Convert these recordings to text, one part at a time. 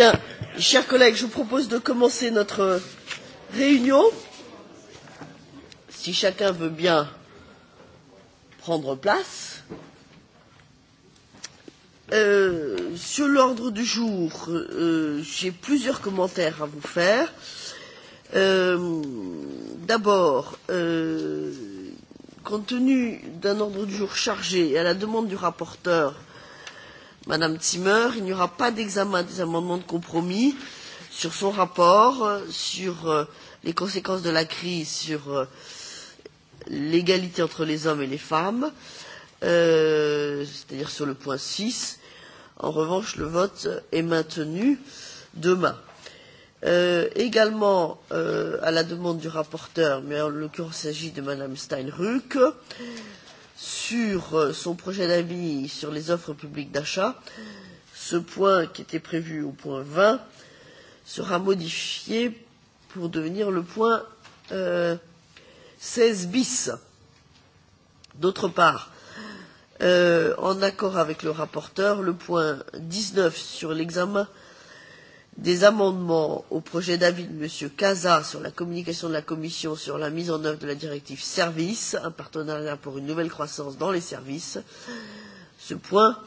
Bien, chers collègues, je vous propose de commencer notre euh, réunion. Si chacun veut bien prendre place. Euh, sur l'ordre du jour, euh, j'ai plusieurs commentaires à vous faire. Euh, D'abord, euh, compte tenu d'un ordre du jour chargé et à la demande du rapporteur Madame Timmer, il n'y aura pas d'examen des amendements de compromis sur son rapport, sur euh, les conséquences de la crise, sur euh, l'égalité entre les hommes et les femmes, euh, c'est-à-dire sur le point 6. En revanche, le vote est maintenu demain. Euh, également, euh, à la demande du rapporteur, mais en l'occurrence, il s'agit de Madame Steinruck, sur euh, son projet d'avis sur les offres publiques d'achat, ce point qui était prévu au point 20 sera modifié pour devenir le point euh, 16 bis. D'autre part, euh, en accord avec le rapporteur, le point 19 sur l'examen euh, des amendements au projet d'avis de M. Casa sur la communication de la Commission sur la mise en œuvre de la directive Services, un partenariat pour une nouvelle croissance dans les services. Ce point,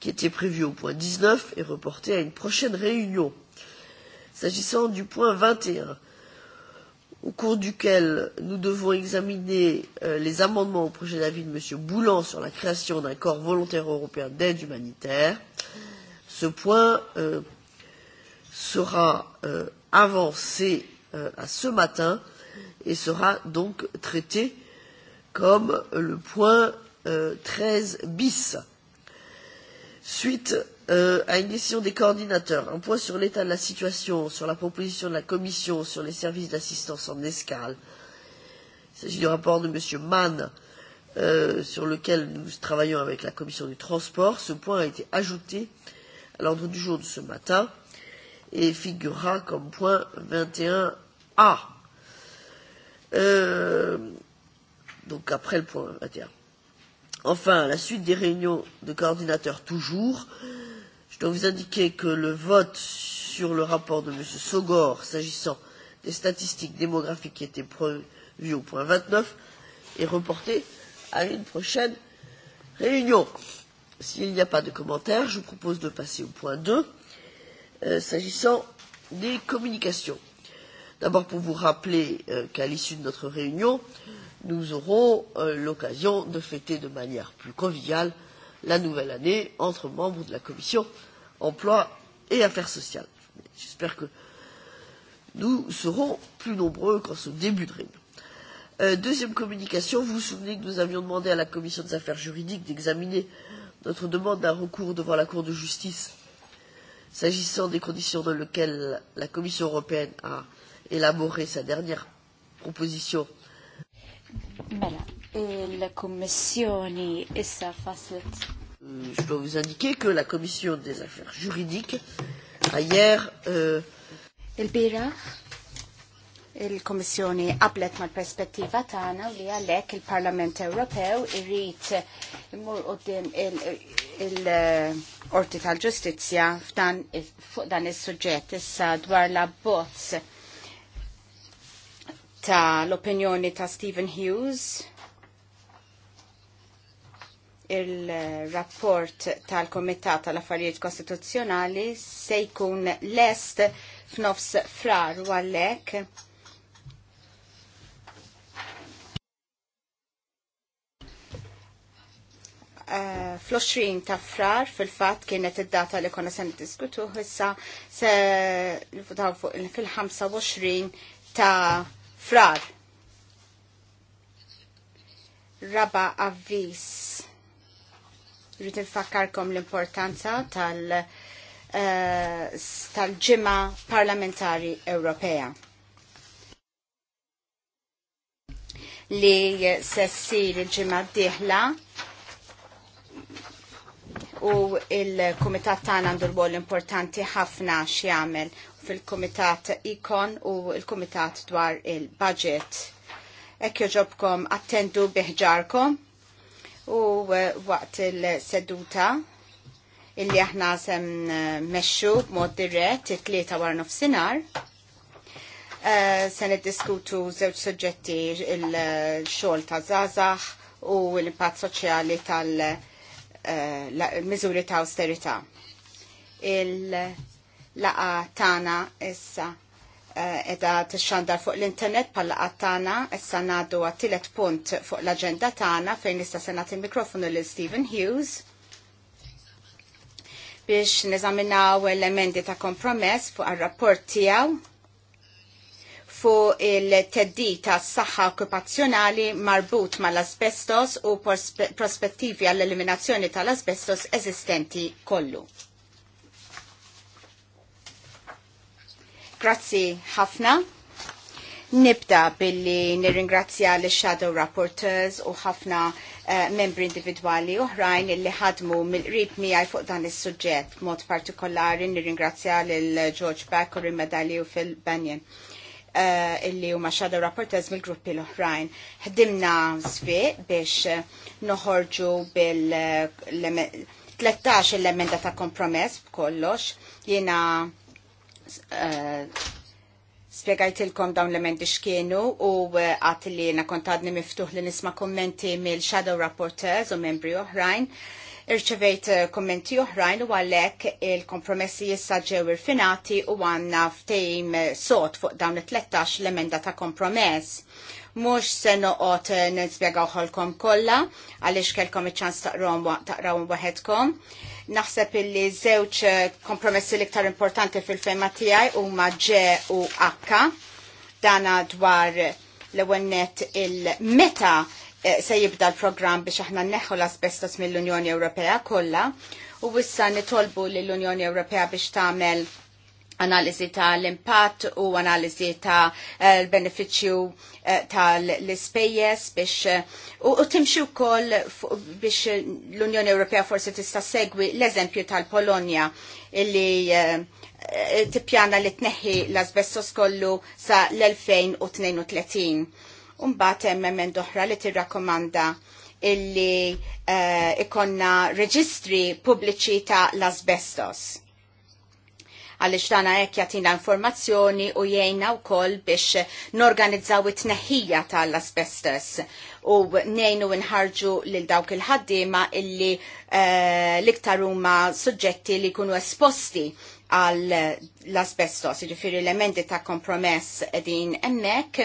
qui était prévu au point 19, est reporté à une prochaine réunion. S'agissant du point 21, au cours duquel nous devons examiner euh, les amendements au projet d'avis de M. Boulan sur la création d'un corps volontaire européen d'aide humanitaire, ce point euh, sera euh, avancé euh, à ce matin et sera donc traité comme le point euh, 13 bis. Suite euh, à une décision des coordinateurs, un point sur l'état de la situation, sur la proposition de la Commission sur les services d'assistance en escale. Il s'agit du rapport de M. Mann euh, sur lequel nous travaillons avec la Commission du transport. Ce point a été ajouté à l'ordre du jour de ce matin et figurera comme point 21A. Euh, donc après le point 21. Enfin, la suite des réunions de coordinateurs toujours, je dois vous indiquer que le vote sur le rapport de M. Sogor s'agissant des statistiques démographiques qui étaient prévues au point 29 est reporté à une prochaine réunion. S'il n'y a pas de commentaires, je vous propose de passer au point 2 Euh, s'agissant des communications. D'abord pour vous rappeler euh, qu'à l'issue de notre réunion, nous aurons euh, l'occasion de fêter de manière plus conviviale la nouvelle année entre membres de la commission emploi et affaires sociales. J'espère que nous serons plus nombreux qu'en ce début de réunion. Euh, deuxième communication, vous vous souvenez que nous avions demandé à la commission des affaires juridiques d'examiner notre demande d'un recours devant la Cour de justice S'agissant des conditions dans lesquelles la Commission européenne a élaboré sa dernière proposition. Voilà. Mela, et la Commission et sa facette. Euh, je dois vous indiquer que la Commission des affaires juridiques a hier... Euh, Il-biraħ, il-Kommissjoni qablet mal-perspettiva tagħna li għalhekk il-Parlament Ewropew irrid imur qudiem il-, il, il orti tal-ġustizja fuq dan is-suġġett issa dwar la bozz ta' l-opinjoni ta' Stephen Hughes il-rapport tal-Komitat tal-Affarijiet Kostituzzjonali se jkun lest f'nofs frar u għalhekk Eh, fl-20 ta' frar fil-fat kienet id-data li konna se diskutu issa se fuq fil-25 ta' frar. Raba avvis. Rrit nfakkarkom l-importanza tal- eh, tal-ġimma parlamentari Ewropea. li se ssir il-ġimma d-dieħla u il-komitat tagħna għandu l rwol importanti ħafna x'jagħmel fil-komitat ikon u il-komitat dwar il-budget. Ekk ġobkom attendu biħġarkom u eh, waqt il-seduta illi aħna sem eh, meċxu b'mod dirett it-tlieta war nofsinhar. Sen eh, se niddiskutu żewġ suġġetti il-xogħol ta' zazax u l-impatt soċjali tal- Eh, mizuri ta' austerita. Il-laqa tagħna issa eh, edha t-xandar fuq l-internet pal-laqa tagħna issa nadu għat-tielet punt fuq l agenda tagħna fejn nista' senat il-mikrofonu l Stephen Hughes biex nizaminaw l-emendi ta' kompromess fuq ar rapport tiegħu fuq il-teddita s-saxħa okkupazzjonali marbut mal-asbestos u prospettivi għall-eliminazzjoni tal-asbestos eżistenti kollu. Grazzi ħafna. Nibda billi nirringrazzja l shadow Rapporteurs u ħafna uh, membri individuali uħrajn illi ħadmu mill-qrib miegħi fuq dan is-suġġett. Mod partikolari nirringrazzja lil George Beck u Rimedali u Phil Banyan Eh, illi huma shadow rapporters mill-gruppi l-oħrajn. Ħdimna żvieq biex eh, noħorġu bil 13 l-emenda ta' kompromess b'kollox. Jiena uh, spiegajtilkom dawn l-emendi xkienu u għat li na kontadni miftuħ li nisma kommenti mill-shadow rapporteurs u membri oħrajn. Irċevejt eh, kommenti oħrajn u għalhekk il-kompromessi issa ġew irfinati u għandna ftejm eh, sot fuq dawn it-13 l-emenda ta' kompromess. Mhux se noqgħod eh, nispjegawħolkom kollha għaliex kellkom iċ-ċans taqrawhom wahedkom. Naħseb illi żewġ kompromessi l-iktar importanti fil-fema tiegħi huma Ġ u akka. dana dwar l-ewwel il-meta E, se jibda l-programm biex aħna neħu l-asbestos mill-Unjoni Ewropea kollha u wissa nitolbu l-Unjoni Ewropea biex tagħmel analiżi tal-impatt u analiżi ta' e, l-benefiċċju e, tal-ispejjeż biex u timxi wkoll biex l-Unjoni Ewropea forsi tista' segwi l-eżempju tal-Polonja illi tippjana li tneħħi l-asbestos kollu sa l-2032 Umbat hemm emmen doħra li tirrakkomanda illi uh, ikonna reġistri pubbliċi ta' l-asbestos għalix tana ek jatina informazzjoni u jgħina u koll biex norganizzaw it-neħija tal-asbestos u nejnu nħarġu lil dawk il-ħaddima illi uh, liktar huma suġġetti li kunu esposti għal l-asbestos, jiġifieri l-emendi ta' kompromess din emmek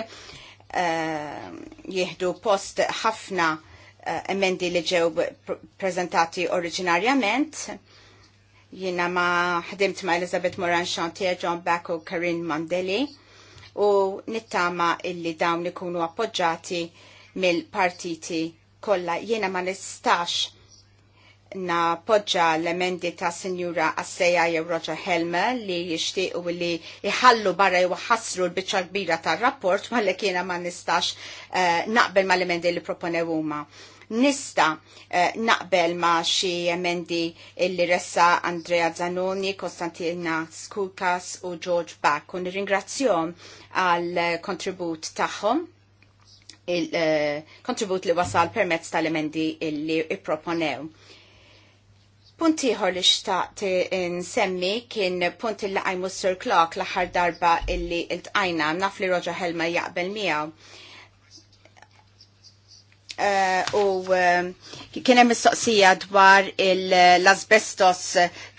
Eh, jieħdu post ħafna eh, emendi li ġew prezentati oriġinarjament. Jina ma ħdimt ma' Elizabeth Moran Chantier, John Back u Karin Mandeli u nittama illi dawn ikunu appoġġati mill-partiti kollha. Jiena ma nistax napoġġa l-emendi ta' senjura Asseja jew Roger Helmer li jixtiequ li jħallu barra jew ħassru l-biċċa kbira tar-rapport ma li kiena ma nistax uh, naqbel ma l-emendi li proponew huma. Nista uh, naqbel ma xi emendi li ressa Andrea Zanoni, Konstantina Skukas u George Back. U nirringrazzjom għal kontribut tagħhom il-kontribut eh, uh, li wasal permezz tal-emendi li ipproponew. proponew Punt ieħor li xtaqt nsemmi kien punt il għajmu Sir Klok l-aħħar darba illi il-tqajna naf li Roger Helma jaqbel miegħu. Uh, u kienem uh, kien hemm mistoqsija dwar l-asbestos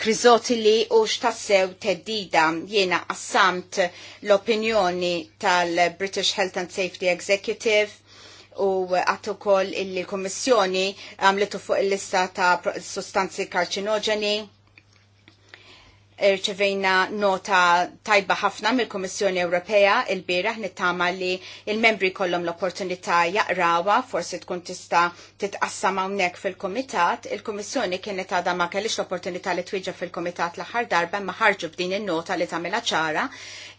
krizotili u x'tassew teddida jiena assamt l-opinjoni tal-British Health and Safety Executive u għattu kol il-Kommissjoni għamlitu fuq il-lista ta' sostanzi karċinogeni irċevejna nota tajba ħafna mill-Kommissjoni Ewropea il bira nittama li il-membri kollom l-opportunità jaqrawa, forsi tkun tista titqassam hawnhekk fil-Kumitat. Il-Kummissjoni kienet għadha ma kellix l-opportunità li twieġa fil-Kumitat l-aħħar darba ma ħarġu b'din in-nota li tagħmilha ċara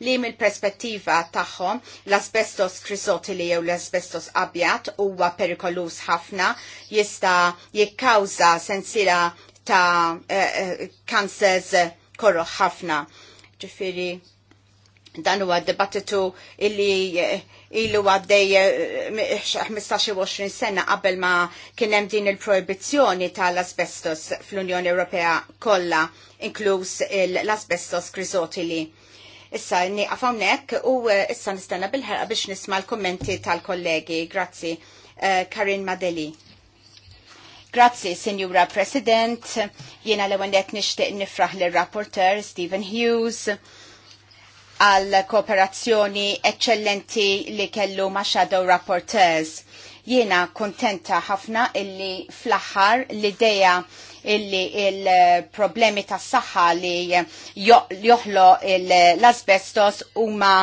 li mill-perspettiva tagħhom l-asbestos krisotili jew l-asbestos abjat huwa perikolus ħafna jista' jikkawża sensiela ta' kansers eh, eh, korro ħafna. Ġifiri, dan huwa dibattitu illi eh, ilu għaddej 15-20 eh, sena qabel ma kienem din il-proibizjoni tal-asbestos fl-Unjoni Ewropea kollha, inkluż l-asbestos krizotili. Issa, ni hawnhekk u eh, issa nistenna bil-ħerqa biex nisma l kummenti tal-kollegi. Grazzi. Karin Madeli. Grazzi, Signora President. Jiena l għandet nishtiq nifraħ l-rapporter Stephen Hughes għal kooperazzjoni eccellenti li kellu ma' Shadow Rapporteurs. Jiena kontenta ħafna illi fl-aħħar l-ideja illi il-problemi tas saħħa li joħlo l-asbestos huma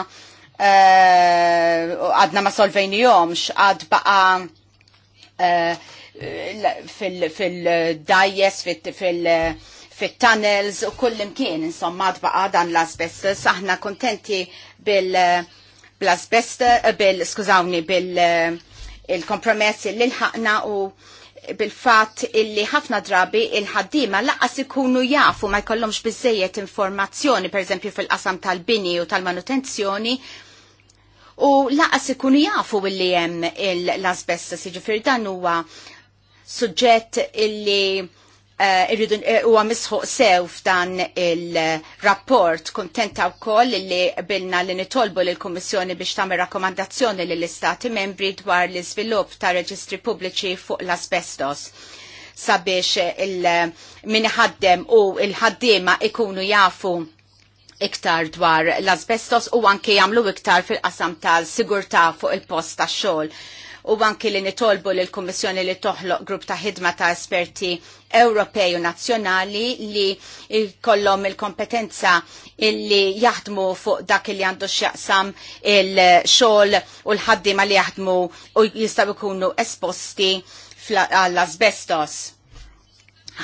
eh, għadna ma' ma jomx għad baqa uh, fil-dajes, fil-tunnels u kullimkien, insomma, tbaqa dan l-asbestos. Aħna kontenti bil-asbestos, eh, bil-skużawni, bil-kompromess li l ħaqna u bil-fat illi ħafna drabi il-ħaddima laqas ikunu jafu ma jkollhomx biżejjed informazzjoni, per fil-qasam tal-bini u tal-manutenzjoni, u laqas ikunu jafu illi hemm l-asbestos, jiġifieri dan huwa suġġett illi eh, irridu eh, huwa misħuq sew f'dan il-rapport kuntenta wkoll li bilna li nitolbu lill kummissjoni biex tagħmel rakkomandazzjoni lill istati membri dwar l-iżvilupp ta' reġistri pubbliċi fuq l-asbestos sabiex il minħaddem u il-ħaddiema ikunu jafu iktar dwar l-asbestos u anke jagħmlu iktar fil-qasam tal-sigurtà fuq il-post tax-xogħol u anki li nitolbu l kummissjoni li toħloq grupp ta' ħidma ta' esperti Ewropej u nazzjonali li kollom il-kompetenza illi jaħdmu fuq dak li għandu x'jaqsam il-xogħol u l-ħaddiema li jaħdmu u jistgħu jkunu esposti għall-asbestos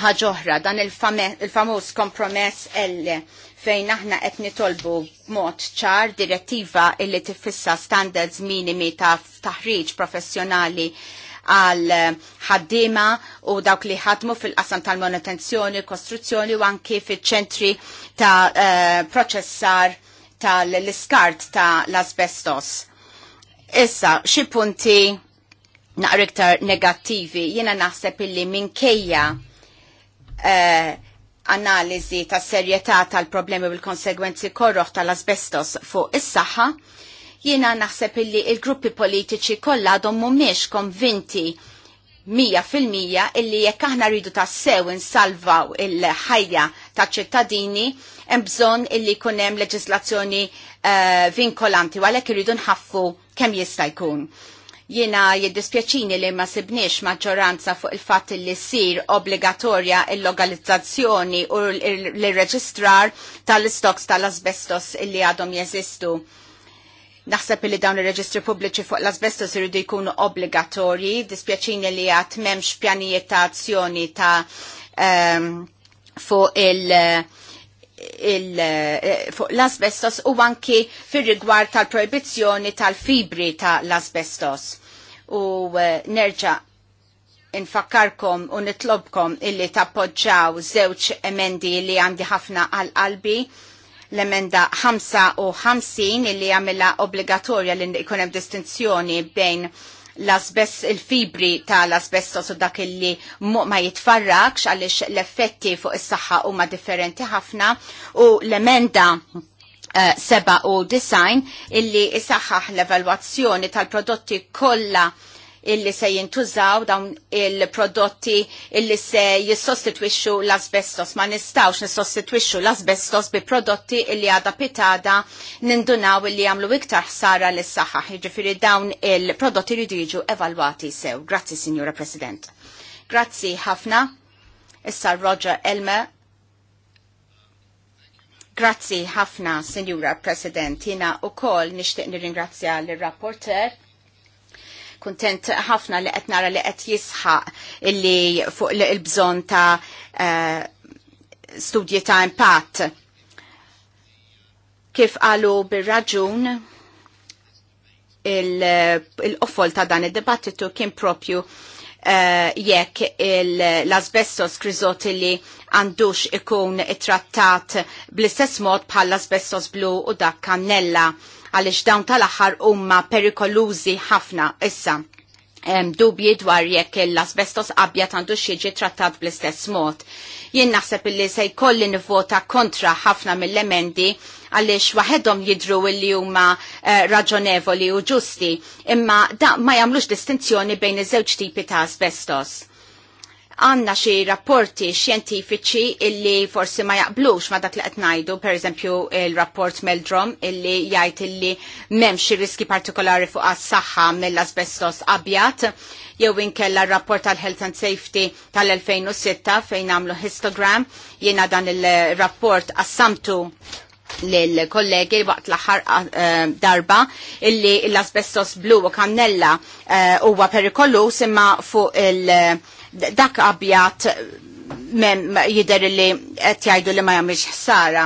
ħaġoħra dan il-famuż kompromess L fejn aħna qed nitolbu mod ċar direttiva illi tiffissa standards minimi ta' taħriġ professjonali għal eh, ħaddima u dawk li ħadmu fil-qasam tal-manutenzjoni, kostruzzjoni u anki fil-ċentri ta' eh, proċessar tal-iskart ta' l-asbestos. Issa, xi punti naqriktar iktar negattivi, jiena naħseb illi minkejja uh, analizi ta' serjetà tal-problemi bil konsegwenzi korroħ tal-asbestos fuq is-saħħa, jiena naħseb illi il-gruppi politiċi kollha għadhom mhumiex konvinti mija fil-mija illi jekk aħna rridu tassew insalvaw il-ħajja ta' ċittadini, hemm bżonn illi jkun hemm leġislazzjoni uh, vinkolanti u għalhekk irridu nħaffu kemm jista' jkun. Jiena jiddispjaċini li ma sibniex maġġoranza fuq il fat li sir obbligatorja il-logalizzazzjoni u l-reġistrar tal-istoks tal-asbestos li għadhom jeżistu naħseb li dawn ir-reġistri pubbliċi fuq l-asbestos iridu jkunu obbligatorji, dispjaċini li għat memx pjanijiet ta' azzjoni ta' um, fuq il- Eh, l-asbestos u anki fir-rigward tal-proibizzjoni tal-fibri tal-asbestos. U eh, nerġa' infakkarkom u nitlobkom illi tappoġġaw żewġ emendi li għandi ħafna għal qalbi l-emenda 55 illi għamilla obbligatorja li jkun hemm distinzjoni bejn l-asbess il-fibri l asbestos u dak illi ma jitfarrakx għaliex l-effetti fuq is-saħħa huma differenti ħafna u l-emenda eh, seba u design illi isaħħaħ l-evalwazzjoni tal-prodotti kollha illi se jintużaw dawn il-prodotti illi se jissostitwixxu l-asbestos. Ma nistawx nissostitwixxu l-asbestos bi prodotti illi għada pitada nindunaw illi għamlu iktar ħsara l saħħa Ġifiri dawn il-prodotti li diġu evalwati sew. Grazzi, Signora President. Grazzi ħafna. Issa Roger Elmer Grazzi ħafna, Signora President. Jina u kol nishtiq nirringrazzja l-rapporter Kuntent ħafna li qed nara li qed jisħaq illi fuq il-bżonn ta' eh, studji ta' impatt. Kif qalu bir-raġun il qofol ta' dan id-dibattitu kien propju eh, jekk l-asbestos li għandux ikun it-trattat bl-istess mod bħal l-asbestos blu u dak kannella għaliex dawn tal-aħħar huma perikolużi ħafna issa dubji dwar jekk l-asbestos abja għandu xieġi trattat bl-istess mod. Jien naħseb illi se jkolli nivvota kontra ħafna mill-emendi għaliex waħedhom jidru li huma eh, raġonevoli u ġusti, imma da ma jagħmlux distinzjoni bejn iż-żewġ tipi ta' asbestos għanna xi rapporti xjentifiċi illi forsi ma jaqblux ma dak li qed ngħidu, pereżempju il-rapport Meldrom illi jgħid illi m'hemmx riski partikolari fuq għas-saħħa mill-asbestos abjat, jew inkella r-rapport tal-Health and Safety tal-2006 fejn għamlu histogram, jiena dan il-rapport assamtu l-kollegi waqt l-aħħar eh, darba illi l-asbestos blu u kannella eh, huwa perikollu simma fuq il- dak abjat mem jider li qed jgħidu li ma jagħmilx ħsara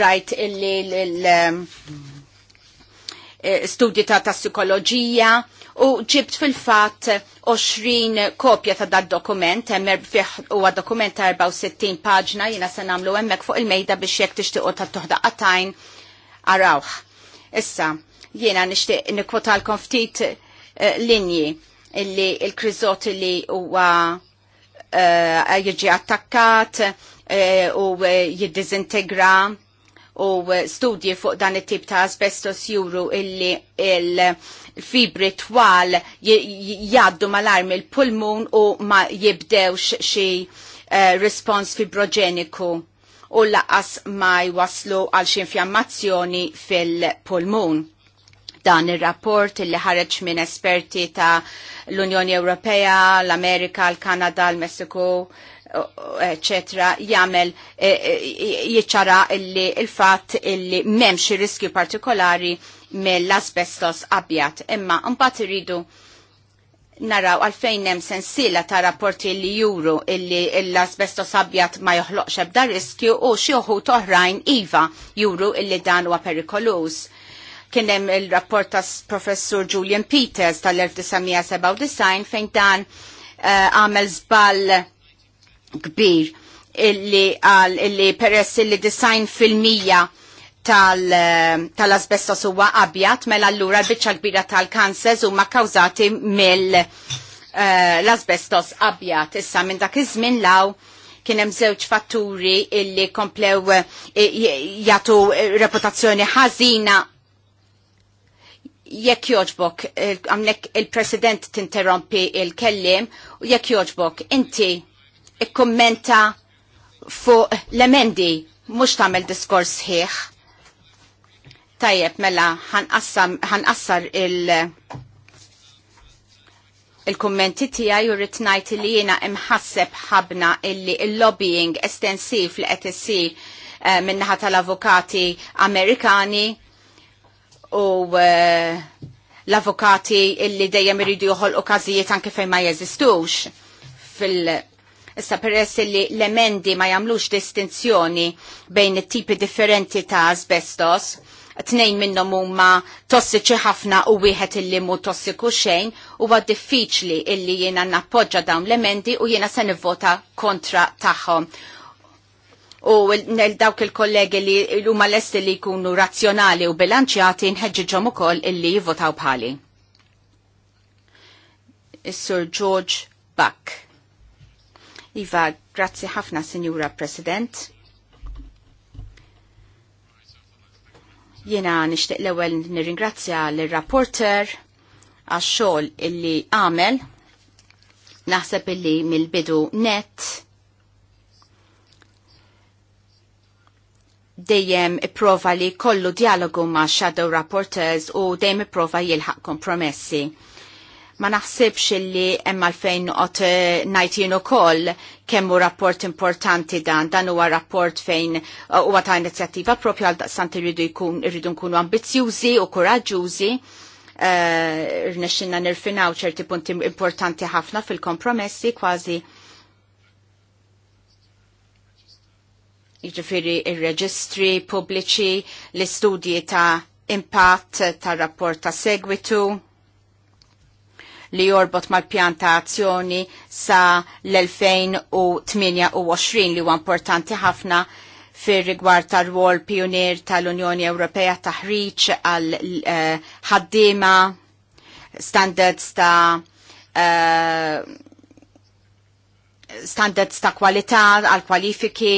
rajt illi l-studji um, eh, ta' tassikoloġija u ġibt fil-fat 20 kopja ta' dat dokument, emmer fiħ u dokument ta' 64 paġna jina se namlu emmek fuq il-mejda biex jek u ta' tuħda qatajn għarawħ. Issa, jena nishtiq nikwotalkom ftit eh, linji illi il-kriżot li huwa eh, jiġi attakkat eh, u eh, jiddizintegra u studji fuq dan it-tip ta' asbestos juru illi il-fibri twal jaddu mal-arm il-pulmun u ma jibdewx xi respons fibrogeniku u laqas ma jwaslu għal xi infjammazzjoni fil-pulmun dan il-rapport li ħareġ minn esperti ta' l-Unjoni Ewropea, l-Amerika, l-Kanada, l-Messiku, eccetera, jagħmel e, e, jiċċara li il-fatt illi m'hemmx riskju partikolari mill-asbestos abjad. Imma mbagħad iridu naraw għalfejn hemm sensiela ta' rapporti li juru illi l-asbestos abjat ma joħloqx ebda riskju u xi wħud oħrajn iva juru illi dan huwa perikolus Kien hemm il-rapport ta' professur Julian Peters tal-1997 fejn dan eh, għamel uh, żball kbir illi għal illi peress illi design fil-mija eh, tal-asbestos tal huwa abjad mela allura l-biċċa kbira tal-kansers huma kawzati mill uh, l-asbestos abjad. Issa minn dak iż-żmien law kien hemm żewġ fatturi illi komplew jagħtu reputazzjoni ħażina jekk joġbok, għamnek il-president tinterrompi il-kellim, u jekk joġbok, inti ikkommenta fuq l-emendi, mux tamel diskors ħieħ. Tajjeb, mela, ħanqassar il- il-kommenti tijaj u rritnajt li jena imħasseb ħabna illi il-lobbying estensiv li qed minnaħat eh, minnaħa tal-avukati Amerikani u eh, l-avokati illi dejjem iridu joħol okkażijiet anke fejn ma jeżistux fil- Issa peress li l-emendi ma jamlux distinzjoni bejn it-tipi differenti ta' asbestos, tnejn minnhom huma tossiċi ħafna u wieħed illi mu tossiku xejn, huwa diffiċli illi jiena nappoġġa dawn l-emendi u jiena se nivvota kontra tagħhom u nel dawk il-kollegi li l-huma lesti li jkunu razzjonali u bilanċjati nħeġġiġhom ukoll illi jivvotaw bħali. Is-Sur George Buck. Iva, grazzi ħafna, Sinjura President. Jena nixtieq l-ewwel nirringrazzja l-rapporter għax-xogħol illi għamel. Naħseb illi mill-bidu net dejjem ipprova li kollu dialogu ma' shadow rapporteurs u dejjem ipprova jilħaq kompromessi. Ma naħsibx li hemm għalfejn fejn eh, ngħid ukoll kemm hu rapport importanti dan, dan huwa rapport fejn eh, huwa ta' inizjattiva propju għal daqsant irridu jkun irridu nkunu ambizzjużi u koraġġużi. Eh, rnexxinna nirfinaw ċerti punti importanti ħafna fil-kompromessi kważi jiġifieri ir-reġistri pubbliċi, l-istudji ta' impatt ta' rapport ta' segwitu li jorbot mal-pjan ta' azzjoni sa l-2028 li huwa importanti ħafna fir rigward tar rwol pionier tal-Unjoni Ewropea taħriġ għal eh, ħaddiema standards ta' eh, standards ta' kwalità għal kwalifiki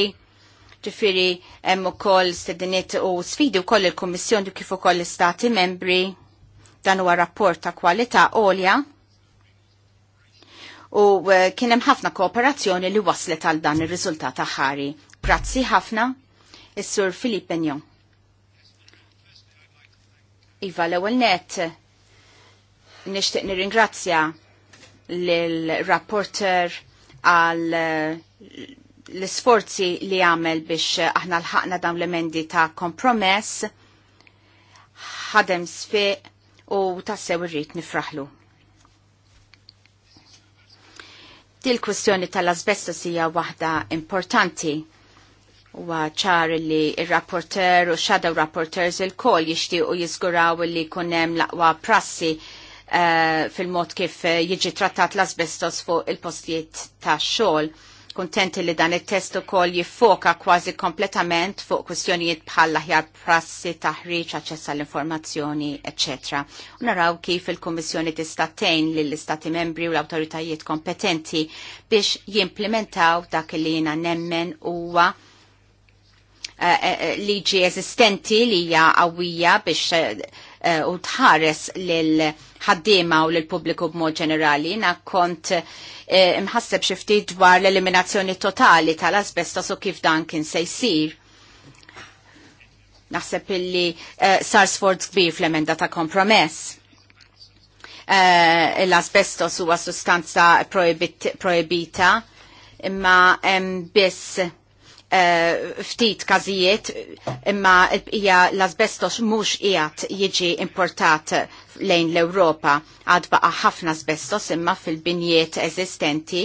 Ġifiri hemm ukoll stedinit u sfidi wkoll il-Kummissjoni kif ukoll l-Istati membri dan huwa rapport ta' kwalità għolja u eh, kien hemm ħafna kooperazzjoni li waslet għal dan ir-riżultat aħari. Grazzi ħafna is-Sur Filip Benjon. Iva l-ewwel net nixtieq nirringrazzja lill rapporter għal eh, l-sforzi li għamel biex aħna l-ħakna dawn l-emendi ta' kompromess ħadem sfi u tassew rrit nifraħlu. Til kwestjoni tal-asbestos hija waħda importanti u ċar li il-rapporter u shadow rapporters il-kol u jizguraw li kunem laqwa prassi uh, fil-mod kif jiġi trattat l-asbestos fuq il-postijiet ta' xol kontenti li dan il-test ukoll jiffoka kważi kompletament fuq kwistjonijiet bħal aħjar prassi, taħriġ, aċċess għall-informazzjoni, etc. naraw kif il-Kummissjoni tista' tgħin lill istati membri u l-awtoritajiet kompetenti biex jimplementaw dak li jiena nemmen huwa eh, eh, eh, liġi eżistenti li hija qawwija biex u tħares lil ħaddima u l-pubbliku b'mod ġenerali. Na kont eh, imħasseb xifti dwar l-eliminazzjoni totali tal-asbestos u kif dan kien se jsir. Naħseb illi eh, sar sforz kbir fl-emenda ta' kompromess. Eh, l-asbestos huwa sustanza proibita imma biss Eh, ftit każijiet imma hija l-asbestos mhux qiegħed jiġi importat lejn l-Ewropa għad baqa' ħafna asbestos imma fil-binjiet eżistenti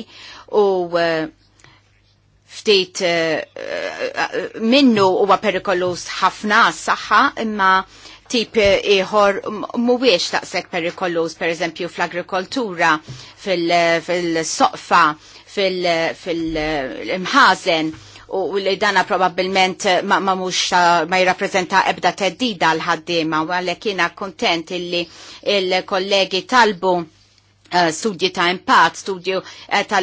u eh, ftit eh, minnu huwa perikolus ħafna saħħa imma tip ieħor mhuwiex taqsek perikolus pereżempju fl-agrikoltura fil-soqfa fil-imħażen fil, fil, fil, fil u li dana probabilment ma, ma mux uh, ma jirrapprezenta ebda teddida l-ħaddima u għalek jina kontent illi il-kollegi talbu Eh, studji ta' impatt, studju eh, ta'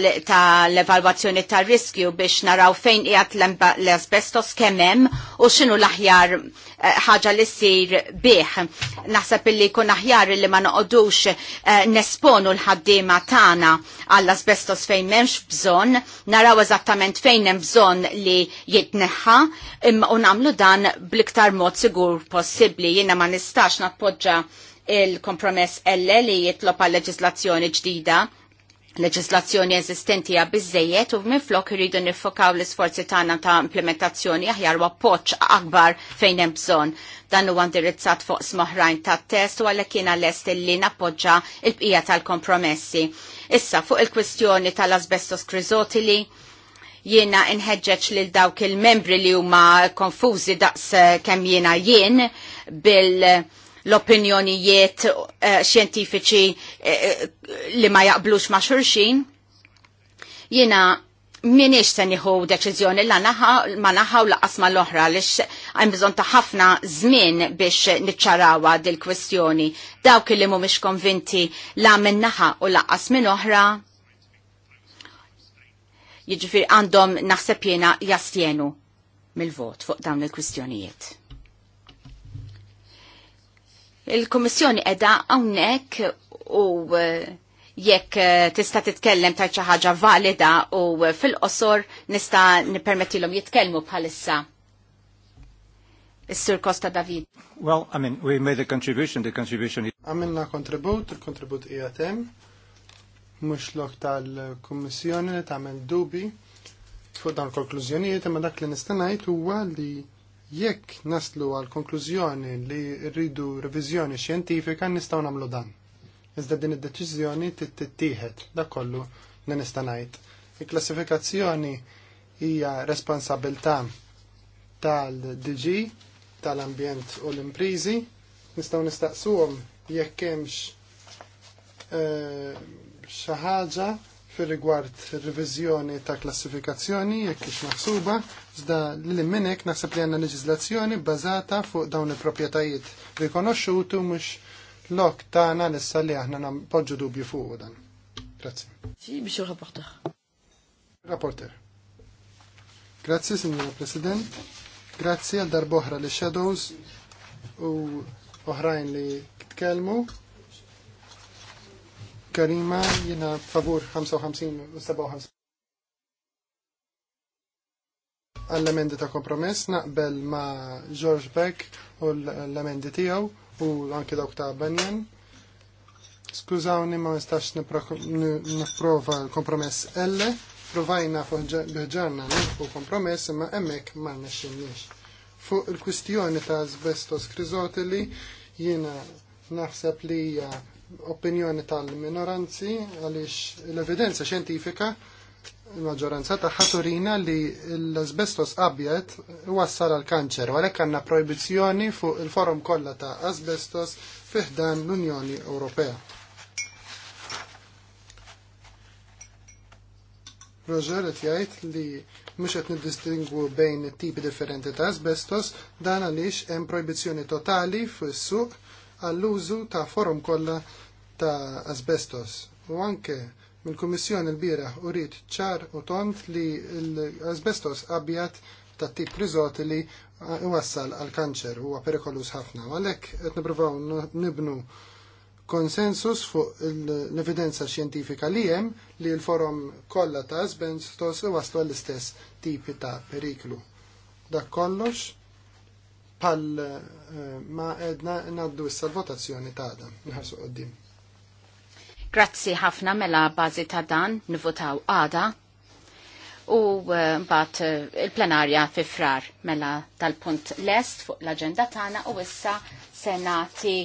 l-evalwazzjoni ta', riskju biex naraw fejn qiegħed l-asbestos kemem u x'inhu l-aħjar eh, ħaġa li ssir bih. Naħseb illi jkun aħjar li ma noqogħdux nesponu l-ħaddiema tagħna għall-asbestos fejn m'hemmx bżonn, naraw eżattament fejn hemm bżonn li jitneħħa imma u nagħmlu dan bl-iktar mod sigur possibbli. Jiena ma nistax nappoġġa il-kompromess L li jitlob għal leġislazzjoni ġdida leġislazzjoni eżistenti hija biżejjed u minflok rridu nifokaw l-isforzi tagħna ta' implementazzjoni aħjar wa poċ akbar fejn hemm bżonn. Dan huwa indirizzat fuq smoħrajn tat-test u għalhekk jiena lest li nappoġġa l-bqija tal-kompromessi. Issa fuq il-kwistjoni tal-asbestos krizotili jiena inħeġġeġ lil dawk il-membri li huma konfużi daqs kemm jiena jien bil- l-opinjonijiet eh, xjentifiċi eh, li ma jaqblux ma' xurxin. Jina minix se nieħu deċiżjoni la naħa ma naħa u laqas ma l-oħra lix hemm bżonn ta' ħafna żmien biex niċċarawha dil-kwestjoni. Dawk li mhumiex konvinti la minn naħa u laqas minn oħra jiġifier għandhom naħseb jiena jastjenu mill-vot fuq dawn il-kwistjonijiet. Il-Kommissjoni edha hawnhekk u eh, jekk eh, tista' titkellem ta' xi ħaġa valida u eh, fil-qosor nista' nippermettilhom jitkellmu bħalissa. Is-Sur Costa David. Well, I mean, we made a contribution, the contribution. Għamilna kontribut, il-kontribut ijatem, mux mhux lok tal-Kummissjoni li tagħmel dubi fuq dan konklużjonijiet ma' dak li nista' ngħid huwa li Jekk naslu għal konklużjoni li rridu revizjoni xjentifika nistgħu nagħmlu dan. Iżda din id-deċiżjoni tittieħed dak kollu li nista' ngħid. Il-klassifikazzjoni hija responsabilità tal-DG tal-ambjent u l-imprizi nistgħu nistaqsuhom jekk hemmx eh, xi ħaġa fir rigward revizjoni ta' klassifikazzjoni jekk kiex maħsuba, iżda li minnek naħseb li għandna leġizlazzjoni bbażata fuq dawn il-proprjetajiet rikonoxxutu mhux lok tagħna nissa li aħna npoġġu dubju fuq dan. Grazzi. Si biex rapporter. Rapporter. Grazzi, Signora President. Grazzi għal darboħra li Shadows u oħrajn li tkellmu Karima, jena favur 55 u 57. Għall-emendi ta' kompromess naqbel ma' George Beck u l-emendi tijaw u anki dawk ta' Banyan. Skużawni ma' nistax niprofa kompromess L, provajna bħġarna nifku kompromess imma emmek ma' nesċinniex. Fuq il-kwistjoni ta' asbestos krizotili jiena naħseb li hija opinjoni tal-minoranzi għaliex l-evidenza xjentifika il-maġġoranza ta' ħaturina li l-asbestos abjad wassal għal kanċer għalek għalhekk għandna fuq il-forum kollha ta' asbestos fiħdan l-Unjoni Ewropea. Roger qed jgħid li mhux qed niddistingwu bejn tipi differenti ta' asbestos dan għaliex hemm proibizjoni totali fuq is suq għall-użu ta' forum kollha ta' asbestos u anke mill-Kummissjoni l u urid ċar u tont li l-asbestos abjad ta' tip li iwassal għal kanċer huwa perikolus ħafna. Għalhekk qed nippruvaw nibnu konsensus fuq l-evidenza xjentifika li hemm li l-forum kollha ta' asbestos għastu għall-istess tipi ta' periklu. Dak kollox pal eh, ma edna naddu issa l-votazzjoni ta' dan, nħarsu għoddim. Grazzi ħafna mela bazi ta' dan, nivotaw għada u eh, mbagħad eh, il-plenarja fi frar mela tal-punt lest fuq l-aġenda tagħna u issa se nagħti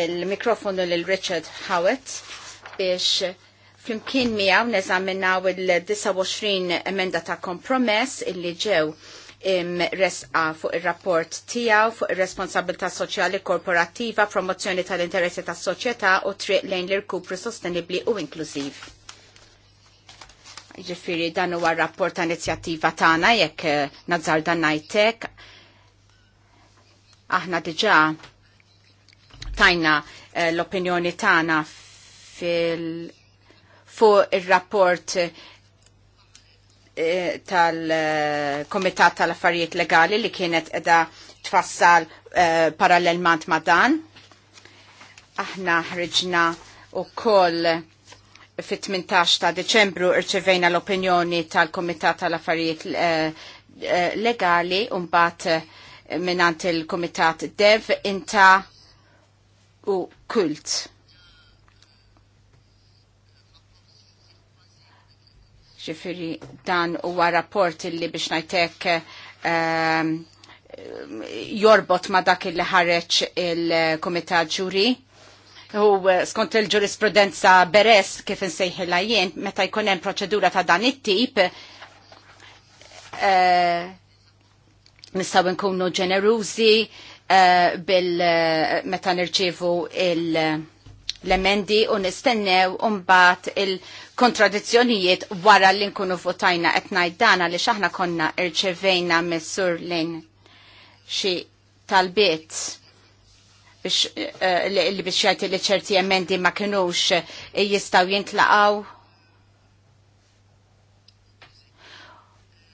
il-mikrofonu lil Richard Howitt biex flimkien miegħu neżaminaw il-29 emenda ta' kompromess illi ġew resqa fuq il-rapport tijaw fuq il-responsabilità soċjali korporattiva, promozzjoni tal-interessi tas soċjetà u triq lejn l-irkupru sostenibli u inklużiv. Ġifiri dan huwa rapport ta' inizjattiva tagħna jekk eh, nazzar dan najtek. Aħna diġà tajna eh, l-opinjoni tagħna fil fuq il-rapport eh, E, tal-Komitat tal-Affarijiet Legali li kienet edha tfassal e, parallelment ma' dan. Aħna ħriġna u koll fit-18 ta' Deċembru irċevejna l-opinjoni tal-Komitat tal-Affarijiet e, Legali un-bat minant il-Komitat Dev inta u Kult Ġifiri dan huwa rapport illi biex najtek um, jorbot ma dak il ħareċ il-komitat ġuri. U eh, skont il-ġurisprudenza beres kif insejħilha jien, meta jkun hemm proċedura ta' dan it-tip, uh, nistgħu nkunu ġenerużi uh, bil meta nirċievu l-emendi u nistennew mbagħad il- kontradizzjonijiet wara li nkunu votajna qed ngħid dan għaliex aħna konna irċevejna messur lejn xi talbiet biex eh, li biex jgħati li ċerti emendi ma kinux eh, jistaw jintlaqaw.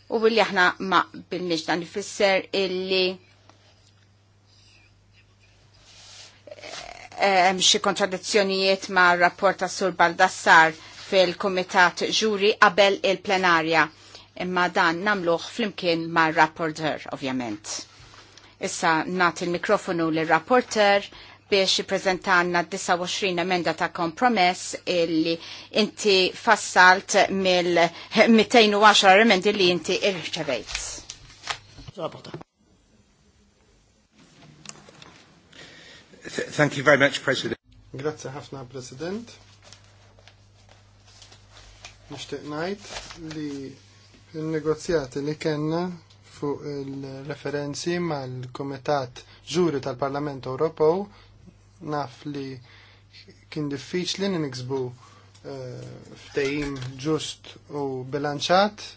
U billi aħna ma bilniġ dan ifisser illi eh, hemm xi kontradizzjonijiet ma' rapport ta' Sur Baldassar fil-Komitat Ġuri qabel il-plenarja. Imma dan namluħ flimkien ma' rapporter, ovvjament. Issa nat il-mikrofonu l-rapporter biex jiprezentanna 29 emenda ta' kompromess illi inti fassalt mill-210 emendi li inti irċevejt. Thank you very much, President. Grazie ħafna, President. Nixtieq ngħid li il-negozjati li kellna fuq il-referenzi mal-Kumitat Ġuri tal-Parlament Ewropew naf li kien diffiċli niksbu eh, ftehim ġust u bilanċat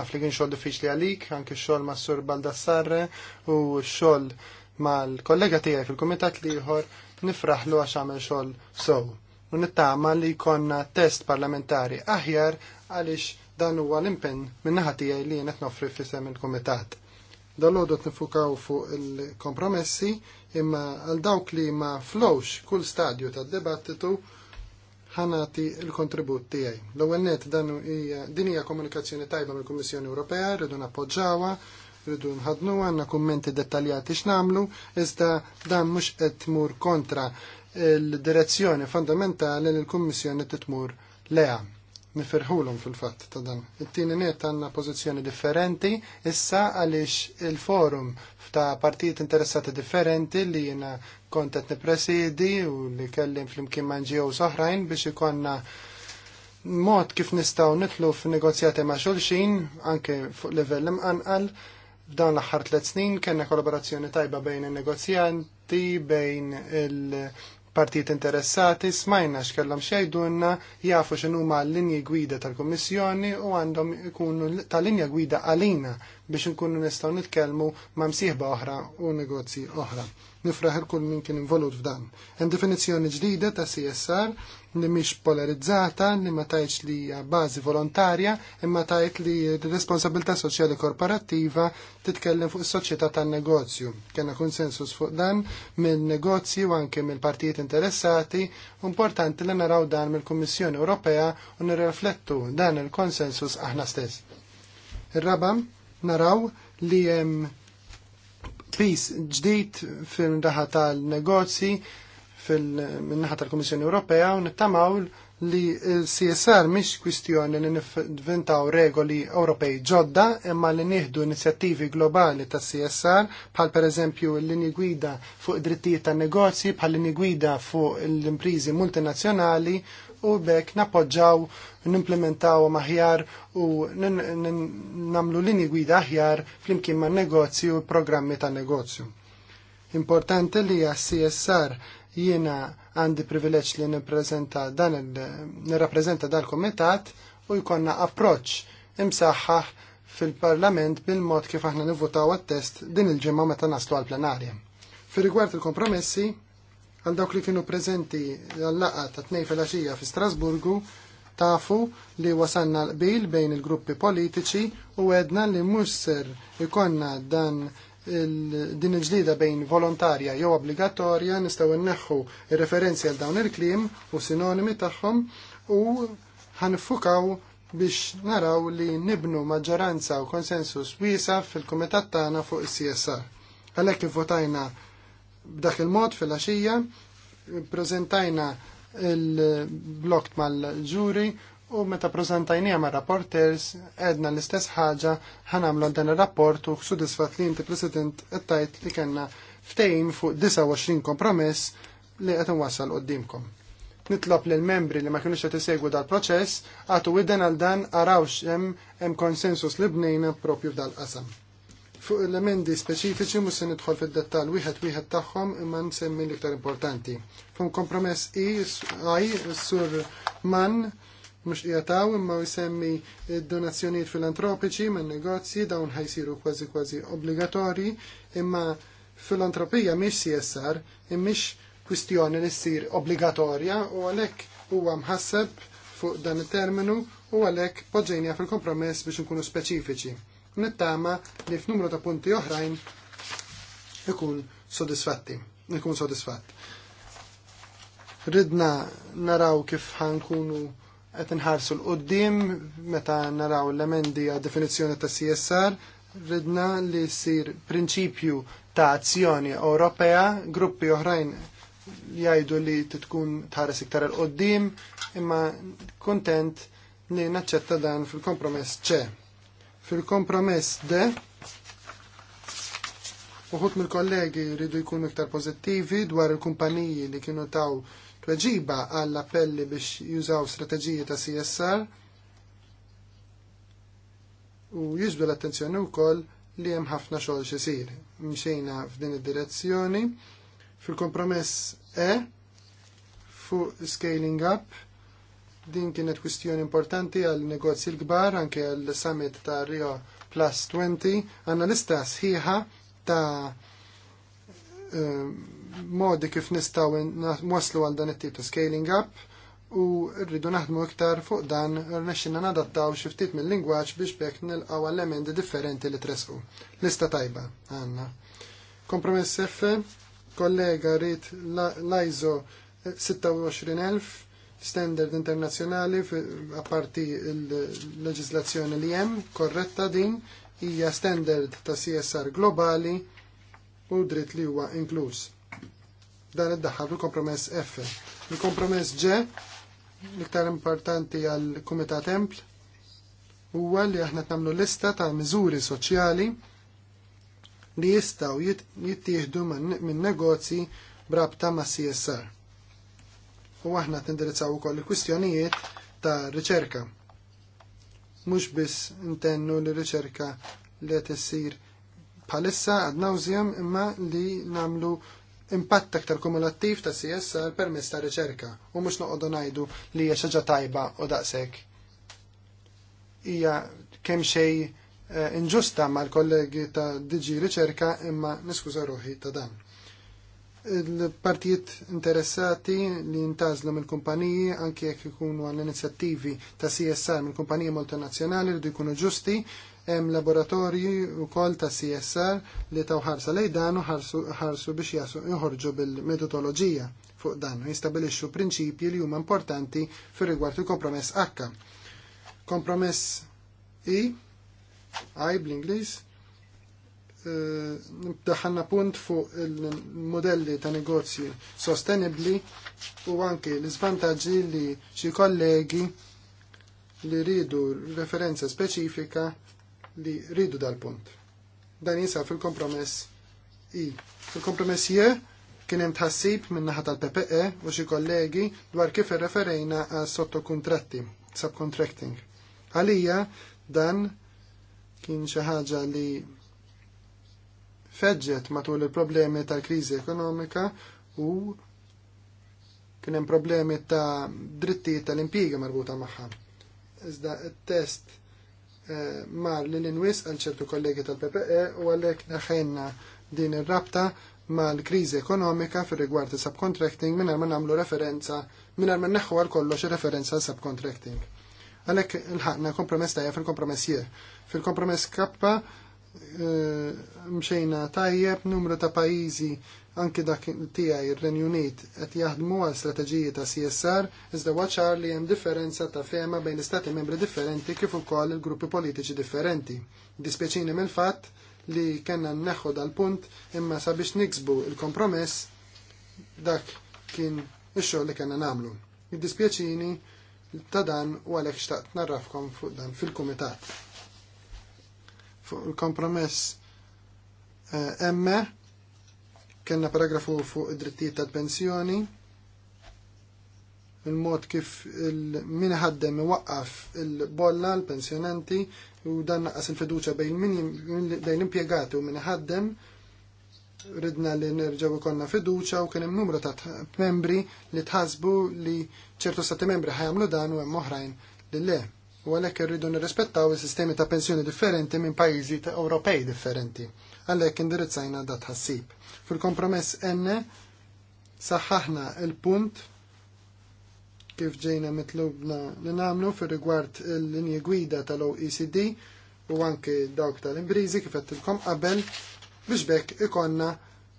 naf li kien xogħol diffiċli għalik, anke xogħol ma' Sur Baldassarre u xogħol mal-kollega tiegħek fil-kumitat li ieħor nifraħlu għax għamel xogħol sow u nittama li jkollna test parlamentari aħjar għaliex dan huwa l-impenn min tiegħi li jien qed noffri fisem il-kumitat. Dal-għodu nifukaw fuq il-kompromessi imma għal dawk li ma flowx kull stadju tad-dibattitu ħanati il-kontribut tiegħi. L-ewwel net dan hija din hija komunikazzjoni tajba mill-Kummissjoni Ewropea, rridu nappoġġawha, rridu nħadnu għandna kummenti dettaljati x'namlu, iżda dan mhux qed tmur kontra il-direzzjoni fondamentali li l-Kummissjoni titmur leha. Nifirħulhom fil-fatt ta' dan. It-tieni net għandna pożizzjoni differenti issa għaliex il-forum ta' partijiet interessati differenti li jiena kont qed nippresidi u li kellim flimkien ma' NGOs oħrajn biex ikonna mod kif nistgħu nitlu f'negozjati ma' xulxin anke fuq livell imqanqal f'dan l-aħħar tliet snin kellna kollaborazzjoni tajba bejn in-negozjanti bejn il- partit interessati smajna x'kellhom xejdunna jafu x'inhuma l-linji gwida tal-Kummissjoni u għandhom ikunu tal-linja gwida għalina biex nkunu nistgħu nitkellmu ma' msieħba oħra u negozji oħra. Nifraħ il kull min kien involut f'dan. Hemm definizzjoni ġdida ta' CSR nimix mhix polarizzata, li ma li bazi bażi volontarja, imma tajt li r-responsabilità soċjali korporattiva titkellem fuq is-soċjetà tan-negozju. Kena konsensus fuq dan mill-negozji u anke mill-partijiet interessati, importanti li naraw dan mill-Kummissjoni Ewropea u nirreflettu dan il-konsensus aħna stess. ir rabam naraw li hemm pis ġdid fil daħa tal-negozji fil-minnaħa tal-Komissjoni Ewropea u nittamaw li CSR mhix kwistjoni li nivvintaw regoli Ewropej ġodda imma li nieħdu inizjattivi globali ta' CSR bħal pereżempju l-linji gwida fuq drittijiet tan negozji bħal lini gwida fuq l-imprizi multinazzjonali u bekk napoġġaw n-implementaw maħjar u namlu lini gwida aħjar flimkien man negozju u programmi ta' negozju. Importanti li għas CSR jiena għandi privileġġ li nippreżenta dan nirrappreżenta dan il-kumitat u jkollna approċċ imsaħħaħ fil-Parlament bil-mod kif aħna nivvotaw għat-test din il-ġimgħa meta naslu għall-plenarja. Fi rigward il-kompromessi, għal dawk li kienu preżenti għall-laqgħa ta' tnej filgħaxija fi Strasburgu, tafu li wasanna l-qbil bejn il-gruppi politiċi u għedna li musser ikonna dan din il ġdida bejn volontarja jew obbligatorja nistgħu nneħħu referenzi għal dawn il-kliem u sinonimi tagħhom u ħanfukaw biex naraw li nibnu maġġoranza u konsensus wiesa fil-kumitat tagħna fuq is-CSR. Għalhekk ivvotajna b'dak il-mod fil-għaxija, preżentajna il-blokt mal-ġuri u meta prezentajnija ma' rapporters edna l-istess ħaġa ħanamlu dan il-rapport u sudisfat li inti president tajt li kena ftejn fuq 29 kompromess li qed wasal qoddimkom. Nitlob l membri li ma kienu qed isegwu dal-proċess għatu widen għal dan arawx hemm hemm konsensus li bnejna propju dal-qasam. Fuq elementi speċifiċi mus se nidħol fid dettal wieħed wieħed tagħhom imma nsemmi l-iktar importanti. Fum kompromess i sur man mux jataw imma jsemmi donazzjoniet filantropiċi minn negozji dawn ħajsiru kważi kważi obbligatori imma filantropija miex CSR imiex kwistjoni li ssir obbligatorja u għalek huwa mħasseb fuq dan il-terminu u għalek poġġejna fil-kompromess biex nkunu speċifiċi. Nittama li f'numru ta' punti oħrajn ikun sodisfatti, ikun sodisfatt. Ridna naraw kif ħankunu qed inħarsu l-qoddim meta naraw l-emendi għad definizzjoni ta' CSR, ridna li sir prinċipju ta' azzjoni Ewropea, gruppi oħrajn jgħidu li tkun tħares iktar l-qoddim, imma kontent li naċċetta dan fil-kompromess ċe. Fil-kompromess de, uħut mill-kollegi rridu jkunu iktar pozittivi dwar il-kumpaniji li kienu taw tweġiba għall appelli biex jużaw strategiji ta' CSR u jiġbdu l-attenzjoni wkoll li hemm ħafna xogħol xisir. Mxejna f'din id-direzzjoni fil-kompromess E fuq scaling up din kienet kwistjoni importanti għal negozji l-kbar anke għal summit ta' Rio Plus 20 għanna lista sħiħa ta' um, modi kif nistgħu waslu għal dan it-tip ta' scaling up u rridu naħdmu iktar fuq dan rnexxinna nadattaw xi ftit mill-lingwaġġ biex bekk nilqgħu elementi differenti li tresqu. Lista tajba għandna. Kompromess F, kollega rrit l-ISO 26000 standard internazzjonali apparti l-leġislazzjoni li hemm korretta din hija standard ta' CSR globali u dritt li huwa inkluż dan id-daħħal fil-kompromess F. Il-kompromess G, l-iktar importanti għal kumita Templ, huwa li aħna tnamlu lista ta' miżuri soċjali li jistaw jittieħdu minn negozji brabta ma' CSR. U aħna tindirizzaw ukoll il-kwistjonijiet ta' riċerka. Mhux biss intennu li riċerka li qed issir bħalissa ad nauseam imma li namlu impatt aktar kumulattiv ta' CSR permezz ta' riċerka u mhux noqogħdu ngħidu li hija xaġa tajba u daqshekk hija kemm xejn eh, inġusta mal-kollegi ta' Diġi Riċerka imma niskuża ruħi ta' dan il-partijiet interessati li jintazlu mill kumpaniji anki jekk ikunu għall inizjattivi ta' CSR mill kumpaniji multinazzjonali li jkunu ġusti Hemm laboratorji wkoll ta' CSR li taw ħarsa lej dan u ħarsu biex jasu joħorġu bil-metodoloġija fuq dan u jistabilixxu prinċipji li huma importanti fir rigward il-kompromess H. Kompromess I, I bl-Ingliż, eh, daħanna punt fuq il-modelli ta' negozju sostenibli u anke l iżvantaġġi li xi kollegi li ridu referenza speċifika li ridu dal-punt. Dan jinsa fil-kompromess I. Fil-kompromess je kien hemm tħassib minn naħa tal-PPE u xi kollegi dwar kif irreferejna għal sottokuntratti, subcontracting. Għalija dan kien xi ħaġa li feġġet matul il-problemi tal-kriżi ekonomika u kien hemm problemi ta' drittijiet tal-impjiegi marbuta magħha. Iżda t-test Eh, ma l-inwis għal ċertu kollegi tal-PPE u għalek daħenna din ir-rabta ma l-krizi ekonomika fil rigward subcontracting minna ma namlu referenza minna ma neħu għal kollox referenza subcontracting. Għalek l-ħakna kompromess tajja fil-kompromess jieħ. Fil-kompromess kappa eh, mxejna tajjeb numru ta' pajizi anki dak tiegħi r renju Unit qed jaħdmu għal strateġiji ta' CSR iżda waċar li hemm differenza ta' fema bejn istati membri differenti kif ukoll il-gruppi politiċi differenti. Dispjaċini mill-fatt li kellna nneħħu dal-punt imma sabiex niksbu il-kompromess dak kien ix-xogħol li kellna nagħmlu. Id-dispjaċini ta' dan u għalhekk xtaqt narrafkom fuq dan fil-kumitat. Fuq il-kompromess eh, emme Kenna paragrafu fuq id-drittijiet tal-pensjoni, il-mod kif il-min ħaddem iwaqqaf il-bolla l-pensjonanti u dan naqqas il-fiduċa bejn l-impjegati u min ħaddem ridna li nerġaw ikonna fiduċa u kien hemm numru ta' membri li tħasbu li ċertu sati membri ħajamlu dan u hemm oħrajn li le. U għalhekk irridu nirrispettaw is-sistemi ta' pensjoni differenti minn pajjiżi ta' Ewropej differenti. Għalhekk indirizzajna da tħassib. Fil-kompromess N saħħaħna il-punt kif ġejna mitlubna li namlu fil rigward l-linji gwida tal-OECD u anke dawk tal-imbrizi kif għattilkom qabel biex bekk ikonna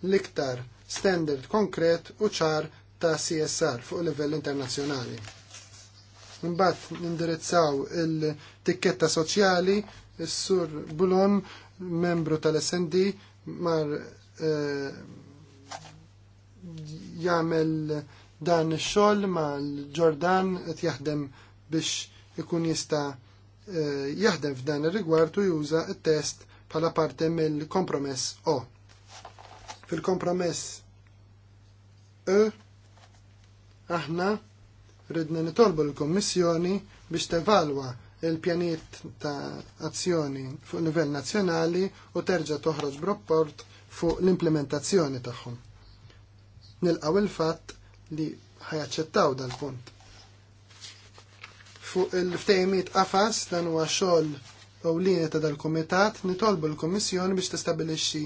l-iktar standard konkret u ċar ta' CSR fuq livell internazzjonali. Imbagħad nindirizzaw il-tikketta soċjali, is-sur Bulon, membru tal-SND, mar Eh, jagħmel dan ix-xogħol mal-Ġordan qed jaħdem biex ikun jista' eh, jaħdem f'dan ir-rigward u juża t-test bħala parte mill-kompromess O. Fil-kompromess E aħna ridna nitolbu l-Kommissjoni biex tevalwa il-pjaniet ta' azzjoni fuq livell nazzjonali u terġa' toħroġ b'rapport fuq l-implementazzjoni tagħhom. Nilqaw il-fatt li ħajaċċettaw dal-punt. Fuq il-ftejmiet qafas dan huwa xogħol ewlieni ta' dal-kumitat nitolbu l-Kummissjoni biex tistabilixxi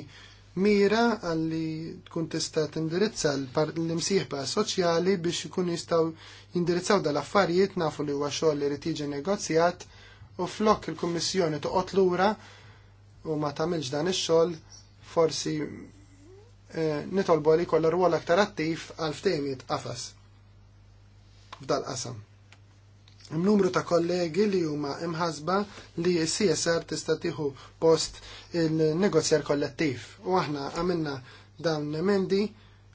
mira għalli tkun tista tindirizza l-imsieħba soċjali biex ikun jistaw jindirizzaw dal-affarijiet nafu li huwa xogħol li ritiġi negozjat u flok il-Kummissjoni toqgħod lura u ma tagħmilx dan ix-xogħol forsi eh, nitolbu li kollha rwol aktar attiv għal ftejmiet qafas f'dal-qasam. Numru ta' kollegi li huma imħazba li CSR tista' tieħu post il-negozjar kollettiv. U aħna għamilna dawn l-emendi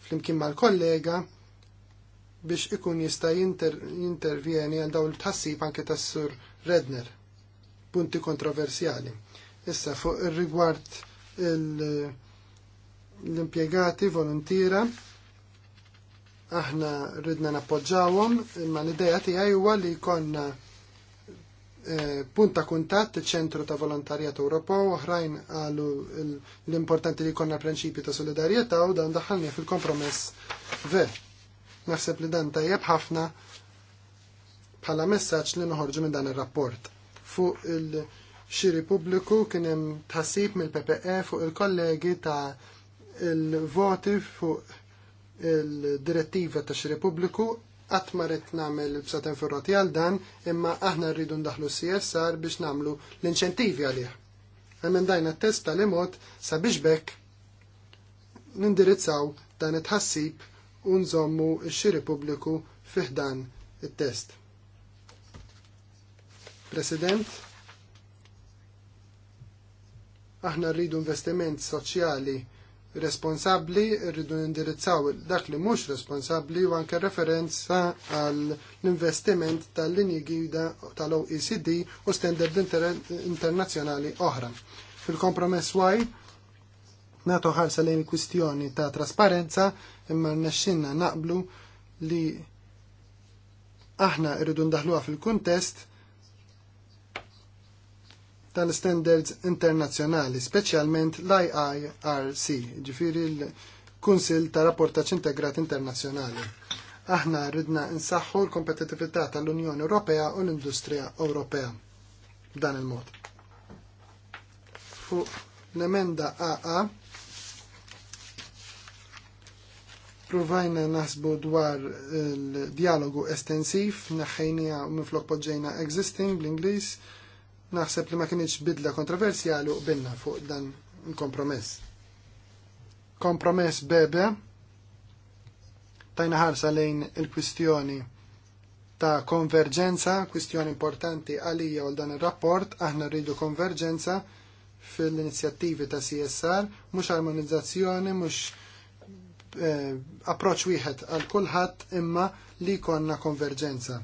flimkien mal-kollega biex ikun jista' jintervjeni għal dawn il-tħassib anke tas-sur Redner. Punti kontroversjali. Issa fuq ir-rigward l-impjegati volontira aħna ridna nappoġġawhom imma l-idea tiegħi huwa li jkollna eh, punt ta' kuntatt ċentru ta' volontarjat Ewropew oħrajn għalu l-importanti li jkollna prinċipju ta' solidarjetà u dan daħħalni fil-kompromess ve. Naħseb li dan tajjeb ħafna bħala messaġġ li noħorġu minn dan ir-rapport fuq il- xiri pubbliku kien hemm tħassib mill-PPE fuq il-kollegi ta' il-voti fuq il-direttiva ta' xiri pubbliku qatt ma rrid nagħmel b'saten furroti għal dan imma aħna rridu ndaħlu CSR biex nagħmlu l-inċentivi għalih. Emendajna t-test tal-imot sabiex bekk nindirizzaw dan it-ħassib u nżommu x-xiri pubbliku fiħdan it-test. President, Aħna rridu investiment soċjali responsabli, rridu indirizzaw dak li mhux responsabli u anke referenza għall investiment tal-linji gida tal-OECD u standard inter internazzjonali oħra. Fil-kompromess waj, nato ħarsa lejn kwistjoni ta' trasparenza imma rnexxinna naqblu li aħna rridu ndaħluha fil-kuntest tal-standards internazzjonali, speċjalment l-IIRC, ġifiri l-Kunsil ta' Rapportaċ Integrat Internazzjonali. Aħna rridna nsaħħu l-kompetitività tal-Unjoni Ewropea u l-Industrija Ewropea b'dan il-mod. Fuq l-emenda AA provajna naħsbu dwar il-dialogu estensiv, naħħejnija u minflok poġġejna existing bl-Inglis, Naħseb li ma kienieċ bidla kontroversjali u binna fuq dan kompromess. Kompromess bebe tajna ħarsa lejn il-kwistjoni ta' konverġenza, kwistjoni importanti għalija u dan il-rapport, aħna rridu konverġenza fil-inizjattivi ta' CSR, mux armonizzazzjoni, mux eh, approċ wieħed għal kulħadd imma li konna konverġenza.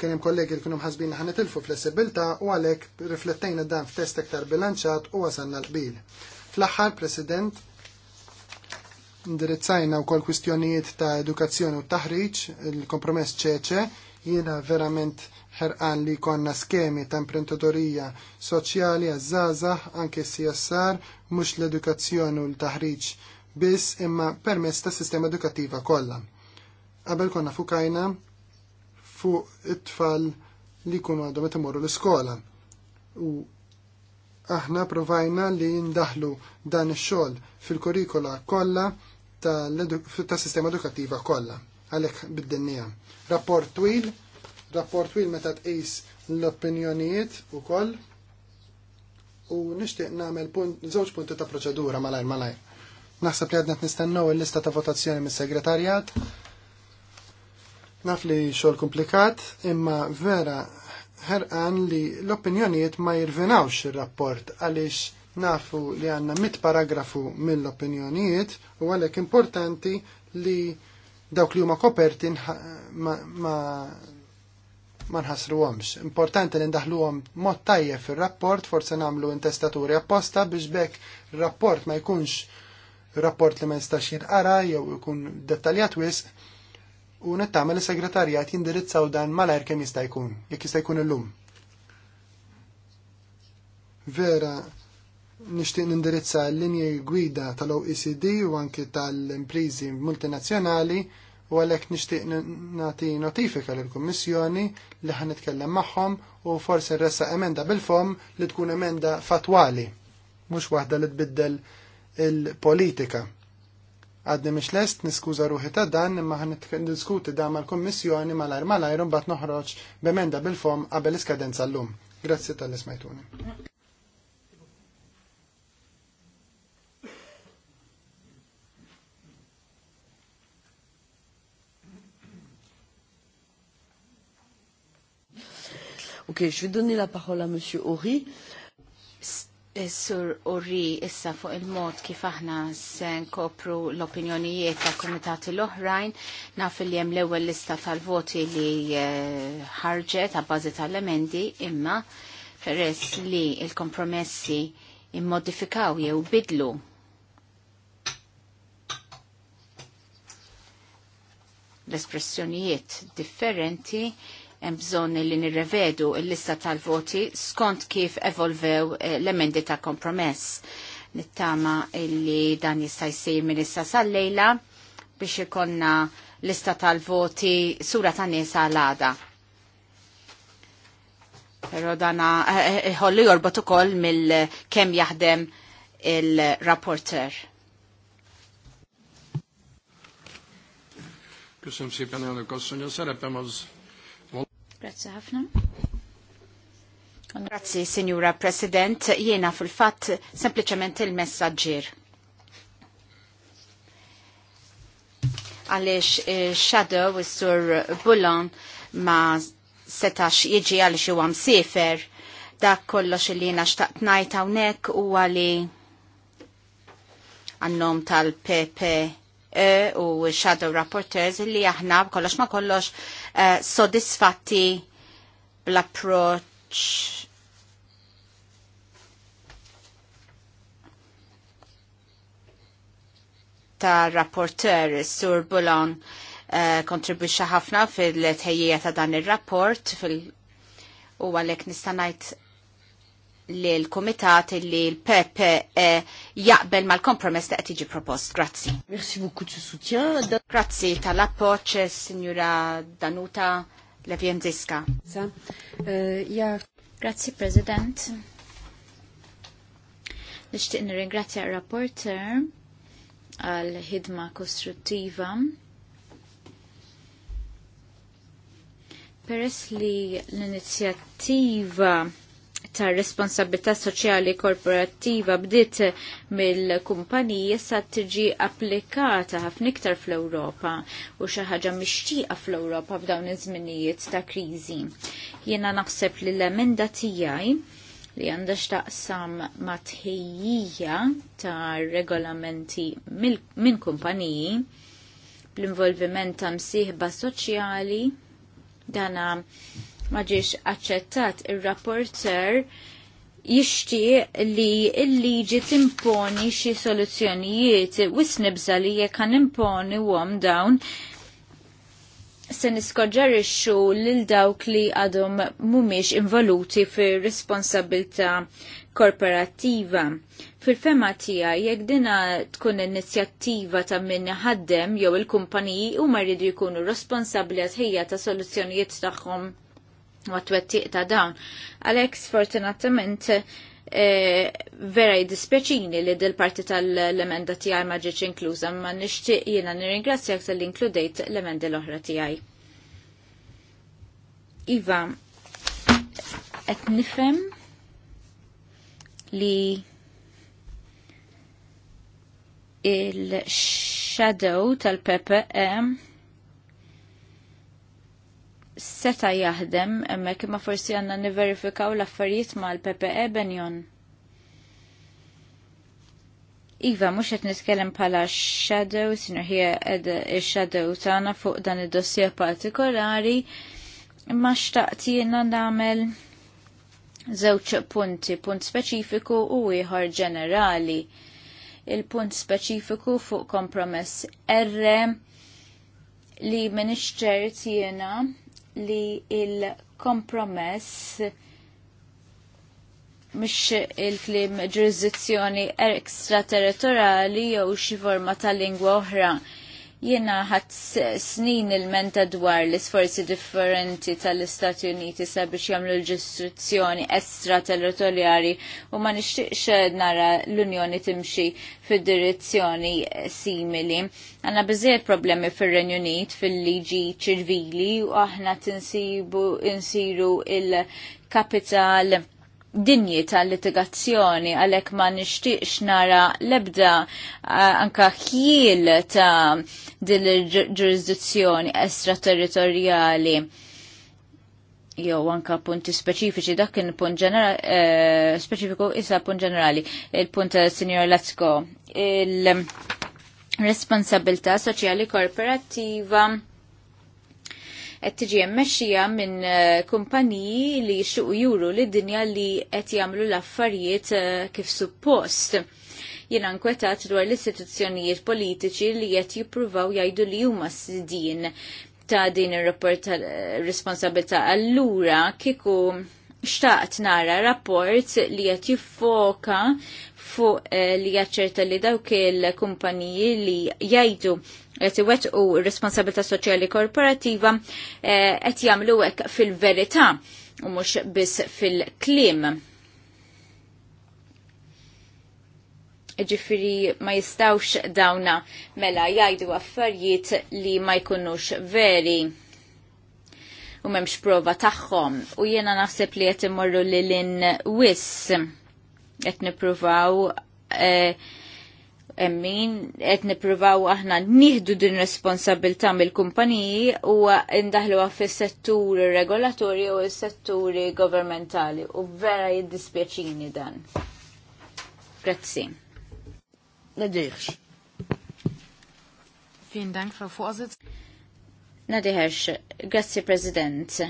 Kien hemm kollegi li kienu mħasbin li ħanetilfu flessibilità u għalhekk riflettejna dan f'test aktar bilanċat u wasalna l-qbil. Fl-aħħar, President, indirizzajna wkoll kwistjonijiet ta' edukazzjoni u taħriġ, il-kompromess ċeċe, jiena verament ħerqan li konna skemi ta' imprentatorija soċjali għazzazah anke CSR mhux l-edukazzjoni u l-taħriġ biss imma permess ta' sistema edukattiva kollha. Qabel konna fukajna fuq it-tfal li kunu għadhom qed imorru l-iskola. U aħna provajna li ndaħlu dan ix-xogħol fil-kurikula kollha tas-sistema edukattiva kollha għalhekk bid dinja Rapport twil, rapport twil meta tqis l-opinjonijiet ukoll u nixtieq nagħmel punt żewġ punti ta' proċedura malajr malajr. Naħseb li għadna nistennew il-lista ta' votazzjoni mis-segretarjat Naf li xogħol komplikat, imma vera ħerqan li l-opinjonijiet ma jirvenawx ir-rapport għaliex nafu li għanna mit paragrafu mill-opinjonijiet u għalek importanti li dawk li huma koperti ma, ma, ma nħasru għomx. Importanti li ndaħlu għom mod tajjeb fil-rapport, forse namlu intestaturi apposta biex bekk rapport ma jkunx rapport li ma jistax jirqara jew ikun dettaljat wisq u nittama li segretarjat jindirizzaw dan malajr kem jista' jkun, jekk jista' jkun illum. Vera, nixtieq nindirizza l-linji gwida tal-OECD u anki tal-imprizi multinazzjonali u għalhekk nixtieq nagħti notifika lill-Kummissjoni li ħan nitkellem magħhom u forsi nressa emenda bil-fom li tkun emenda fatwali, mhux waħda li tbiddel il-politika Għaddi miex lest niskuza ruħi ta' dan imma għan diskuti da' mal-Kommissjoni mal-ar mal-ajr bat noħroċ b'emenda bil-fom għabel iskadenza l-lum. Grazie tal-ismajtuni. Ok, je vais donner la parole à Monsieur Horry Sur Uri issa fuq il-mod kif aħna se nkopru l-opinjonijiet ta' komitati l-oħrajn, naf li hemm l-ewwel lista tal-voti li eh, ħarġet ta' tal-emendi, imma peress li il-kompromessi immodifikaw jew bidlu l-espressjonijiet differenti hemm bżonn li nirrevedu l-lista tal-voti skont kif evolvew eh, l-emendi ta' kompromess. Nittama illi dan jista' jsir minn sal-lejla biex ikonna lista tal-voti sura ta' nisa l-għada. Pero dana eh, eh, ħolli jorbot ukoll mill-kem jaħdem il-rapporter. Köszönöm szépen, elnök asszony. A szerepem az Grazzi ħafna. Grazzi, Signora President. Jena fil-fat sempliciment il-messagġir. Għalix eh, Shadow, is-sur Bullon, ma setax jieġi għalix għam sefer Dak kollox li jena xtaqt najta hawnhekk u li għannom tal-Pepe E u shadow rapporteurs li aħna kollox ma kollox e, sodisfatti bl approach ta' rapporteur Sur Bulon uh, ħafna fil-tejjija ta' dan il-rapport fil- u għalek nistanajt li l-komitat li l-PPE eh, jaqbel mal-kompromess ta' tiġi propost. Grazzi. Merci beaucoup de soutien. Grazzi tal-appoċ, signora Danuta Levienziska. Eh, Grazzi, President. Nishtiq nirringrazzja r-rapporter għal ħidma kostruttiva. Peress li l-inizjattiva ta' responsabilità soċjali korporattiva bdiet mill-kumpaniji sa tiġi applikata ħafna iktar fl-Ewropa u xi ħaġa mixtieqa fl-Ewropa f'dawn iż-żminijiet ta' kriżi. Jiena naħseb li l-emenda tiegħi li għandha x'taqsam matħejjija ta' regolamenti minn kumpaniji bl-involviment ta' msieħba soċjali dana ma ġiex aċċettat ir-rapporter jixtieq li l-liġi timponi xi soluzzjonijiet wisnibza li jekk kan imponi wom dawn se niskoġġerixxu lil dawk li għadhom mhumiex involuti fir-responsabilità korporattiva. Fil-fema tija, jekk dina tkun inizjattiva ta' minn ħaddem jew il-kumpaniji u jridu jkunu responsabli għadħija ta' soluzzjonijiet tagħhom u għat ta' dawn. Alex, sfortunatament eh, vera jidispeċini li dil-parti tal-emenda tijaj maġiċ inkluza, ma nishtiq jina nir-ingrazzjak tal-inkludejt l-emendi l-oħra tijaj. Iva, et nifem li il-shadow tal pepe seta jaħdem hemmhekk imma forsi għandna niverifikaw l-affarijiet mal-PPE Benjon. Iva, mhux qed nitkellem bħala shadow, sinur hija edha shadow tagħna fuq dan id-dossier partikolari, imma xtaqt jiena nagħmel żewġ punti, punt speċifiku u ieħor ġenerali. Il-punt speċifiku fuq kompromess R li minix ċert jiena li il-kompromess mhix il-klim ġurisdizzjoni ekstraterritorjali jew xi forma ta' lingwa oħra Jiena ħat snin il-menta dwar l-isforzi differenti tal-Istati Uniti sabiex jagħmlu l ġistruzzjoni estra territorjali u ma nixtieqx nara l-Unjoni timxi fid-direzzjoni simili. Għandna biżejjed problemi fir-Renju Unit fil-liġi ċirvili u aħna tinsibu insiru il-kapital dinji tal-litigazzjoni għalek ma nishtiqx nara lebda anka ħil ta' din il-ġurisdizzjoni estraterritorjali jew anka punti speċifiċi dak kien punt ġenerali eh, speċifiku issa punt ġenerali il-punt eh, Sinjor Latzko il-responsabilità soċjali korporattiva qed tiġi mmexxija minn eh, kumpaniji li jixtiequ juru lid dinja li qed jagħmlu l-affarijiet eh, kif suppost. Jiena nkwetat dwar l-istituzzjonijiet politiċi li qed jippruvaw jgħidu li huma din ta' din ir-rapport ta' eh, responsabilità allura kieku xtaqt nara rapport li qed jiffoka fuq li jaċċerta li dawk il-kumpaniji li jgħidu qed iwettqu responsabilità soċjali korporattiva eh, qed jagħmlu hekk fil-verità u mhux biss fil-kliem. Ġifiri ma jistawx dawna mela jgħidu affarijiet li ma jkunux veri u memx prova taħħom u jena naħseb li jett imorru li l-in wiss jett niprovaw eh, emmin qed nippruvaw aħna nieħdu din responsabilità mill-kumpaniji u indaħlu fis-settur regolatori u s-setturi governmentali u vera jiddispjaċini dan. Grazzi. Nadiħx. Vielen Dank, Frau Vorsitzende. Nadiħx, grazzi President.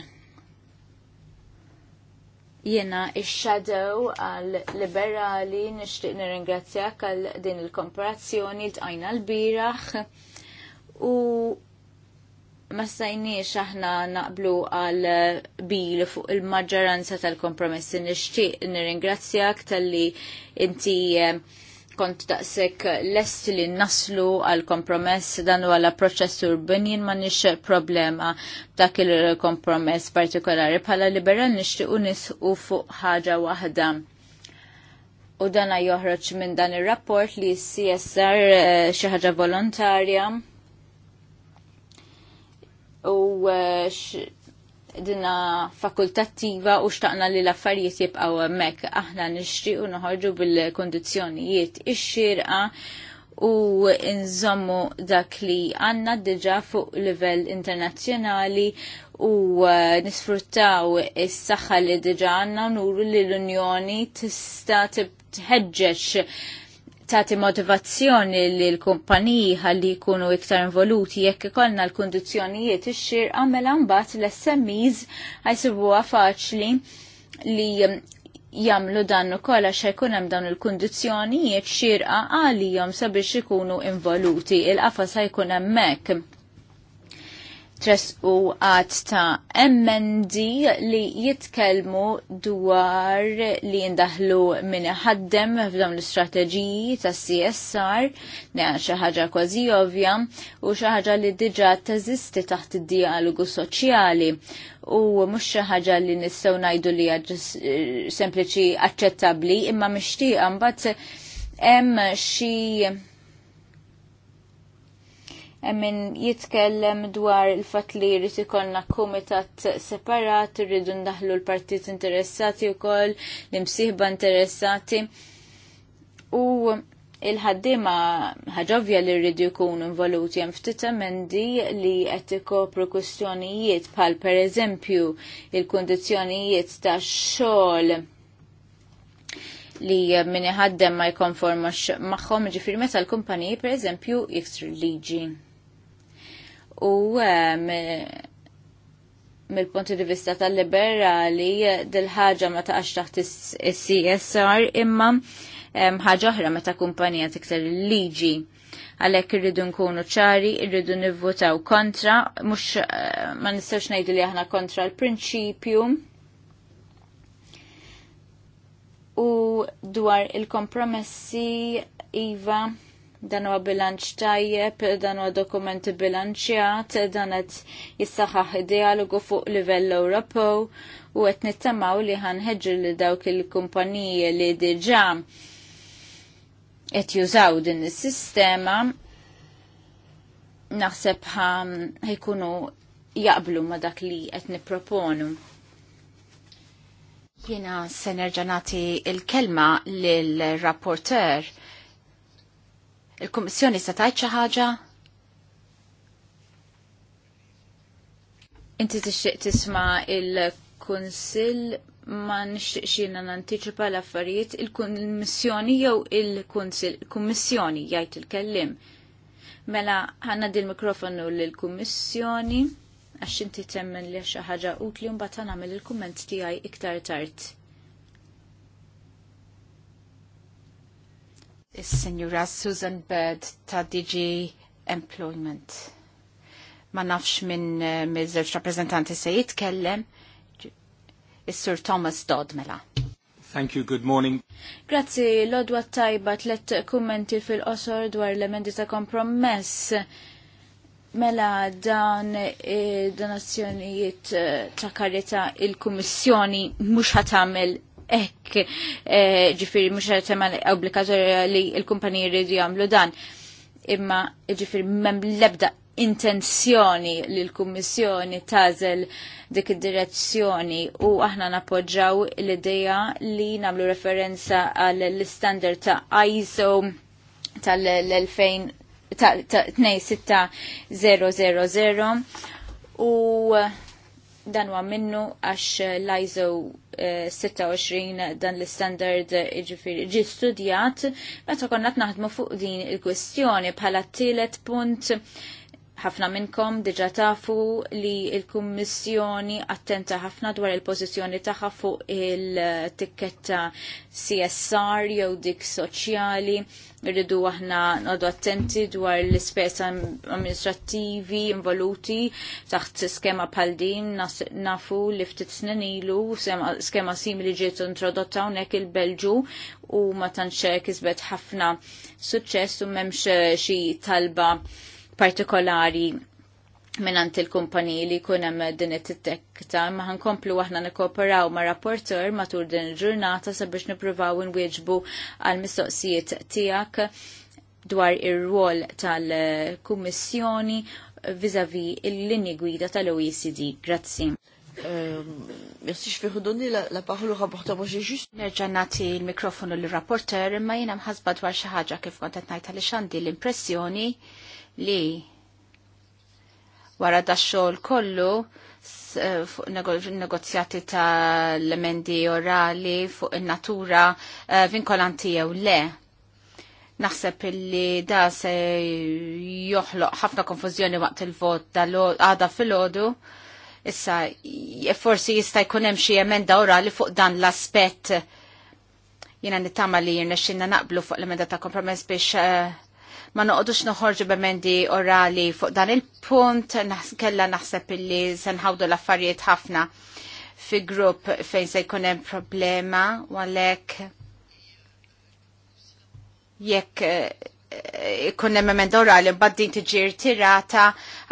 Jena ix-shadow għal liberali nixtieq nirringrazzjak għal din il-komparazzjoni tqajna l birax u ma stajniex aħna naqblu għal bil fuq il-maġġoranza tal-kompromessi nixtieq nirringrazzjak tal-li inti eh, kont daqsek lest li naslu għal kompromess dan u għala proċessur binjien ma nix problema dak il-kompromess partikolari bħala liberal nixtieq unis u fuq ħaġa waħda. U dana joħroġ minn dan ir-rapport li CSR eh, xi ħaġa volontarja u eh, dina fakultattiva u xtaqna li l-affarijiet jibqaw hemmhekk aħna u noħorġu bil kondizjonijiet ix-xirqa u nżommu dak li għanna diġa fuq livell internazzjonali u uh, nisfruttaw is-saħħa li diġa għanna nuru li l-Unjoni tista' tħeġġeġ tati motivazzjoni li l-kumpaniji għalli jkunu iktar involuti jekk ikollna l-kondizjonijiet ix-xir għamela mbagħad l-SMEs għajsibu faċli li jagħmlu dan ukoll għax jkun hemm dawn il-kundizzjonijiet xirqa għalihom sabiex ikunu involuti. Il-qafas ħajkun hemmhekk tresqu għat ta' MND li jitkelmu dwar li jindahlu minn ħaddem f'dawn l-istrateġiji ta' CSR, neħan xaħġa kważi ovvja, u xaħġa li diġa teżisti taħt id-dialogu soċjali u mux xaħġa li nistaw najdu li sempliċi aċċettabli imma mixtieqa mbagħad hemm xi min jitkellem dwar il-fat li jrid ikollna kumitat separat, irridu ndaħlu l-partit interessati wkoll, l-imsieħba interessati. U il-ħaddima ħaġovja li rridu jkunu involuti hemm ftit emendi li qed prokustjonijiet kwistjonijiet bħal pereżempju il-kundizzjonijiet ta' xogħol li min iħaddem ma jkonformax magħhom ġifir meta l-kumpaniji pereżempju jiftri liġi u eh, mill-punti di vista tal-liberali dil-ħaġa ma taqax taħt is-CSR imma eh, ħaġa oħra meta kumpanija tiktar il-liġi. Għalhekk irridu nkunu ċari, irridu nivvotaw kontra, mhux eh, ma nistgħux ngħidu li aħna kontra l-prinċipju. U dwar il-kompromessi iva dan huwa bilanċ tajjeb, dan huwa dokumenti bilanċjat, dan qed jissaħħaħ dialogu fuq livell Ewropew u qed nittamaw li ħanħeġġu li dawk il-kumpaniji li diġà qed jużaw din is-sistema naħseb ħajkunu jaqblu ma dak li qed nipproponu. Jiena se nerġa' nagħti l kelma lill rapporteur Il-Kummissjoni se tajt xi ħaġa? Inti tixtieq tisma' il-Kunsill ma nixtieqx jiena nantiċipa l-affarijiet il-Kummissjoni jew il-Kunsill, il-Kummissjoni jgħid il-kellim. Mela ħanna din mikrofonu lill-Kummissjoni għax inti temmen li xi ħaġa utli mbagħad nagħmel il-kumment tiegħi iktar tard. is-Sinjura Susan Bird ta' DG Employment. Ma nafx minn eh, mill żewġ rappreżentanti se jitkellem, is-Sur Thomas Dodd mela. Thank you, good morning. Grazzi, l-odwa tajba tlet kummenti fil-qosor dwar l-emendi ta' kompromess. Mela dan eh, donazzjonijiet eh, ta' karita il-Kummissjoni mhux ħatamel ekk eh, ġifiri mux għatema obbligatorja li il-kumpaniji rridu jagħmlu dan. Imma ġifiri mem lebda intenzjoni li l-Kummissjoni tażel dik id-direzzjoni u aħna napoġġaw l-idea li namlu referenza għal l-standard ta' ISO tal-2000 ta' u dan huwa minnu għax l-ISO 26 eh, dan l-standard eh, ġifiri ġi ma meta konna naħdmu fuq din il-kwestjoni bħala t-tielet punt ħafna minnkom diġa tafu li il-Kummissjoni attenta ħafna dwar il-pożizzjoni tagħha fuq il-tikketta CSR jew dik soċjali. Rridu aħna nodu attenti dwar l-ispesa amministrattivi involuti taħt skema bħal din nafu li ftit snin ilu skema simili ġiet introdotta hawnhekk il-Belġu u ma tantx kisbet ħafna suċċess u m'hemmx xi talba partikolari minnant il-kumpaniji li kunem din it-tekta, ma ħankomplu aħna nikoperaw ma' rapporter matul din il-ġurnata sabiex nipruvaw nwieġbu għal-mistoqsijiet tijak dwar ir-rwol tal-Kummissjoni vizavi il-linji gwida tal-OECD. Grazzi. Euh, merci, je vais redonner la, la parole au rapporteur. Moi, j'ai juste... Nerġa nagħti l mikrofonu lir rapporter imma jiena mħazba dwar ħaġa kif qed najta li xandi l-impressjoni li wara da xogħol kollu eh, fuq negozjati tal-emendi orali fuq in-natura eh, vinkolanti jew le naħseb li da se joħloq ħafna konfużjoni waqt il-vot għada fil-ħodu. Issa, e forsi jista' jkun hemm xi emenda orali fuq dan l-aspett jiena nittama li jirnexxinna naqblu fuq l-emenda ta' kompromess biex uh, ma noqodux noħorġu b'emendi orali fuq dan il-punt, kella naħseb illi senħawdu l-affarijiet ħafna fi grupp fejn se jkun hemm problema, għalhekk jekk eh, kunnem emend orali mbad din tiġir tirata,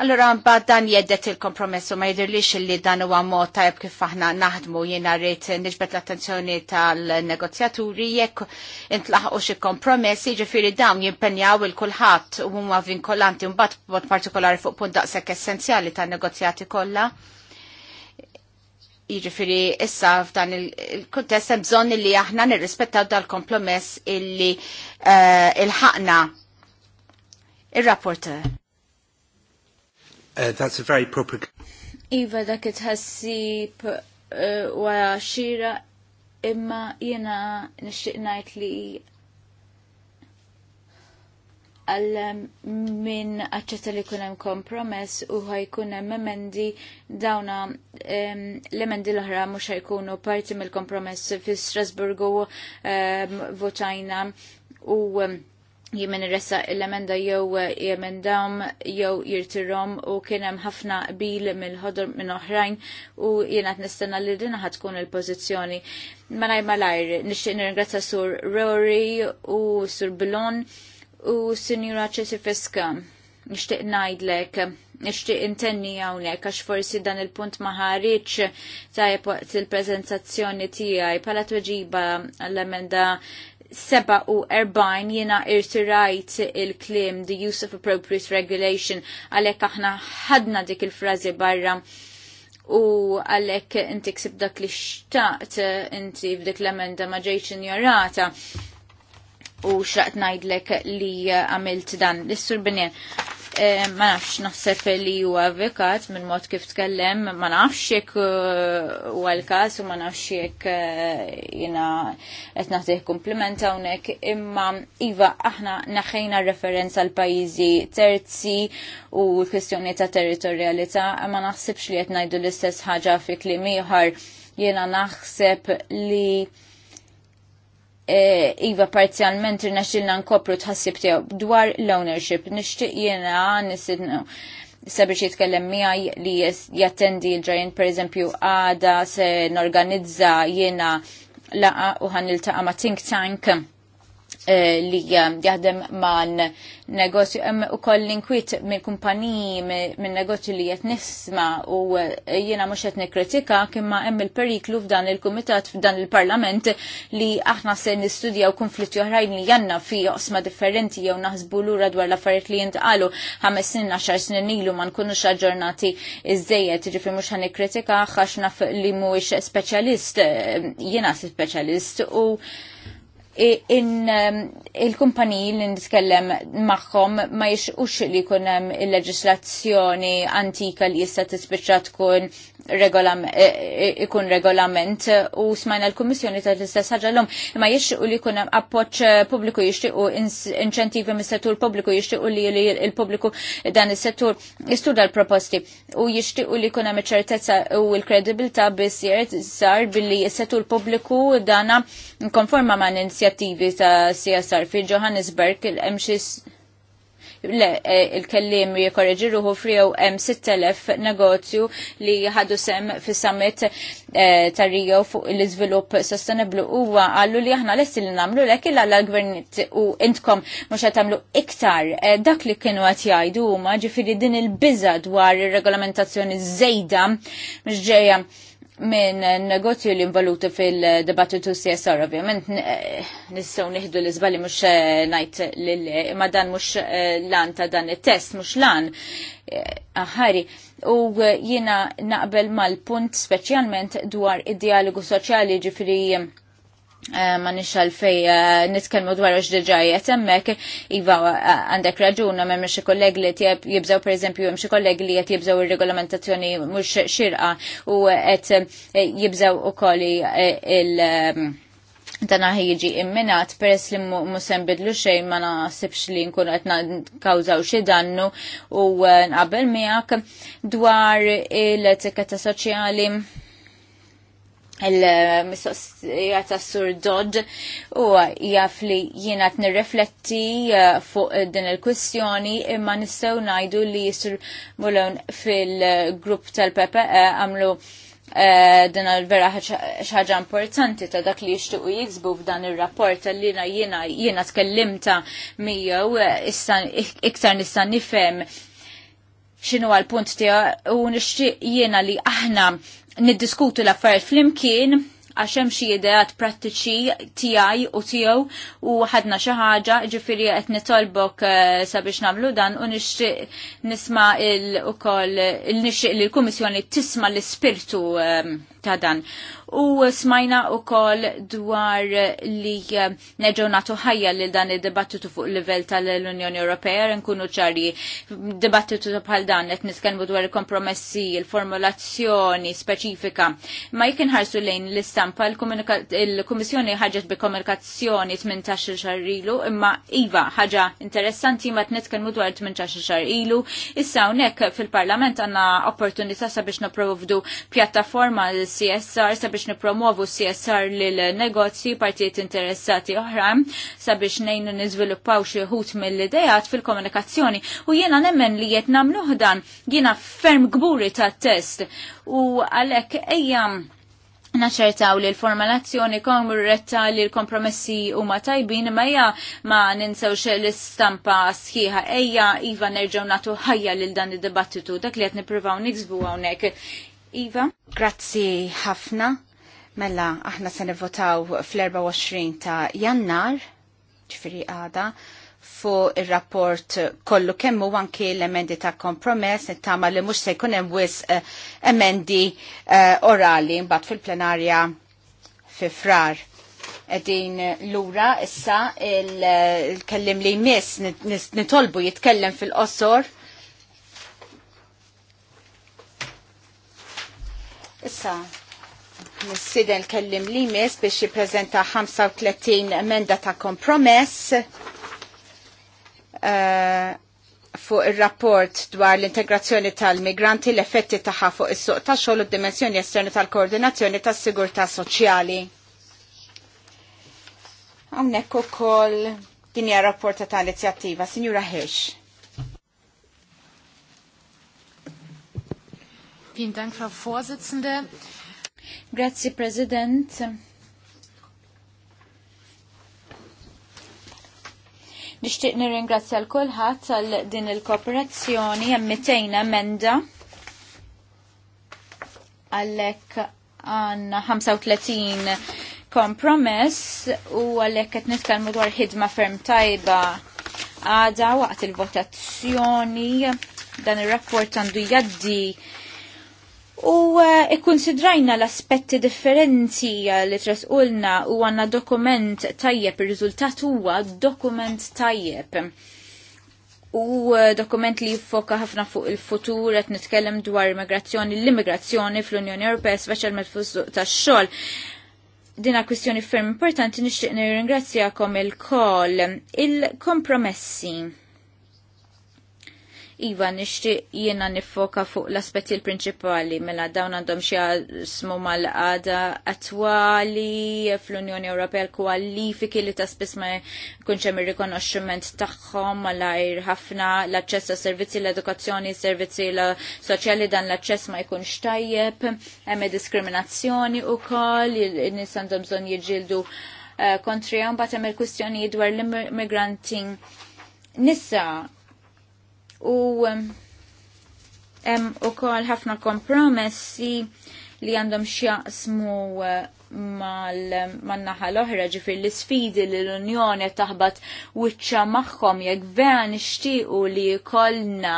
allora mbad dan jeddet il-kompromessu ma lix li dan huwa mod tajb kif aħna naħdmu jina rrit nġbet l-attenzjoni tal-negozjaturi jekk u xie kompromessi, ġifiri dawn jimpenjaw il kulħadd u huma vinkolanti mbagħad b'mod partikolari fuq punt daqshekk essenzjali tan-negozjati kollha. Jiġifieri issa f'dan il kontest hemm bżonn li aħna nirrispettaw dal-kompromess illi l eh, il-ħaqna. Il-rapporter. Eh, that's a very proper... Iva dak it-ħassib eh, wara xira imma jiena nixtieq ngħid li għal ehm, minn aċċetta li kunem kompromess u ħajkunem emendi dawna ehm, l-emendi l-ħra mux ħajkunu parti mill kompromess fi Strasburgu ehm, votajna u um, jimmen ressa l-emenda jew jimmen dam jew jirtirom u kienem ħafna bil mill-ħodor minn oħrajn u jiena nistenna li dina ħatkun il-pozizjoni. Malaj malajr, nixtieq nirringrazzja sur Rory u sur Bilon u Sinjura Ċesifiska, nishtiq najdlek, nishtiq intenni għawnek, għax forsi dan il-punt maħarriċ tajab waqt il-prezentazzjoni tijaj, pala tweġiba għall-emenda 47 jena irtirajt il-klim the use of appropriate regulation għalek aħna ħadna dik il-frazi barra u għalek inti ksib dak li xtaqt inti f'dik l-emenda ma ġejċ u xraqt najdlek li għamilt dan. L-Sur eh, ma nafx naħseb li u avvikat minn mod kif tkellem, ma nafx jek eh, u għal-kas u ma nafx jek eh, jina qed naħdih komplimenta unek, imma Iva, aħna naħħejna referenza għal pajizi terzi u kwestjoni ta' territorialita, ma naħsibx li qed najdu l-istess ħaġa fi klimiħar jena naħseb li E, iva rna xilna nkopru tħassib tiegħu dwar l-ownership. Nixtieq jiena nisidnu sabiex jitkellem miegħi li jattendi l-ġajn pereżempju għada se norganizza jiena laqa u il-taqa ma' think tank Eh, li jaħdem man negozju hemm ukoll l inkwit minn kumpaniji minn negozju li qed nisma' u eh, jiena mhux qed nikkritika imma hemm il-periklu f'dan il-kumitat f'dan il-parlament li aħna se nistudjaw konflitti oħrajn li janna fi oqsma differenti jew naħsbu lura dwar l-affarijiet li jintqalu ħames snin għaxar snin ilu ma nkunux aġġornati iżdejjed jiġifieri mhux ħanikkritika għax naf li mhuwiex speċjalist eh, jiena speċjalist u Um, il-kumpaniji li nitkellem magħhom ma jixqux li jkun hemm il-leġislazzjoni antika li jista' tispiċċa tkun E, e, ikun regolament e, u smajna l-Kommissjoni ta' l-istess ħagġa l-om. Ma u li kun appoċ publiku u inċentivi mis settur publiku u li l-publiku dan is settur jistuda l-proposti u u li kun ċertezza u l-kredibilta bis sar billi s settur publiku dana konforma ma' inizjattivi ta' CSR fi Johannesburg il mcs le e, il-kellim jikorreġi ruħu frijaw hemm 6000 negozju li ħadu sem fis-summit e, ta' Rio fuq l-iżvilupp sostenibli huwa għallu li aħna lesti li nagħmlu lek illa l-gvern u intkom mhux qed tagħmlu iktar e, dak li kienu qed jgħidu huma ġifieri din il-biża dwar ir-regolamentazzjoni żejda mhux minn negozju li involuti fil-debattitu CSR, ovvjament, eh, nistaw nihdu l-izbali mux eh, najt l-li, ma dan mux eh, lan ta' dan il-test, mux lan aħari. U jina naqbel mal-punt specialment dwar id-dialogu soċjali ġifiri Eh, ma nix għalfej eh, nitkelmu dwar għax diġajiet emmek, iva eh, għandek raġuna ma mxie kolleg li tjeb jibżaw per eżempju mxie kolleg li jett jibżaw il-regolamentazzjoni mux xirqa u għet jibżaw u koli il- dana ħiġi imminat peress li musem bidlu xejn ma naħsibx li nkun qed kawżaw xi dannu u nqabel miegħek dwar il-etiketta soċjali il-mistoqsija ta' Sur Dodd u jaf li jiena qed nirrifletti uh, fuq din il-kwistjoni imma nistgħu ngħidu li Sur Mulon fil-grupp tal-PPE uh, għamlu uh, din vera ħaġa importanti ta' dak li jixtiequ jiksbu f'dan ir-rapport li jiena jiena tkellimta miegħu issa iktar nista' nifhem x'inhuwa l punt tiegħu u nixtieq jiena li aħna niddiskutu l-affarijiet flimkien għax hemm xi ideat prattiċi tiegħi u tiegħu u ħadna xi ħaġa, għet qed nitolbok eh, sabiex nagħmlu dan u nixtieq nisma' il ukoll il nixtieq li kummissjoni tisma' l-ispirtu eh, ta' dan. U smajna u kol dwar li eh, neġo natu ħajja li dan id-debattitu fuq level tal-Unjoni Ewropea er nkunu ċari dibattitu bħal dan qed niskenbu dwar il-kompromessi, il-formulazzjoni speċifika. Ma jikin ħarsu lejn l-istampa il-Kummissjoni ħarġet bi komunikazzjoni 18 xar ilu, imma iva ħaġa interessanti ma tnitkellmu dwar 18 xar ilu. Issa hawnhekk fil-Parlament għandna opportunità sabiex naprovdu pjattaforma CSR sabiex nipromovu CSR lil negozji partijiet interessati oħra sabiex nejnu niżviluppaw xi ħut mill-idejat fil-komunikazzjoni u jiena nemmen li qed nagħmlu dan jiena ferm gburi tat-test u għalhekk ejja naċertaw li l-formalazzjoni korretta li l-kompromessi u ma tajbin ma ja ma ninsewx l-istampa sħiħa eja iva nerġaw natu ħajja lil dan id-dibattitu dak li għet niprivaw niksbu għawnek Iva, grazzi ħafna. Mela, aħna se nivvotaw fl-24 ta' jannar, ġifiri għada, fu il-rapport kollu kemmu anki l-emendi ta' kompromess, nittama li mux se jkun hemm wis uh, emendi uh, orali mbagħad fil-plenarja fi frar. Edin lura issa il-kellim li jmiss nitolbu jitkellem fil-qosor Issa, nissiden kellim li mis biex jiprezenta 35 emenda ta' kompromess eh, fuq il-rapport dwar l-integrazzjoni tal-migranti l-effetti taħħa fuq is-suq ta' xogħol u d-dimensjoni esterni tal-koordinazzjoni tas-sigurtà soċjali. Hawnhekk ukoll din hija rapporta ta' inizjattiva, Sinjura Hirsch. Vielen Dank, Frau Vorsitzende. Grazie, President. Nishtiq nirringrazzja l-kulħat għal din il-kooperazzjoni hemm 200 emenda għalhekk għandna 35 kompromess u għalhekk qed nitkellmu dwar ħidma ferm tajba għada waqt il-votazzjoni dan ir-rapport għandu jgħaddi. U eh, ikkonsidrajna l-aspetti differenti eh, li tresqulna u għanna dokument tajjeb, il-rizultat huwa dokument tajjeb. U eh, dokument li jiffoka ħafna fuq il-futur qed nitkellem dwar immigrazzjoni, l-immigrazzjoni fl-Unjoni Ewropea, speċjalment fuq tax-xogħol dina kwistjoni ferm importanti nixtieq nirringrazzjakom il-kol il-kompromessi. Iva, nixtieq jiena nifoka fuq l-aspetti l-prinċipali mela dawn għandhom xi smu mal-qada attwali fl-Unjoni Ewropea l-kwalifiki li ta' spiss ma jkunx hemm ir-rikonoxximent tagħhom malajr ħafna l-aċċess ta' servizzi l-edukazzjoni, servizzi soċjali dan l-aċċess ma jkunx tajjeb, hemm diskriminazzjoni wkoll, in-nies għandhom bżonn jiġildu eh, kontri għan hemm il-kustjoni dwar l-immigranti nissa u hemm ukoll ħafna kompromessi li għandhom xjaqsmu eh, mal-naħa l-oħra ġifir l-sfidi li l-Unjoni taħbat wiċċa magħhom jekk vera nixtiequ li jkollna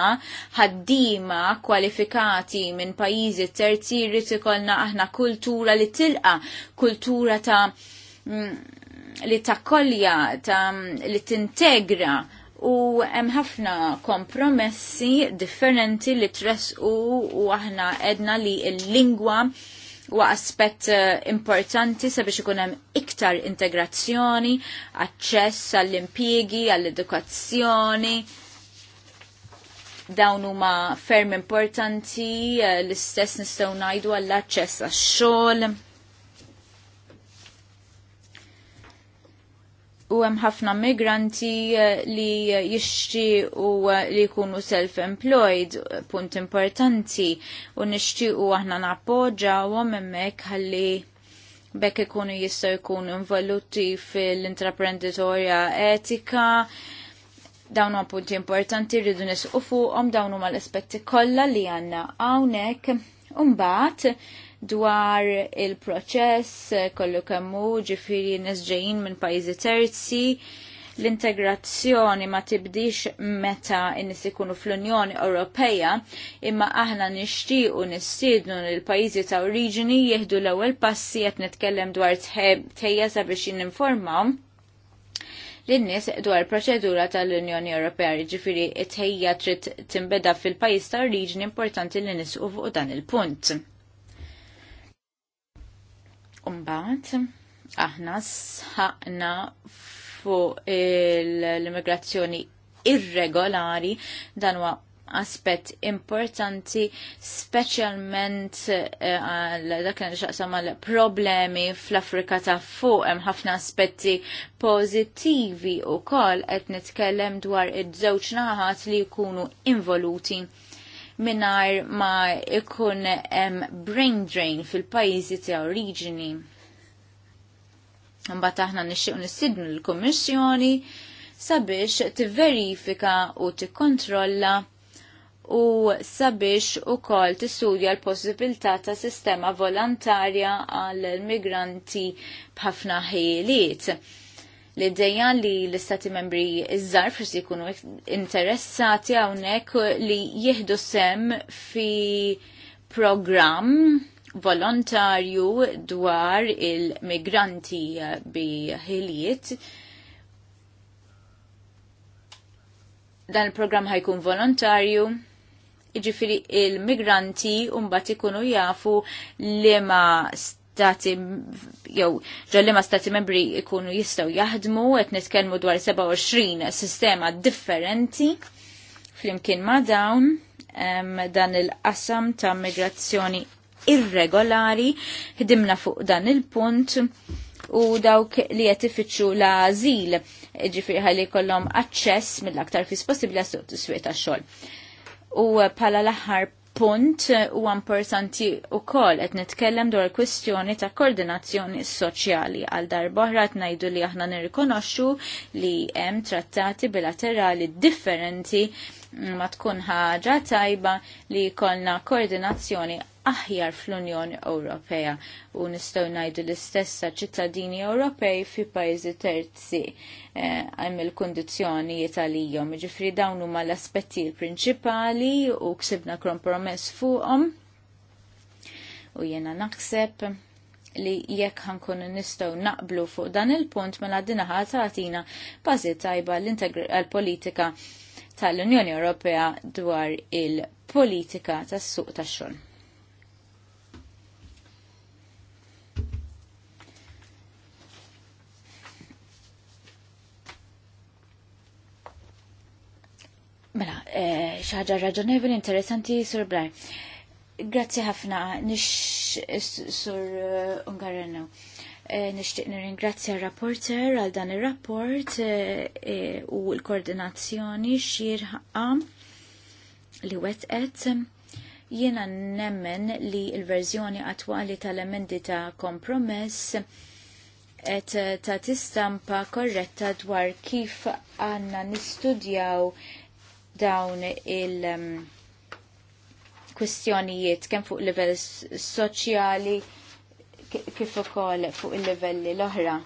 ħaddiema kwalifikati minn pajjiżi terzi rrid ikollna aħna kultura li tilqa kultura ta' mm, li takkolja ta' mm, li tintegra u hemm ħafna kompromessi differenti li tresqu u aħna edna li l-lingwa u aspett eh, importanti sabiex ikun hemm iktar integrazzjoni, aċċess għall-impjiegi, għall-edukazzjoni. Dawn huma ferm importanti eh, l-istess nistgħu ngħidu għall-aċċess għax-xogħol u hemm ħafna migranti eh, li jixtiequ eh, li jkunu self-employed, eh, punt importanti, u nixtiequ aħna nappoġġawhom hemmhekk ħalli bekk ikunu jistgħu jkunu involuti fil-intraprenditorja etika, dawn huma punti importanti rridu nisqu fuqhom dawn huma l-aspetti kollha li għandna hawnhekk. Umbagħad dwar il-proċess kollu kemmu ġifiri nisġejjin minn pajjiżi terzi l-integrazzjoni ma tibdix meta nis ikunu fl-Unjoni Ewropea imma aħna nixtiequ nistiednu l pajjiżi ta' oriġini jieħdu l-ewwel passi qed nitkellem dwar tejja sabiex jinninformaw l-nies dwar proċedura tal-Unjoni Ewropea ġifiri tħejja trid timbeda fil-pajjiż ta' oriġini importanti li nisqu fuq dan il-punt. Umbaħt, aħna sħaqna fuq l-immigrazzjoni irregolari dan huwa aspett importanti speċjalment eh, għal uh, dak li xaqsam għal problemi fl-Afrika ta' fuq hemm ħafna aspetti pożittivi wkoll qed nitkellem dwar iż-żewġ naħat li jkunu involuti minar ma ikun um, brain drain fil-pajizi ta' oriġini. Mbagħad aħna nixtieq nissidnu l-Kummissjoni sabiex tivverifika u tikkontrolla u sabiex u kol tistudja l-possibilità ta' sistema volontarja għal migranti b'ħafna ħiliet l-ideja li l-istati membri iż-żar forsi jkunu interessati hawnhekk li jieħdu sem fi programm volontarju dwar il-migranti bi ħiliet. dan il-programm ħajkun volontarju, iġifiri il-migranti un-bat ikunu jafu li ma stati jew ġalli ma stati membri ikunu jistaw jaħdmu, qed nitkellmu dwar 27 sistema differenti flimkien ma dawn um, dan il-qasam ta' migrazzjoni irregolari, ħdimna fuq dan il-punt u dawk li qed ifittxu l-azil ġifri ħalli kollhom aċċess mill-aktar fis possibbli għas-suq tiswieq tax-xogħol. U pala l-aħħar punt eh, u importanti u kol et netkellem dwar kwestjoni ta' koordinazzjoni soċjali għal darbohra najdu li aħna nirrikonoxxu li hemm trattati bilaterali differenti mm, ma tkun ħaġa tajba li kolna koordinazzjoni aħjar fl-Unjoni Ewropea u nistgħu ngħidu l-istessa ċittadini Ewropej fi pajjiżi terzi eh, hemm il-kundizzjonijiet għalihom. Ġifri dawn huma l-aspetti l-prinċipali u ksibna kompromess fuqhom. U jiena naħseb li jekk ħankun nistgħu naqblu fuq dan il-punt mela naħa tagħtina bażi tajba l-politika tal-Unjoni Ewropea dwar il-politika tas-suq tax-xogħol. Mela, eh, xaġa raġonevoli interessanti, Sur Blaj. Grazzi ħafna, nix Sur eh, Ungarenu. Eh, Nishtiq nirringrazzja rapporter għal dan il-rapport u l-koordinazzjoni xirħa li wetqet jiena nemmen li l-verżjoni attwali tal-emendi ta' kompromess et ta' tistampa korretta dwar kif għanna nistudjaw dawn il- um, kwistjonijiet kemm fuq livell soċjali kif ukoll fuq il-livelli l-oħra.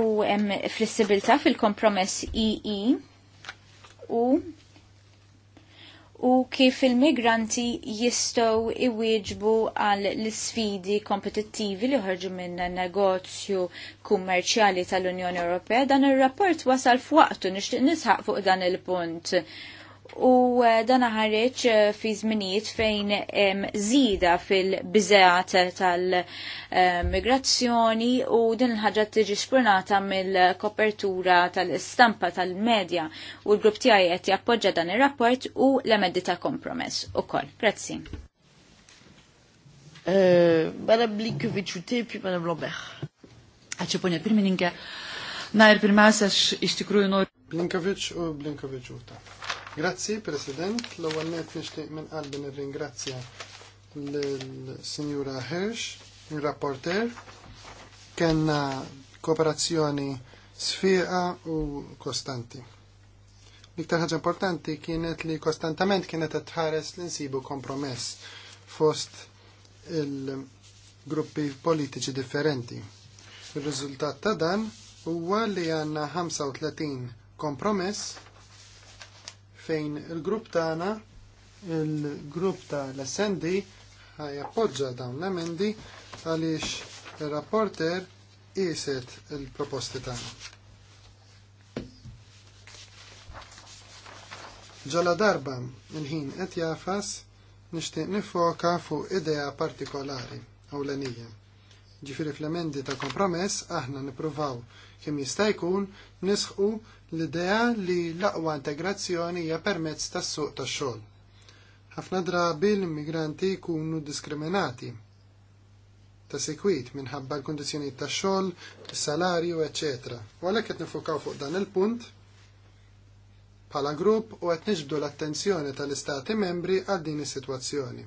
U hemm flessibilità fil-kompromess II e e u u kif il-migranti jistow iwieġbu għal l-sfidi kompetittivi li ħarġu minn negozju kummerċjali tal-Unjoni Ewropea, dan ir rapport wasal f'waqtu nixtieq nisħaq fuq dan il-punt u eh, dan ħareġ eh, fi żminijiet fejn żida fil-biżeat tal-migrazzjoni u din il-ħaġa tiġi xpurnata mill-kopertura tal-istampa tal-medja u l-grupp tiegħi qed jappoġġa dan ir-rapport u l-emendi ta' kompromess ukoll. Grazzi. Bada eh, Blinkovic u puis bada Lambert. Aċċu ponja pirmininke, najr pirmasa x nor. Blinkovic u Blinkovic u ta' Grazzi, President. L-ewwel net nixtieq minn qalbi nirringrazzja lill sinjura Hirsch, il-rapporter. Kenna kooperazzjoni sfiqa u kostanti. L-iktar ħaġa importanti kienet li kostantament kienet tħares li nsibu kompromess fost il-gruppi politiċi differenti. Il-riżultat ta' dan huwa li għanna 35 kompromess fejn il-grupp tagħna il-grupp tal-SND jappoġġa dawn l-emendi għaliex il-rapporter qiset il-proposti tagħna. Ġala darba il-ħin qed jafas nixtieq nifoka fuq idea partikolari ewlenija. Ġifieri fl-emendi ta' kompromess aħna nippruvaw kemm jista' jkun nisħu l-idea li l-aqwa integrazzjoni hija permezz tas-suq tax-xogħol. Ħafna drabi l-immigranti jkunu diskriminati ta' sekwit minħabba l-kondizjoni ta' xogħol, salarju ecc. U għalhekk qed nifukaw fuq dan il-punt bħala grupp u qed niġbdu l-attenzjoni tal-istati membri għal din is-sitwazzjoni.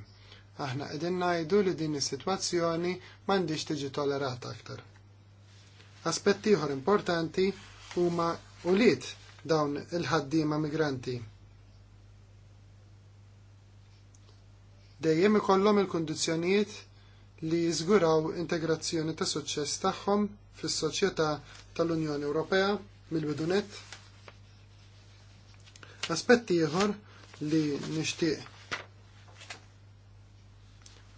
Aħna qegħdin ngħidu li din is-sitwazzjoni m'għandix tiġi tollerata aktar. Aspetti ieħor importanti huma ulit dawn il-ħaddiema migranti. Dejjem ikollhom il-kundizzjonijiet li jiżguraw integrazzjoni ta' suċċess tagħhom fis-soċjetà tal-Unjoni Ewropea mill-bidunet. Aspetti ieħor li nixtieq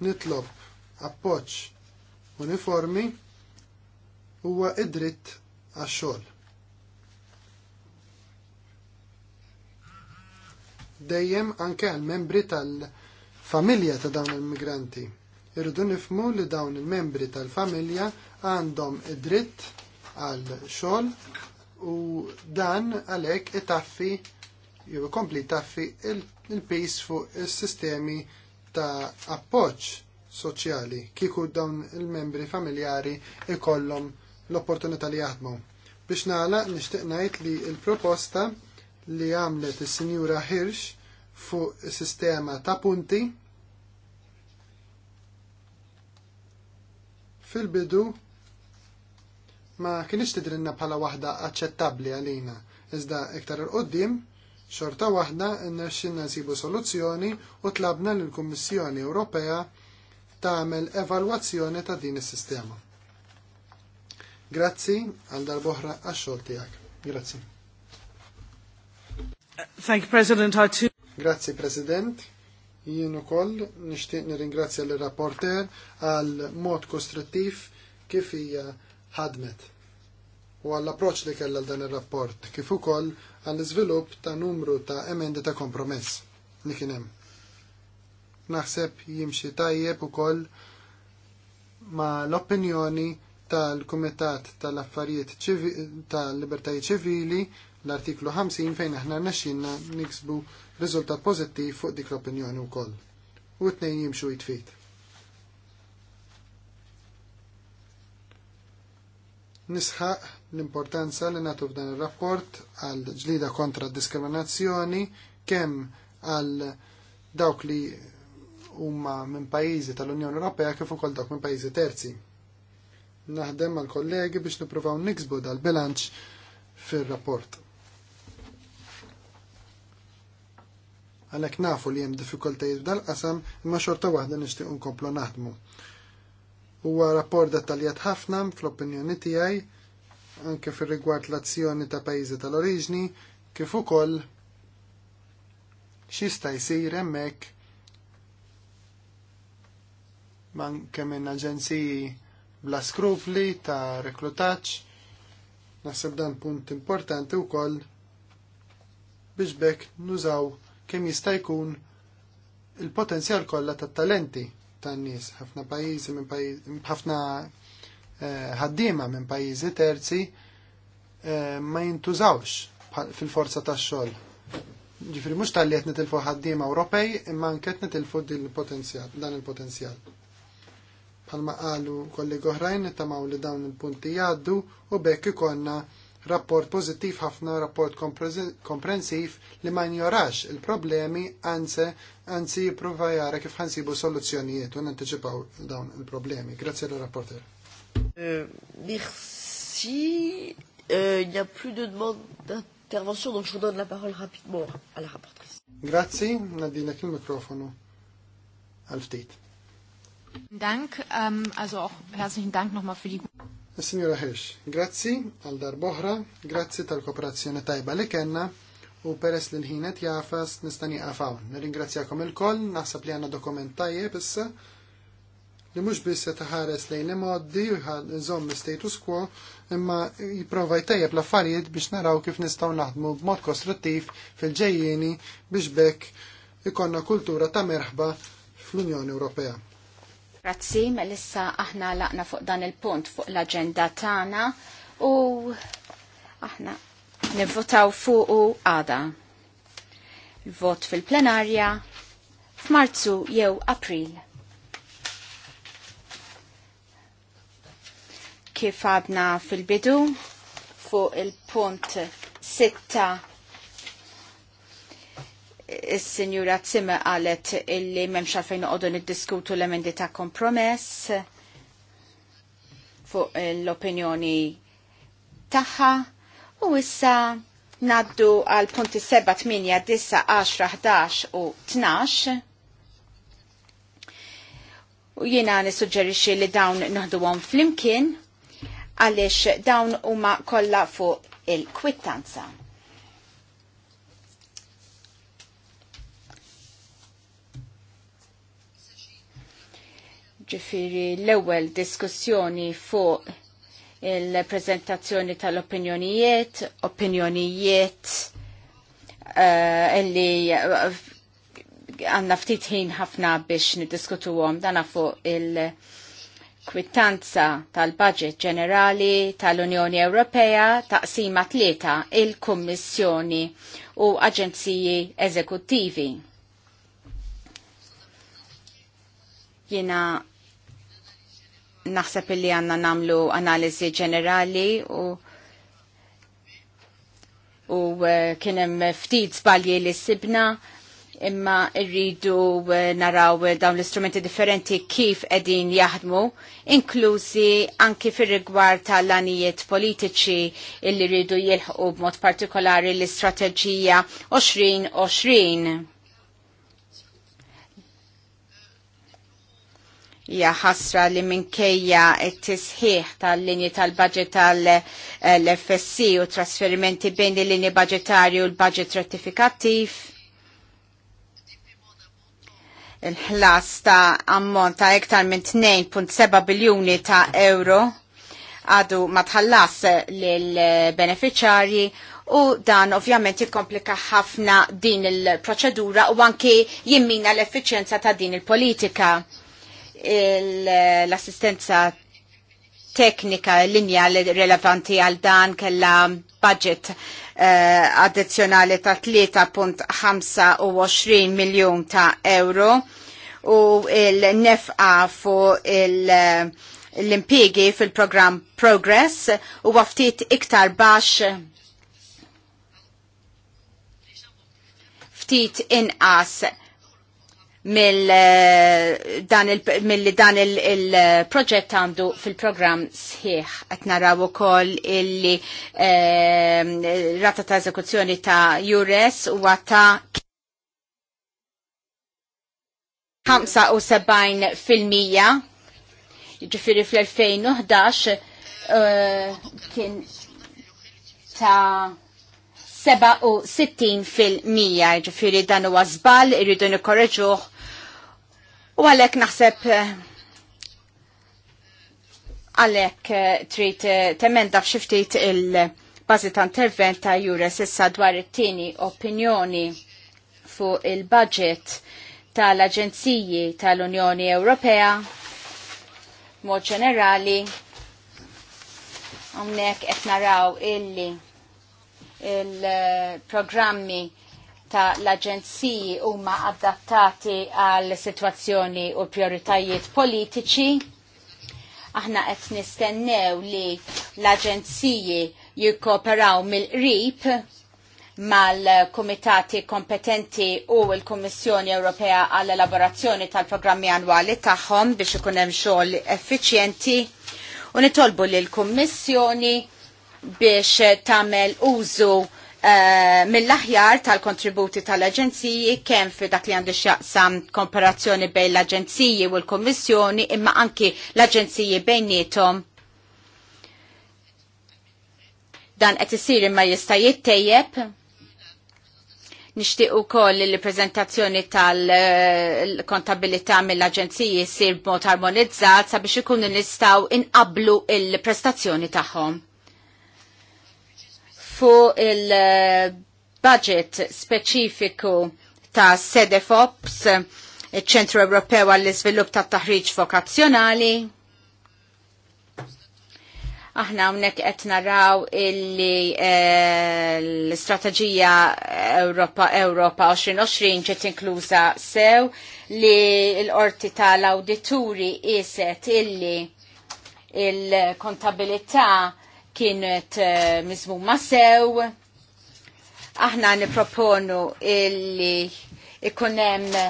nitlob appoġġ uniformi huwa id-dritt għax-xogħol. Dejjem anke għal membri tal-familja ta' dawn il-migranti. Irridu nifmu li dawn il-membri tal-familja għandhom id-dritt għal xogħol u dan għalhekk itaffi jew ikompli taffi il-pis fuq is-sistemi ta' appoġġ soċjali kieku dawn il-membri familjari ikollhom l-opportunità li jaħdmu. Biex nagħlaq nixtieq ngħid li l-proposta li għamlet is-Sinjura Hirsch fuq sistema ta' punti fil-bidu ma kienx tidrinna bħala waħda aċċettabbli għalina, iżda iktar il-qoddim xorta waħda n-naxxinna nsibu soluzzjoni u tlabna l-Kummissjoni Ewropea tagħmel evalwazzjoni ta' din is-sistema. Grazzi għal darboħra għax-xogħol tiegħek. Grazzi. Thank you, President. Grazzi, President. Jien ukoll nixtieq nirringrazzja l rapporter għal mod kostruttiv kif hija ħadmet u għall approċċ li kellha dan ir-rapport kif ukoll għall iżvilupp ta' numru ta' emendi ta' kompromess li kien hemm. Naħseb jimxi tajjeb ukoll ma' l-opinjoni tal-Kumitat tal-Affarijiet tal-Libertajiet Ċivili l-artiklu 50 fejn aħna nexxinna niksbu riżultat pożittiv fuq dik l-opinjoni wkoll. U t-nejn jimxu jitfit. Nisħaq l-importanza li natu f'dan il-rapport għal ġlida kontra diskriminazzjoni kemm għal dawk li huma minn pajjiżi tal-Unjoni Ewropea kif ukoll dawk minn pajjiżi terzi naħdem mal kollegi biex nipruvaw niksbu dal-bilanċ fil-rapport. Għalek nafu li jem diffikultajiet dal-qasam imma xorta waħda nishtiq unkomplu naħdmu. Huwa rapport dettaljat ħafna fl-opinjoni tiegħi anke fir-rigward l-azzjoni ta' pajjiżi tal-oriġni kif ukoll xista jsir hemmhekk man kemm aġenziji bla skrupli ta' reklutaċ. Naħseb dan punt importanti wkoll biex bekk nużaw kemm jista' jkun il-potenzjal kollha tat-talenti tan-nies. Ħafna pajjiżi minn pajjiżi ħafna eh, ħaddiema minn pajjiżi terzi eh, ma jintużawx fil-forza tax-xogħol. Ġifri mhux tal-li qed nitilfu ħaddiema Ewropej imma anke qed nitilfu il dan il-potenzjal palma qalu kollegi oħrajn nittamaw li dawn il-punti jgħaddu u bekk ikonna rapport pozittiv ħafna, rapport komprensiv li ma njorax il-problemi anse anzi jipruva jara kif ħansibu soluzzjonijiet u nanteċipaw dawn il-problemi. Grazie l-rapporter. Euh, merci. Euh, il n'y a plus de demande d'intervention, donc je vous donne la parole rapidement à la rapporteuse. Grazie, nadina il microfono. Għal ftit. Dank, um, also auch herzlichen Dank nochmal für die. Signora Hirsch, grazzi għal bohra, grazzi tal-kooperazzjoni tajba li kenna u peress li l-ħinet jafas nistani għafaw. Nirringrazzjakom il-koll, naħseb li għanna dokument tajjeb issa li mux biss taħares lejn l-moddi u zom status quo imma jiprova jtajjeb l-affarijiet biex naraw kif nistaw naħdmu b'mod kostruttiv fil-ġejjeni biex bekk ikonna kultura ta' merħba fl-Unjoni Ewropea. Grazzi, Melissa, aħna laqna fuq dan il-punt fuq l-agenda tagħna u aħna nivvotaw fuq u għada. Il-vot fil-plenarja f'Marzu jew April. kif għadna fil-bidu fuq il-punt 6 Is-Sinjura Zimmer qalet illi m'hemmx għalfejn noqogħdu niddiskutu l-emendi ta' kompromess fuq l-opinjoni tagħha u issa naddu għal punti 7, 8, 9, 10, 11 u 12. U jiena nissuġġerixxi li dawn naħduhom flimkien għaliex dawn huma kollha fuq il-kwittanza. ġifiri l-ewel diskussjoni fuq il-prezentazzjoni tal-opinjonijiet, opinjonijiet eh, illi eh, għanna ftit ħin ħafna biex nidiskutu għom dana fuq il-kwittanza tal-budget ġenerali tal-Unjoni Ewropea taqsima tlieta il-Kummissjoni u aġenziji eżekuttivi. Jena naħseb illi għanna namlu analizi ġenerali u u eh, kienem ftit zbalji li sibna imma rridu eh, naraw dawn l-istrumenti differenti kif edin jaħdmu, inklużi anki fir rigward tal lanijiet politiċi illi rridu jilħu b'mod partikolari l-istrateġija 2020 ja ħasra li minkejja t-tisħiħ tal-linji tal-budget tal-FSC u trasferimenti bejn il-linji budgetarju u l-budget rettifikattiv. Il-ħlas ta' ammont ta' iktar minn 2.7 biljuni ta' euro għadu ma tħallas l-beneficjarji u dan ovvjament jikkomplika ħafna din il-proċedura u anke jimmina l effiċjenza ta' din il-politika l-assistenza teknika linja relevanti għal dan kella budget uh, eh, addizzjonali ta' 3.25 miljon ta' euro u il-nefqa fu l-impiegi fil-program Progress u waftit iktar bax ftit inqas mill-dan eh, il-proġett il eh, għandu fil-program sħiħ. Għet naraw u koll illi eh, rata ta' eżekuzzjoni ta' jures u għata 75 fil-mija ġifiri fl-2011 eh, kien ta' 67 fil-mija ġifiri dan u għazbal irridu nikorreġuħ U għalek naħseb eh, għalek eh, trid eh, temenda f'xiftit il-bazi ta' intervent ta' Jures issa dwar it-tieni opinjoni fuq il-budget tal-Aġenziji tal-Unjoni Ewropea mod ġenerali għamnek qed naraw illi il-programmi il programmi ta' l-aġenziji huma adattati għal situazzjoni u prioritajiet politiċi. Aħna qed nistennew li l-aġenziji jikkooperaw mill-qrib mal-komitati kompetenti u l-Kommissjoni Ewropea għall elaborazzjoni tal-programmi annwali tagħhom biex ikun hemm xogħol effiċjenti u nitolbu lill kummissjoni biex tagħmel użu Eh, mill-aħjar tal-kontributi tal-aġenziji kemm fi dak li għandu x'jaqsam komparazzjoni bejn l-aġenziji u l-Kommissjoni imma anki l-aġenziji bejnietom dan qed isir imma jista' jittejjeb nishtiq u koll li prezentazzjoni tal-kontabilità mill-aġenziji sir b'mod armonizzat sabiex ikunu nistaw inqablu il-prestazzjoni tagħhom fuq il-budget speċifiku ta' SEDEFOPS, il-ċentru Ewropew għall-iżvilupp ta' taħriġ vokazzjonali. Aħna hawnhekk qed naraw illi eh, l-istrateġija Europa Europa 2020 ġiet inkluża sew li l-qorti tal-awdituri qiset illi il-kontabilità kienet mizmu eh, mizmuma sew. Aħna niproponu illi ikunem eh,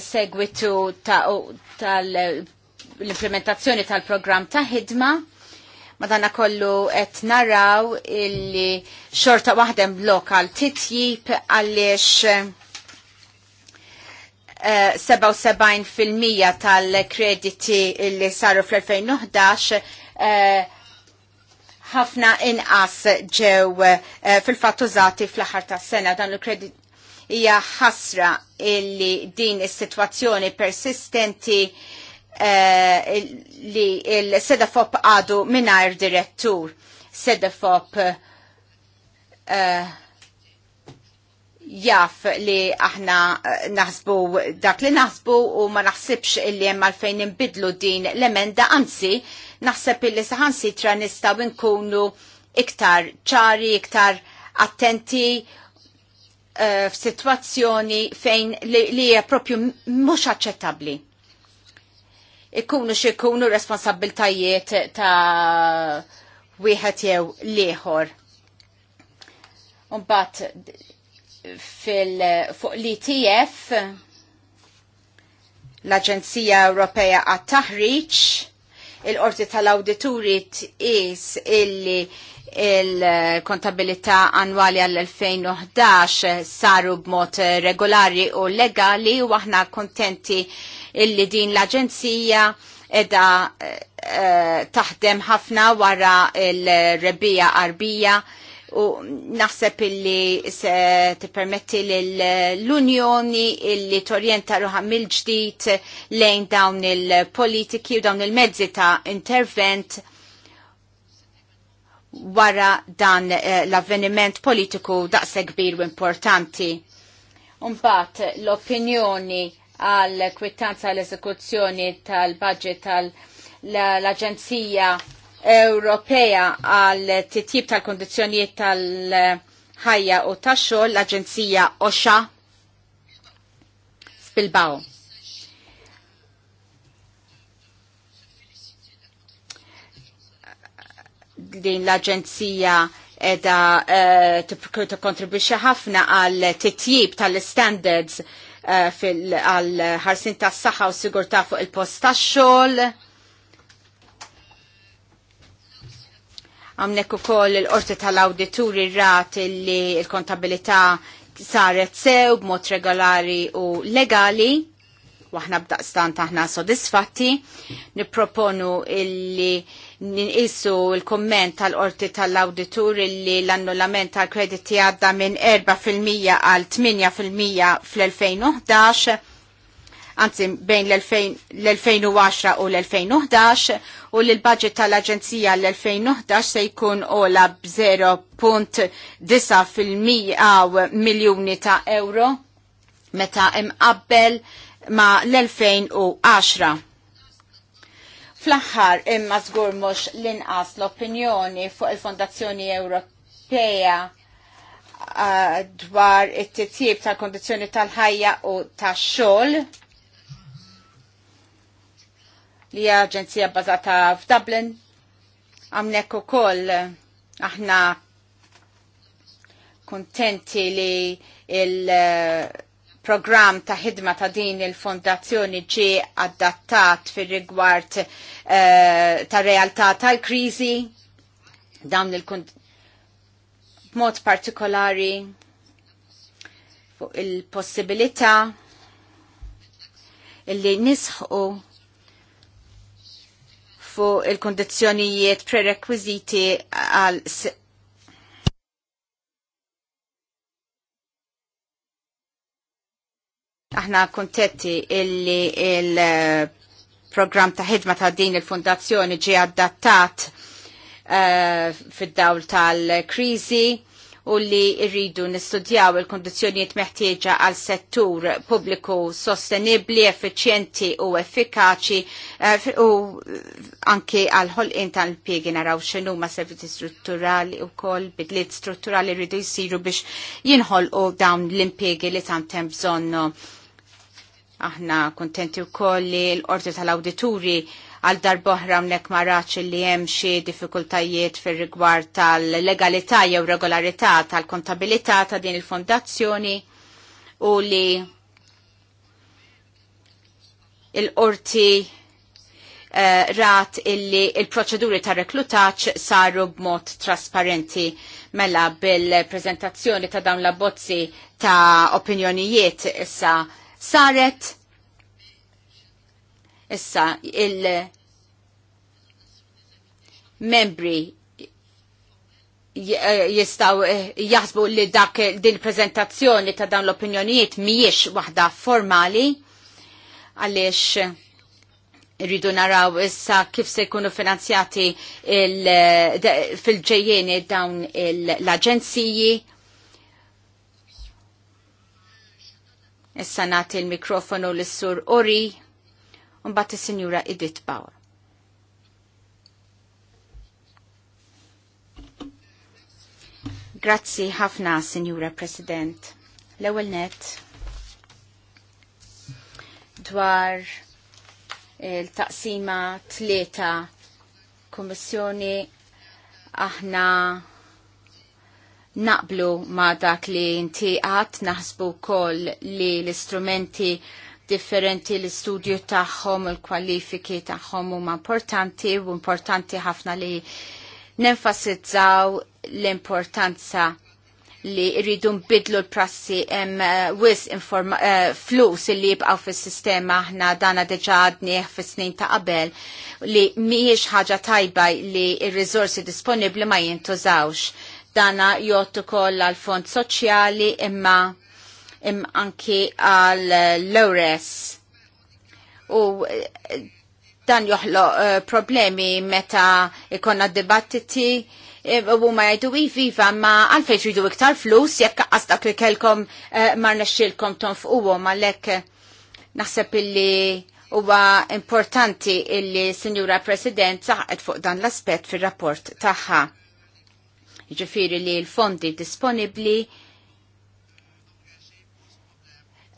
segwitu tal-implementazzjoni tal-program ta' ħidma. Madana kollu et naraw illi xorta waħdem għal titjib għaliex 77% eh, tal-krediti li saru fl-2011 ħafna inqas ġew eh, fil-fatt użati fl-aħħar tas-sena dan il-kredit hija ħasra illi din is-sitwazzjoni persistenti eh, li il-sedafop għadu mingħajr direttur. Sedafop eh, jaf li aħna eh, naħsbu dak li naħsbu u ma naħsibx illi hemm għalfejn imbidlu din l-emenda anzi naħseb illi saħansitra nistgħu nkunu iktar ċari, iktar attenti f eh, f'sitwazzjoni fejn li hija propju mhux aċċettabbli. Ikunu jkunu responsabiltajiet ta' wieħed jew l-ieħor fil fuq l-ITF l-Aġenzija Ewropea għat taħriġ il-qorti tal-awdituri tqis illi il-kontabilità annwali għall-2011 saru b'mod regolari u legali u aħna kontenti illi din l-Aġenzija edha eh, eh, taħdem ħafna wara il-rebija qarbija u naħseb illi se tippermetti l-Unjoni illi torjenta ruħa mill-ġdid lejn dawn il-politiki u dawn il-mezzi ta' intervent wara dan eh, l-avveniment politiku daqse kbir u importanti. Umbat l-opinjoni għal kwittanza l-eżekuzzjoni tal-budget tal-Aġenzija tal aġenzija Ewropea għal titjib tal kondizjoniet tal-ħajja u tax-xogħol l-Aġenzija OSHA f'Bilbao. Din l-Aġenzija edha eh, tikkontribwixxi ħafna għal titjib tal-standards eh, għal ħarsin tas-saħħa u sigurtà fuq il-post tax-xogħol Għamnek u koll il-qorti tal auditur rat li l kontabilità saret sew b'mod regolari u legali waħna b'daqstan aħna sodisfatti, niproponu illi ninqisu l komment tal-qorti tal-auditur illi l-annullament tal-krediti għadda minn 4% għal 8% fl-2011 anzi bejn l-2010 u l-2011 u l-budget tal-Aġenzija l-2011 se jkun la b-0.9 miljoni ta' euro meta imqabbel ma' l-2010. Fl-axħar imma zgur mux l-inqas l-opinjoni fuq il-Fondazzjoni Ewropea uh, dwar it-titjib tal-kondizjoni tal-ħajja u tax-xogħol li hija aġenzija bbażata f'Dublin. Hawnhekk ukoll aħna kuntenti li il-programm ta' ħidma ta' din il-fondazzjoni ġi adattat fir rigward uh, eh, ta' realtà tal-kriżi dawn il mod partikolari fuq il-possibilità illi nisħu fuq il-kondizjonijiet prerekwiziti għal aħna kontetti illi il-program ta' ħidma ta' din il fondazzjoni ġi adattat uh, fid-dawl tal-krizi u li rridu nistudjaw il-kondizjoniet meħtieġa għal settur pubbliku sostenibli, effiċjenti u effikaċi eh, u anke għal ħolqien tal-impjegi naraw xenu ma' servizi strutturali u kol bidliet strutturali rridu jsiru biex jinħolqu dawn l impiegi li tant hemm aħna kontenti u koll li l-ordi tal-awdituri għal darboħra mnek marraċ li hemm xi diffikultajiet fir rigward tal-legalità jew regolarità tal-kontabilità ta' din il-fondazzjoni u li il-qorti uh, rat illi il-proċeduri ta' reklutaċ saru b'mod trasparenti mela bil-prezentazzjoni ta' dawn la bozzi ta' opinjonijiet issa saret Issa, il-membri eh, jistaw eh, jasbu li dak din prezentazzjoni ta' dawn l-opinjonijiet miex waħda formali għaliex rridu naraw issa kif se jkunu finanzjati fil-ġejjeni dawn l-aġenziji. Issa nagħti l mikrofonu l-sur Ori mbagħad is-Sinjura Edith Bauer. Grazzi ħafna, Sinjura President. L-ewwel net dwar il-taqsima tlieta Kommissjoni aħna naqblu ma dak li inti għat naħsbu kol li l-istrumenti differenti l-istudju tagħhom, il-kwalifiki tagħhom huma importanti u importanti ħafna li nenfasizzaw l-importanza li rridu nbidlu l-prassi hemm eh, wis eh, flus li jibqgħu fis-sistema aħna dana diġà għadnieh fis-snin ta' qabel li mhijiex ħaġa tajba li r-riżorsi disponibbli ma jintużawx. Dana jgħottu koll għal fond soċjali imma im anki għal eh, lores ores U eh, dan joħlo eh, problemi meta ikonna dibattiti u ma jajdu viva ma għalfej tridu iktar flus jekk għastak li kelkom marna xilkom tonf u ma lekk naħseb illi huwa importanti illi Signora President saħqet fuq dan l-aspet fil-rapport taħħa ġifiri li l-fondi disponibli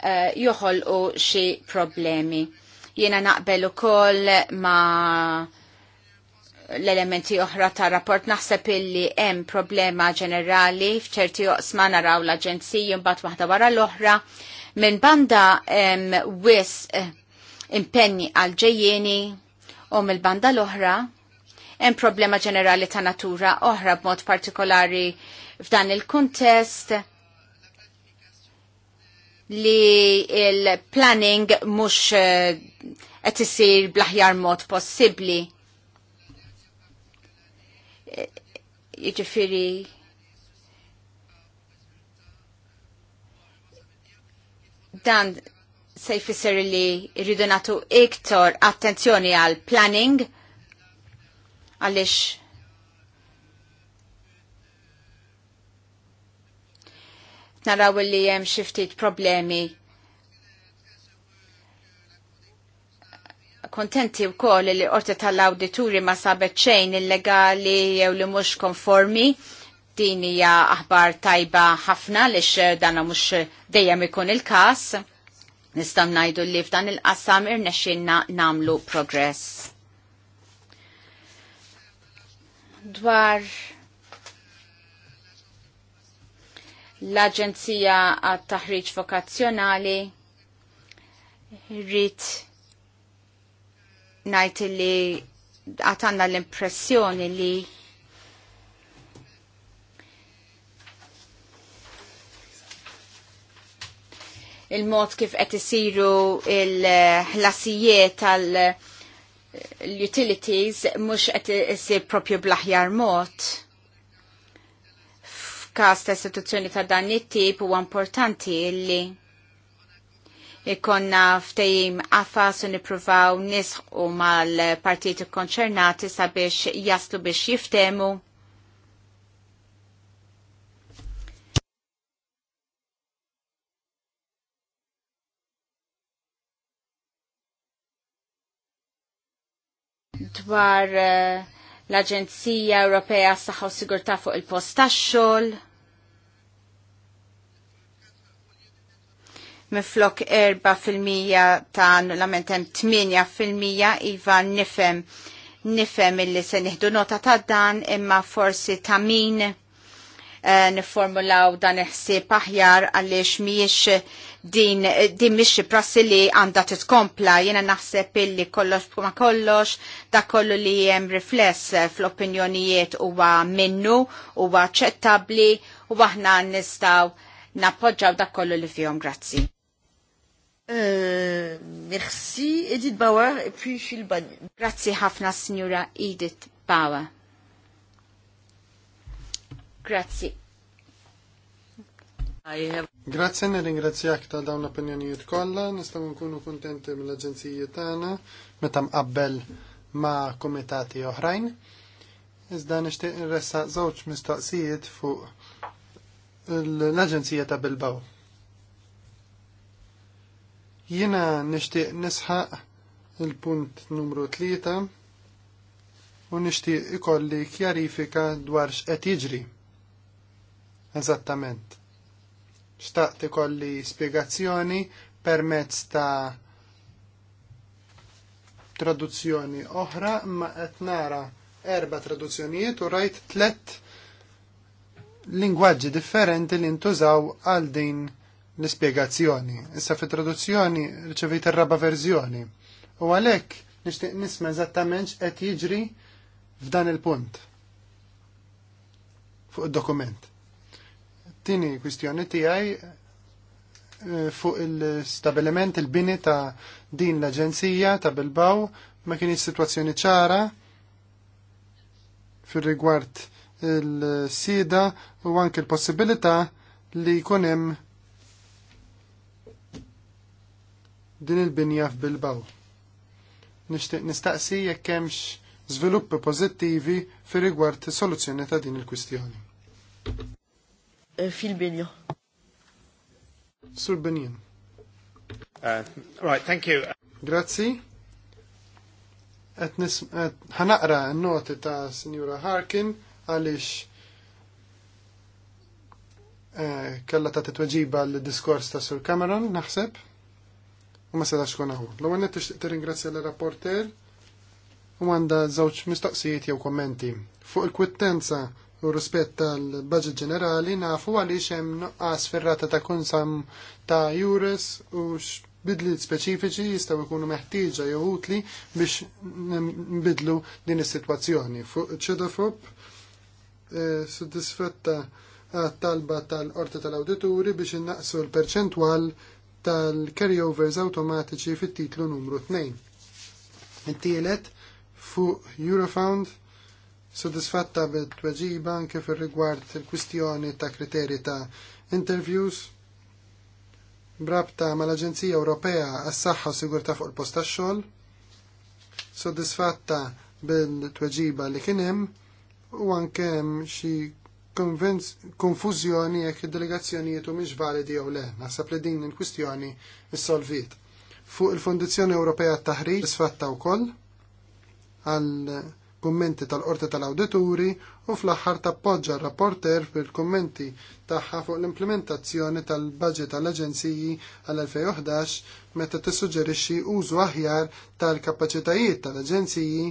uh, joħolqu xi problemi. Jiena naqbel ukoll ma' l-elementi oħra ta' rapport naħseb illi hemm problema ġenerali f'ċerti oqsma naraw l-aġenziji mbagħad waħda wara l-oħra minn banda hemm wis eh, impenni għal ġejjieni u mill-banda l-oħra hemm problema ġenerali ta' natura oħra b'mod partikolari f'dan il-kuntest li il-planning mux eh, qed isir blaħjar mod possibbli. Eh, jiġifieri dan se jfisser li rridu nagħtu iktar attenzjoni għal planning għaliex naraw li hemm xi ftit problemi kontenti u koll li orta tal-awdituri ma sabet xejn illegali jew li mhux konformi din hija aħbar tajba ħafna lix dana mhux dejjem ikun il-każ. Nistgħu ngħidu li f'dan il-qassam irnexxinna namlu progress. Dwar l-Aġenzija għat taħriġ vokazzjonali rrit najt li għatanna l-impressjoni li il-mod kif qed isiru l ħlasijiet tal l-utilities mhux qed isir propju bl-aħjar mod. Każ ta' istituzzjoni ta' dan it-tip huwa importanti illi ikonna ftejim għafas u nipruvaw nisħu mal partiti konċernati sabiex jaslu biex jiftemu. dwar uh, l-Aġenzija Ewropea s-Saħħa u Sigurtà fuq il-post tax-xogħol. Miflok 4% ta' annullament hemm 8% iva nifhem nifhem illi se nieħdu nota ta' dan imma forsi ta' min eh, niformulaw dan il-ħsieb aħjar għaliex miex din din mixi prassi li għanda titkompla jena naħseb illi kollox ma kollox da kollu li jem rifless fl-opinjonijiet huwa minnu huwa ċettabli u aħna nistaw nappoġġaw da kollu li fjom grazzi. Uh, merci Edith Bauer e puis Phil Bagnon. Grazie ħafna signora Edith Bauer. Grazie. I have Grazie, nirringrazzjak ta' dawn l-opinjonijiet kollha, nistgħu nkunu kuntenti mill-aġenzijiet tagħna meta mqabbel ma' komitati oħrajn. Iżda nixtieq nressa żewġ mistoqsijiet fuq l-Aġenzija ta' Bilbaw. Jiena nixtieq nisħaq il-punt numru 3 u nixtieq ikolli kjarifika dwar x'qed jiġri. Eżattament xtaqt ikolli spiegazzjoni permezz ta' traduzzjoni oħra, ma qed nara erba' traduzzjonijiet u rajt tlet lingwaġġi differenti li ntużaw għal din l spiegazzjoni Issa fi traduzzjoni rċevit ir-raba verżjoni. U għalhekk nixtieq nisma' eżattament qed jiġri f'dan il-punt fuq id-dokument. Tini kwistjoni tiegħi eh, fuq il-stabiliment il-bini ta' din l-Aġenzija ta' Bilbaw ma kienx situazzjoni ċara fil-rigward il-sida u anke l-possibilità li jkun hemm din il-binja f'Bilbaw. Nixtieq nistaqsi jekk hemmx żviluppi pożittivi fir rigward soluzzjoni ta' din il-kwistjoni fil-binja. Eh, Sur Benjen. Uh, right, thank you. Grazzi. hanaqra n-noti ta' Signora Harkin għalix eh, kalla ta' t titweġiba l-diskors ta' Sur Cameron, naħseb. U ma setax kun aħu. L-għan għu t ringrazzja l-rapporter u għanda zawċ mistoqsijiet jew kommenti. Fuq il-kwittenza u rispett tal-budget ġenerali nafu għaliex hemm nuqqas ferrata ta' konsam ta' juris u bidliet speċifiċi jistgħu jkunu meħtieġa jew utli biex nbidlu din is-sitwazzjoni. Fuq ċedofob eh, għat talba tal-Qorti tal-Awdituri biex innaqsu l-perċentwal tal-carryovers awtomatiċi fit-titlu numru 2. Intielet fuq Eurofound Sodisfatta bit-tweġiba anke fir rigward il-kwistjoni ta' kriteri ta' interviews brabta mal-Aġenzija Ewropea għas-Saħħa u Sigurtà fuq il-post tax-xogħol. Sodisfatta bil-tweġiba li kien hemm u anke hemm xi konfużjoni jekk id-delegazzjonijiet mhumiex validi jew le. Naħseb li din il-kwistjoni issolvit. Fuq il-Fondizzjoni Ewropea t-Taħriġ sfatta wkoll għal kummenti tal-Qorti tal-Awdituri u fl-aħħar tappoġġa r-rapporter fil-kummenti tagħha fuq l-implementazzjoni tal-budget tal-Aġenziji għal-2011 meta tissuġġerixxi użu aħjar tal-kapaċitajiet tal-Aġenziji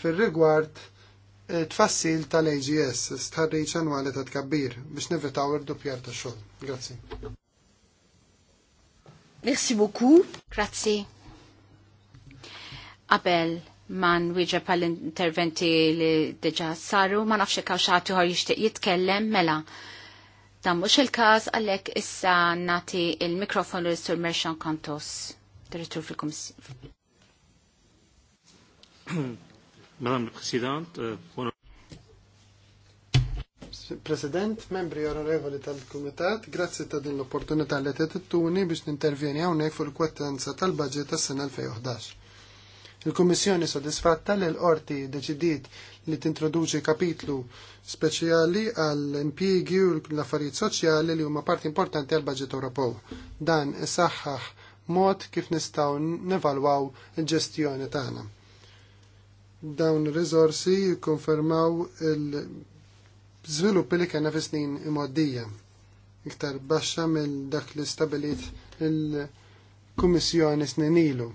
fir-rigward eh, tfassil tal-AGS, stħarriċ annwali ta' tkabbir, biex nivitaw ir-dupjar ta' xogħol. Grazzi. Merci beaucoup. Grazzi. Abel man wieġa pal-interventi li deġa saru, ma nafx kaw xaħti ħor jishtiq jitkellem, mela. Dan mux il każ għallek issa nati il mikrofon l-sur Merxan Kantos, direttur fil-Komissjoni. Madam President, uh, President, membri onorevoli tal-Kumitat, grazzi ta' din l-opportunità li t-tuni biex nintervjeni għawnek fuq il tal-budget tas-sena 2011. Il-Kummissjoni sodisfatta li l-qorti deċidiet li tintroduċi kapitlu speċjali għall impjiegi u l-affarijiet soċjali li huma parti importanti għal budget Ewropew. Dan isaħħaħ mod kif nistgħu nevalwaw il-ġestjoni tagħna. Dawn ir-riżorsi jikkonfermaw il-żviluppi li kellna fi snin imgħoddija iktar baxxa mill dak li stabilit il-Kummissjoni snin ilu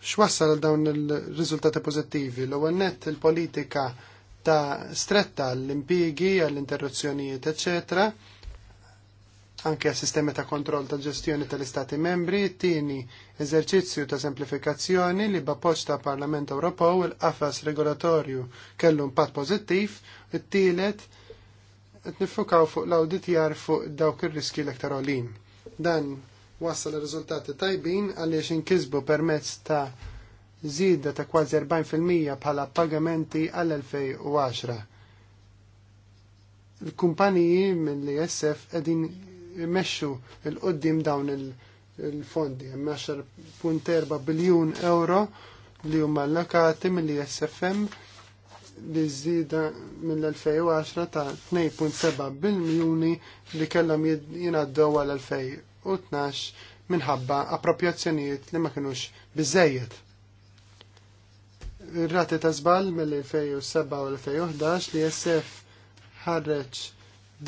X'wassal dawn il-riżultati pożittivi? L-ewwel nett il-politika ta' stretta għall-impigi, għall-interruzzjonijiet, eccetera, anke sistemi ta' kontroll ta' ġestjoni tal-Istati membri, tieni eżerċizzju ta' semplifikazzjoni li b'appoġġ ta' Parlament Ewropew il-qafas regolatorju kellu impatt pożittiv, it-tielet qed nifukaw fuq l-awditjar fuq dawk ir-riski l-aktar Dan wassal riżultati tajbin għaliex inkisbu permezz ta' zida ta' kważi 40% bħala pagamenti għall-2010. Il-kumpaniji mill-ISF qegħdin imexxu il-qoddim dawn il-fondi, hemm 10.4 biljun euro li huma allokati mill-ISFM li zida mill-2010 ta' 2.7 biljuni li kellhom jingħaddew għal 2000 u 12 minħabba appropjazzjonijiet li ma kinux bizzejiet. Ir-rati ta' żball mill-2007 u 2011 li SF ħarreġ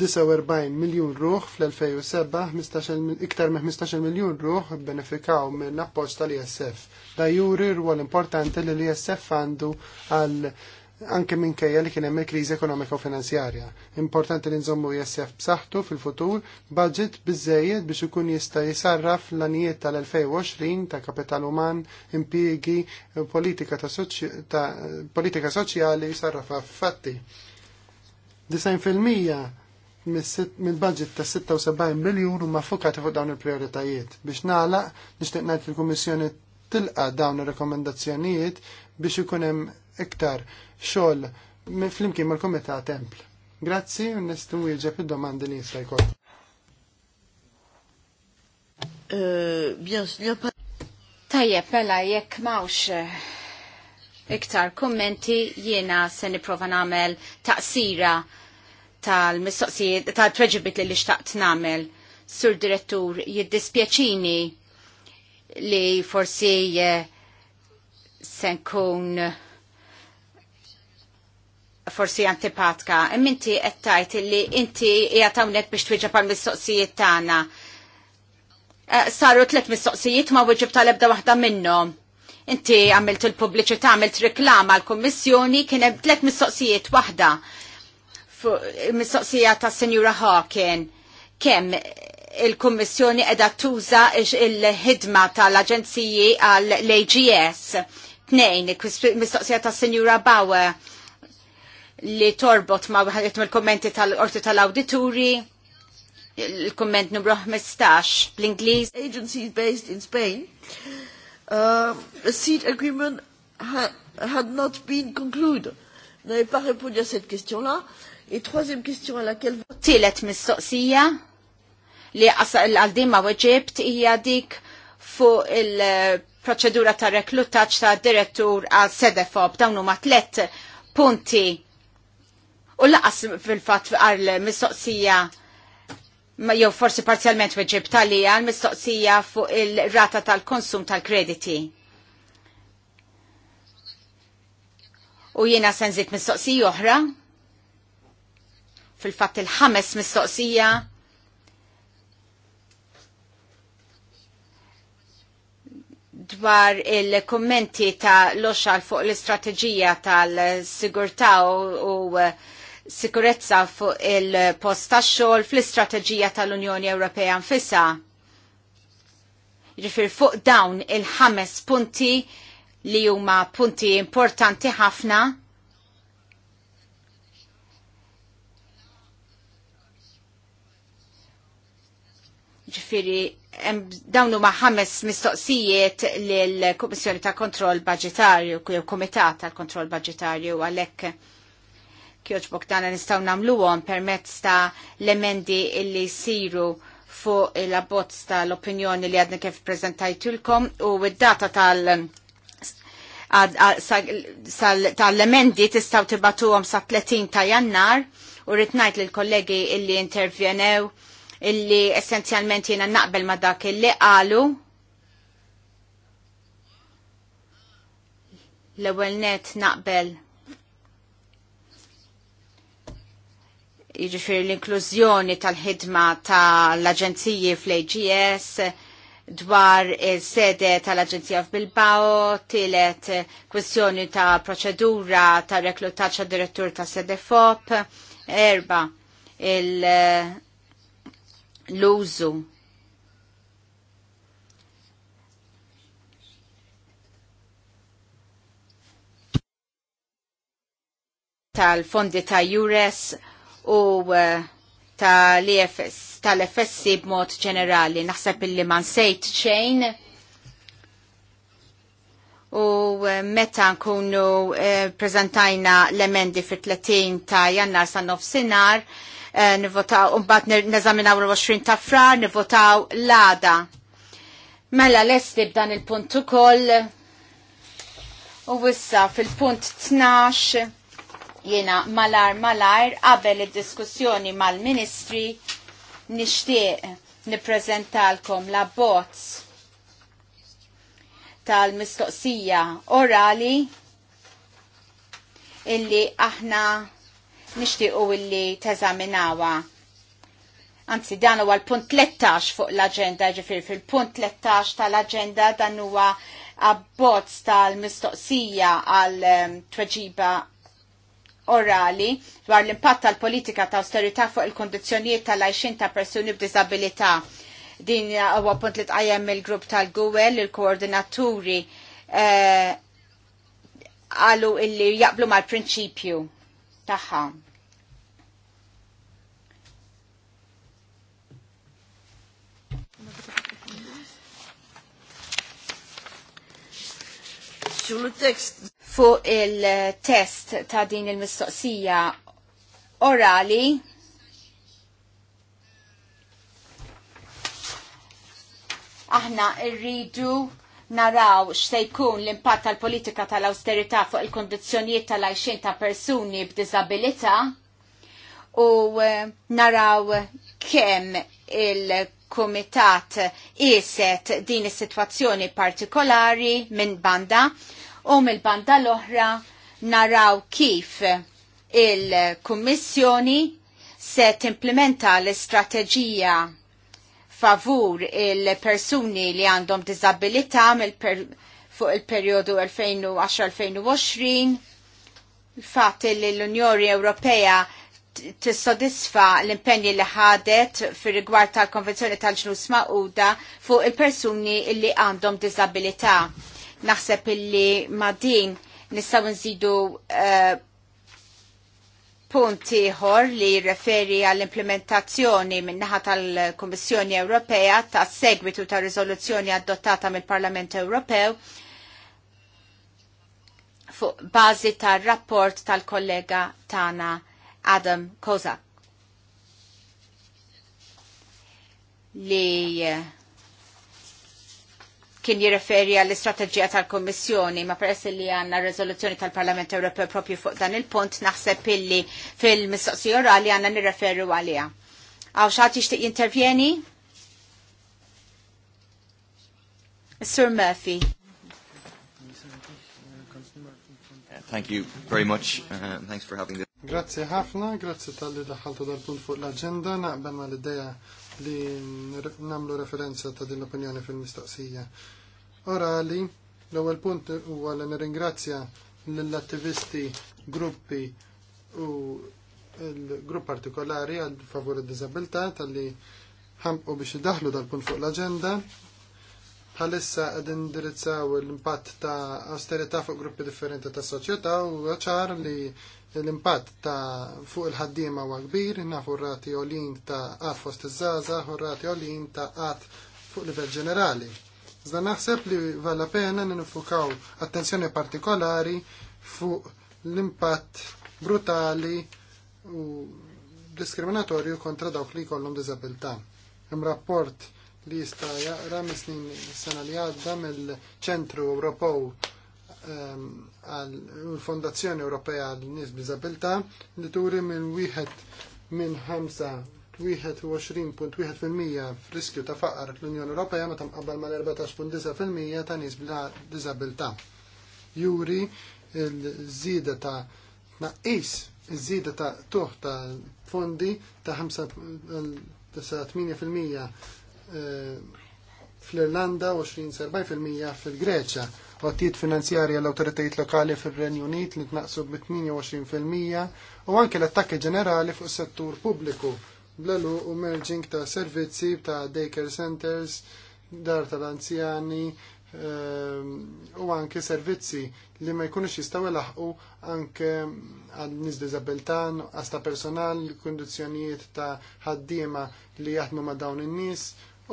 49 miljun ruħ fl-2007 iktar me 15 miljun ruħ benefikaw minn apposta li isf Da juri rwol importanti li l-ISF għandu għal anke minkejja li kien hemm il-kriżi ekonomika u finanzjarja. Importanti li nżommu jessef b'saħħtu fil-futur budget biżejjed biex ikun jista' jisarraf l-anijiet tal-2020 ta' kapital uman, impjiegi, politika ta', ta politika soċjali jisarraf fatti. 90% mill-budget ta' 76 miljun huma fokati fuq dawn il-prioritajiet. Biex nagħlaq nixtieq ngħid il-Kummissjoni tilqa dawn ir-rekomendazzjonijiet biex ikun hemm iktar xogħol flimkien mal-Kumitat Templ. Grazzi u nistgħu jieġeb id-domandi li jista' jkun. Eh, Tajjeb, mela jekk mawx eh, iktar kummenti jiena se nipprova nagħmel taqsira tal-mistoqsijiet tal-preġibit li xtaqt nagħmel. Sur direttur jiddispjaċini li forsi eh, se nkun forsi antipatka, imminti għettajt li inti jgħatawnek biex twiġa pal mistoqsijiet tagħna. Eh, saru tlet mistoqsijiet ma wieġib tal-ebda waħda minnhom. Inti għamilt il-pubbliċità, għamilt riklama għal-Kummissjoni, kien hemm tlet mistoqsijiet waħda. Mistoqsija ta' Senjura Hawken. Kemm il-Kummissjoni qiegħda tuża il-ħidma tal-Aġenziji għall ags Tnejn, mistoqsija ta' Senjura Bauer li torbot ma' wieħed l kommenti tal-orti tal auditori il-komment numru 15 bl-Inglis. Agencies based in Spain, uh, a seat agreement ha had not been concluded. N'avez pas répondu à cette question-là. Et troisième question à laquelle... Tilet mistoqsija li għal-dimma weġibt hija dik fuq il-proċedura ta' reklutaċ ta' direttur għal sedefob Dawnu ma' tlet punti U laqas fil-fat għal mistoqsija jew forsi parzjalment weġib talija għal mistoqsija fuq il-rata tal-konsum tal-krediti. U jiena senżit mistoqsija oħra, fil-fatt il-ħames mistoqsija dwar il-kommenti ta' l-oċal fuq l-istrateġija tal-sigurta u, u sikurezza fuq il-post tax-xogħol fl-istrateġija tal-Unjoni Ewropea nfisha. Ġifir fuq dawn il-ħames punti li huma punti importanti ħafna ġifiri dawnu ma' ħames mistoqsijiet l-Komissjoni ta' Kontroll Budgetarju, jew Komitat tal Kontroll Budgetarju għalhekk kjoċ dana nistaw namluwom permezz ta' l-emendi illi siru fuq il-abbozz tal-opinjoni li għadni kif prezentajtulkom u id-data tal- tal-emendi tistaw tibatuhom sa' 30 ta' jannar u ritnajt li l-kollegi illi intervjenew illi essenzjalment jena naqbel ma dak illi qalu l-ewel net naqbel jiġifieri l-inklużjoni tal-ħidma tal-aġenziji fl-AGS dwar il-sede tal-Aġenzija f'Bilbao, tielet kwestjoni ta' proċedura ta' reklutaċ direttur ta' sede FOP, erba l-użu tal-fondi ta' Jures u uh, tal-EFS, b'mod ġenerali. Naħseb illi man sejt ċejn. u uh, meta nkunu uh, prezentajna l-emendi fit-30 ta' jannar sa' nofsinar, eh, nivotaw, unbat neżaminaw l-20 ta' frar, nivotaw l ada Mela l-esti b'dan il-punt ukoll u wissa fil-punt 12 Jena malar malar qabel id-diskussjoni mal-ministri nixtieq niprezentalkom la bots tal-mistoqsija orali illi aħna nixtiequ illi teżaminawa. Anzi, dan huwa l-punt 13 fuq l-agenda, ġifir fil-punt 13 tal-agenda dan huwa abbozz tal-mistoqsija għal ehm, tweġiba orali dwar l-impatt tal-politika ta' austerità fuq il-kondizjonijiet tal-għajxin ta' persuni b'disabilità. Din huwa punt li tqajjem il-grupp tal-Gwel, il-koordinaturi eh, għalu illi jaqblu mal-prinċipju tagħha. Sur le texte fuq il-test ta' din il-mistoqsija orali. Aħna rridu naraw x'se jkun l-impatt tal-politika tal-austerità fuq il-kondizzjonijiet tal-għajxin ta' persuni b'diżabilità u eh, naraw kemm il-Kumitat iset din is-sitwazzjoni partikolari minn banda u mill-banda l-oħra naraw kif il-Kummissjoni se timplementa l-istrateġija favur il-persuni li għandhom disabilità fuq il-periodu 2010-2020 il-fat li l-Unjoni Ewropea tissodisfa l impenni li ħadet fir rigward tal-Konvenzjoni tal-ġnus Mauda fuq il-persuni li għandhom disabilità Naħseb illi ma' din nistgħu nżidu uh, punt ieħor li referi għall-implementazzjoni min-naħa tal-Kummissjoni Ewropea ta' segwitu ta' riżoluzzjoni adottata mill-Parlament Ewropew fuq bażi tar rapport tal-kollega Tana Adam Kozak li eh, kien jirreferi għall-istrateġija tal-Kommissjoni, ma peress li għanna rezoluzzjoni tal-Parlament Ewropew propju fuq dan il-punt, naħseb illi fil-mistoqsija orali għanna nirreferi għalija. Għaw xaħat jishtiq jintervjeni? Sir Murphy. Thank you very much. Uh, thanks for having this. Grazie ħafna, grazie tal-li daħħaltu dal-punt fuq l-agenda, naqbel ma l-ideja li namlu referenza ta' din l-opinjoni fil-mistoqsija. Ora Orali, l-ewwel punt huwa li nirringrazzja lill-attivisti gruppi u l-grupp partikolari għal favur id-disabilità tal-li ħampu biex idaħlu dal-punt fuq l-agenda. Għalissa qed indirizzaw l-impatt ta' austerità fuq gruppi differenti ta' soċjetà u għacħar li L-impatt ta' fuq il-ħaddiema huwa kbir, nafu r-rati olin ta' qatt fost iż-żaża, u rati olin ta' qat fuq livell ġenerali. Iżda naħseb li vala pena nifukaw attenzjoni partikolari fuq l-impatt brutali u diskriminatorju kontra dawk li jkollhom diżabilità. Hemm rapport li jista' jaqra mis-snin sena li għadda mill-Ċentru Ewropew ehm, għal fondazzjoni Ewropea għal nies b'Diżabilità li turi minn wieħed minn 21.1% f'riskju ta' faqar l-Unjoni Ewropea meta mqabbel mal-14.9% ta' nies bla-Diżabilità. Juri l-żieda ta' naqis iż-żieda ta' tuħ ta' fondi ta' 5.8% eh, fl-Irlanda u 20 fil-Greċja Trattijiet finanzjarja l autoritajiet lokali fir-Renju Unit li tnaqsu b-28% u anke l-attakki ġenerali fuq settur pubbliku blelu u merging ta' servizzi ta' daycare centers, dar tal-anzjani ehm, u anke servizzi li ma jkunux jistaw laħqu anke għal nis dizabiltan, għasta personal, kondizjonijiet ta' ħaddiema li jaħdmu ma' dawn in-nies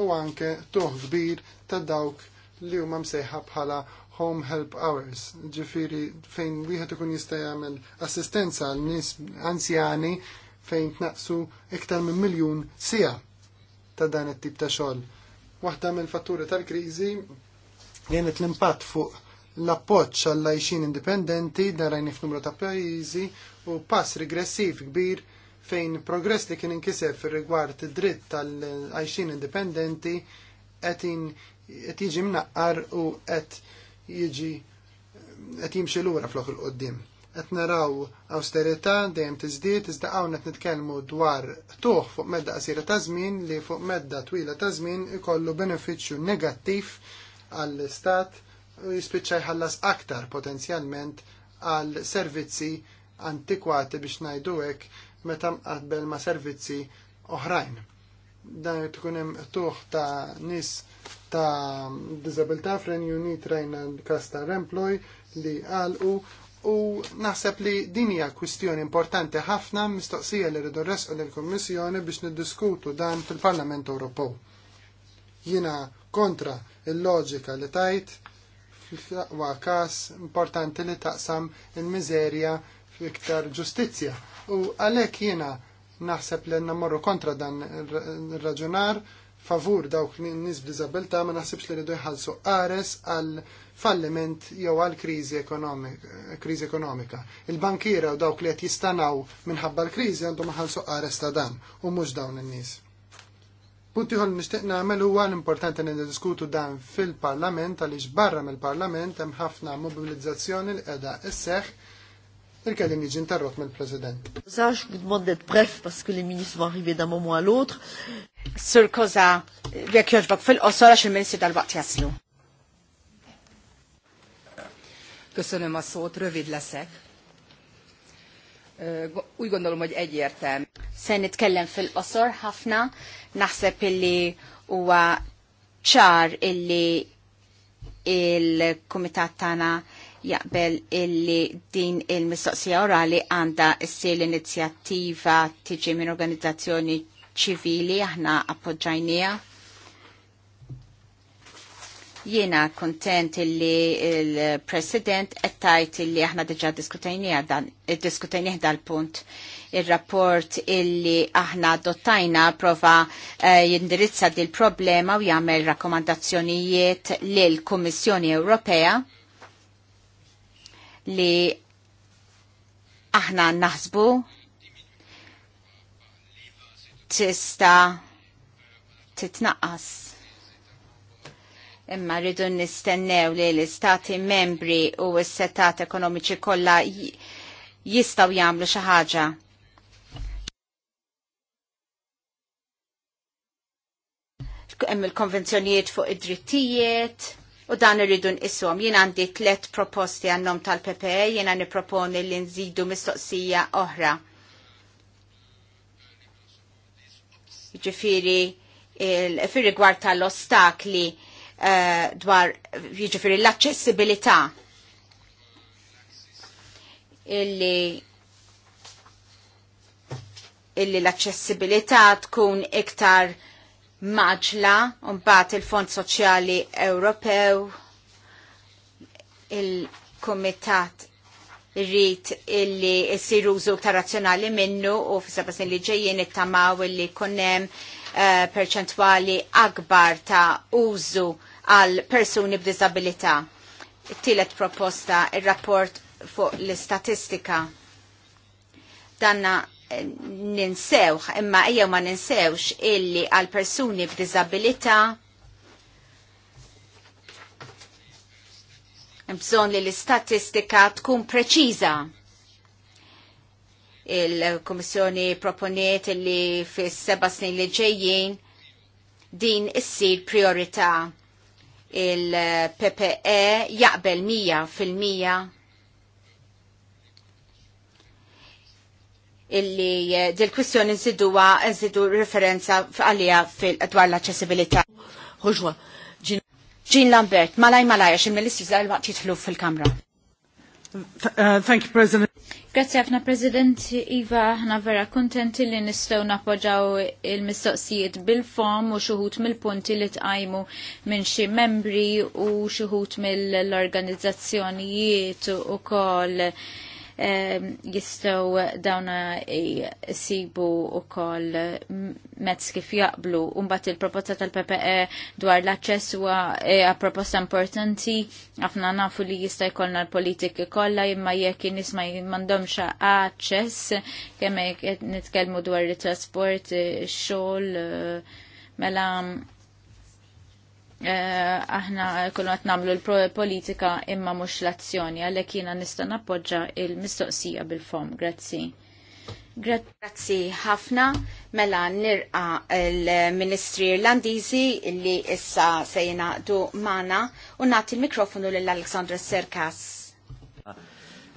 u anke tuħ kbir ta' dawk li huma msejħa bħala home help hours, ġifiri fejn wieħed ikun jista' jagħmel assistenza għal nies anzjani fejn tnaqsu iktar minn miljun sija ta' dan it-tip ta' xogħol. Waħda mill-fatturi tal-kriżi kienet l-impatt fuq l-appoġġ għall għajxin indipendenti darajn f'numru ta' pajjiżi u pass regressiv kbir fejn progress li kien inkiseb fir rigward id-dritt tal-għajxin indipendenti qed jiġi mnaqqar u qed jieġi eh, qed jimxi lura flok il-qoddim. Qed naraw austerità dejjem tiżdied iżda hawn qed nitkellmu dwar tuħ fuq medda qasira ta' żmien li fuq medda twila ta' żmien ikollu benefiċċju negattiv għall-istat u jispiċċa jħallas aktar potenzjalment għal servizzi antikwati biex ngħidu hekk meta mqabbel ma' servizzi oħrajn dan tkun hemm tuħ ta' nis ta' disabilità fren unit rajna kas ta' Remploy li għalqu u naħseb li din hija kwistjoni importanti ħafna mistoqsija li rridu resqu lill-Kummissjoni biex niddiskutu dan fil-Parlament Ewropew. Jiena kontra il-loġika li tajt wa kas importanti li taqsam il-miżerja fiktar ġustizzja. U għalhekk jiena Naħseb li namorru kontra dan il-raġunar favur dawk nis b'dizabilta ma naħsibx li rridu jħallsu qares għal falliment jew għal kriżi ekonomika. il bankira u dawk li qed jistanaw minħabba l-kriżi għandhom ħallsu qares ta' dan u mhux dawn in-nies. Punti ħol nishtiq nagħmel huwa l-importanti li niddiskutu dan fil-Parlament għaliex barra mill-Parlament hemm ħafna mobilizzazzjoni li qiegħda isseħħ il-kellim jiġi interrott mill-President. Zax, bid-mondet bref, paske li ministru arrivi da momu għal-otr. Sur koza, jek joġbok fil-qosora xil-ministri dal-waqt jaslu. Köszönöm a szót, rövid leszek. Úgy gondolom, hogy egyértelmű. Sen nitkellem fil-qosor hafna, naħseb illi huwa ċar illi il-komitat tana jaqbel illi din il-mistoqsija orali għanda issir l-inizjattiva tiġi minn organizzazzjoni ċivili aħna appoġġajnija. Jiena kontent illi il-President għettajt illi aħna diġa diskutajnija dal-punt il-rapport illi aħna dottajna prova eh, jindirizza dil-problema u jagħmel rakkomandazzjonijiet lil Kummissjoni Ewropea li aħna naħsbu tista titnaqqas. Imma rridu nistennew li l-istati membri u s-setat ekonomiċi kollha jistaw jagħmlu xi ħaġa. Hemm il-konvenzjonijiet fuq id-drittijiet, u dan irridu nqishom. Jien għandi tliet proposti għannom tal-PPE, jiena nipproponi li nżidu mistoqsija oħra. Jiġifieri fir rigward tal-ostakli eh, dwar ġifiri, l-aċċessibilità illi illi l-aċċessibilità tkun iktar maġla mbagħad il-Fond Soċjali Ewropew il-Kumitat rrit illi jessir użu ta' razzjonali minnu u fissaba snin li ġejjien it-tamaw illi konnem uh, eh, perċentwali akbar ta' użu għal persuni b'disabilità. Tilet proposta il-rapport fuq l-istatistika. Danna ninsewx, imma ija ma ninsewx illi għal persuni b'dizabilita bżon li l-istatistika tkun preċiża. Il-Komissjoni proponiet li fis seba snin li ġejjin din issir priorità il-PPE jaqbel 100 fil-100 illi eh, dil-kwistjoni nżiduwa nżidu referenza għalija fil-q dwar l-accessibilità. Hoġwa, Jean Lambert, malaj malaj, għax il-Ministru Zgħal waqt jitħlu fil-Kamra. Eh, thank you, President. Grazie għafna, President Iva, ħna vera kontenti li nistaw napoġaw il-mistoqsijiet bil-fom u xuħut mill-punti li tqajmu minn xi membri u xuħut mill-organizzazzjonijiet u koll jistaw dawna jisibu u koll mezz kif jaqblu. Umbat il-proposta tal-PPE dwar l-access huwa għa e, proposta importanti, għafna nafu li jista jkollna l politik kollha imma jekk in ma jmandomx access kemm nitkellmu dwar it-trasport, e, xogħol, e, mela Eh, aħna kollu għat namlu l-politika imma mux l-azzjoni, għalek jina nista nappoġġa il-mistoqsija bil-fom. Grazzi. Grazzi ħafna mela nirqa il ministri Irlandizi li issa se du mana u nati il mikrofonu l alexandra Serkas.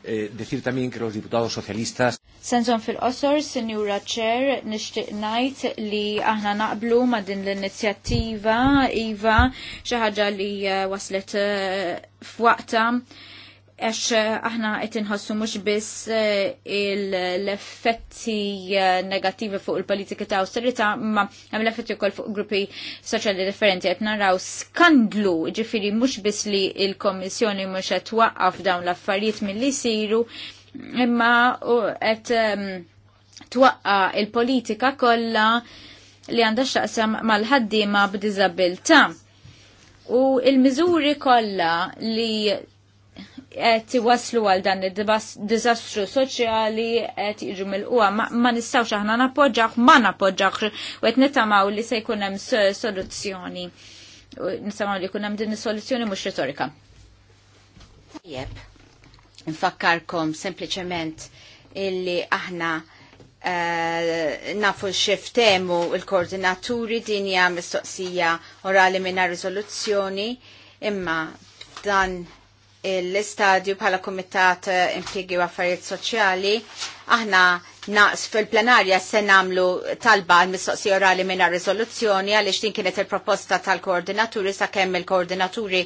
Eh, decir también que los diputados socialistas Senzon fil-qosor, senjura Ċer, nishtiq najt li aħna naqblu ma din l-inizjattiva Iva xaħġa li eh, waslet eh, f'waqta għax eh, aħna qed inħossu mhux biss eh, l-effetti eh, negattivi fuq il-politika ta' austerità, ma hemm l-effetti wkoll fuq gruppi soċjali differenti qed naraw skandlu, ġifieri mhux biss li l-Kommissjoni mhux qed twaqqaf dawn l-affarijiet milli jsiru, imma qed ehm, twaqqa il-politika kollha li għandha x'taqsam mal-ħaddiema b'diżabilità. U il-miżuri kollha li qed iwaslu għal dan id-diżastru soċjali qed jiġu mill-qwa ma nistgħux aħna nappoġġaw ma nappoġġaw u qed nitamaw li se jkun hemm soluzzjoni. Nisamaw li jkun hemm din is-soluzzjoni mhux retorika. Jep, nfakkarkom sempliċement illi aħna Uh, nafu temu il-koordinaturi dinja mistoqsija orali minna rizoluzzjoni imma dan l-istadju bħala Kumitat eh, Impjegi u Affarijiet Soċjali, aħna naqs fil-plenarja se namlu talba għal mistoqsi orali minna rizoluzzjoni għaliex din kienet il-proposta tal-koordinaturi sa' kemm il-koordinaturi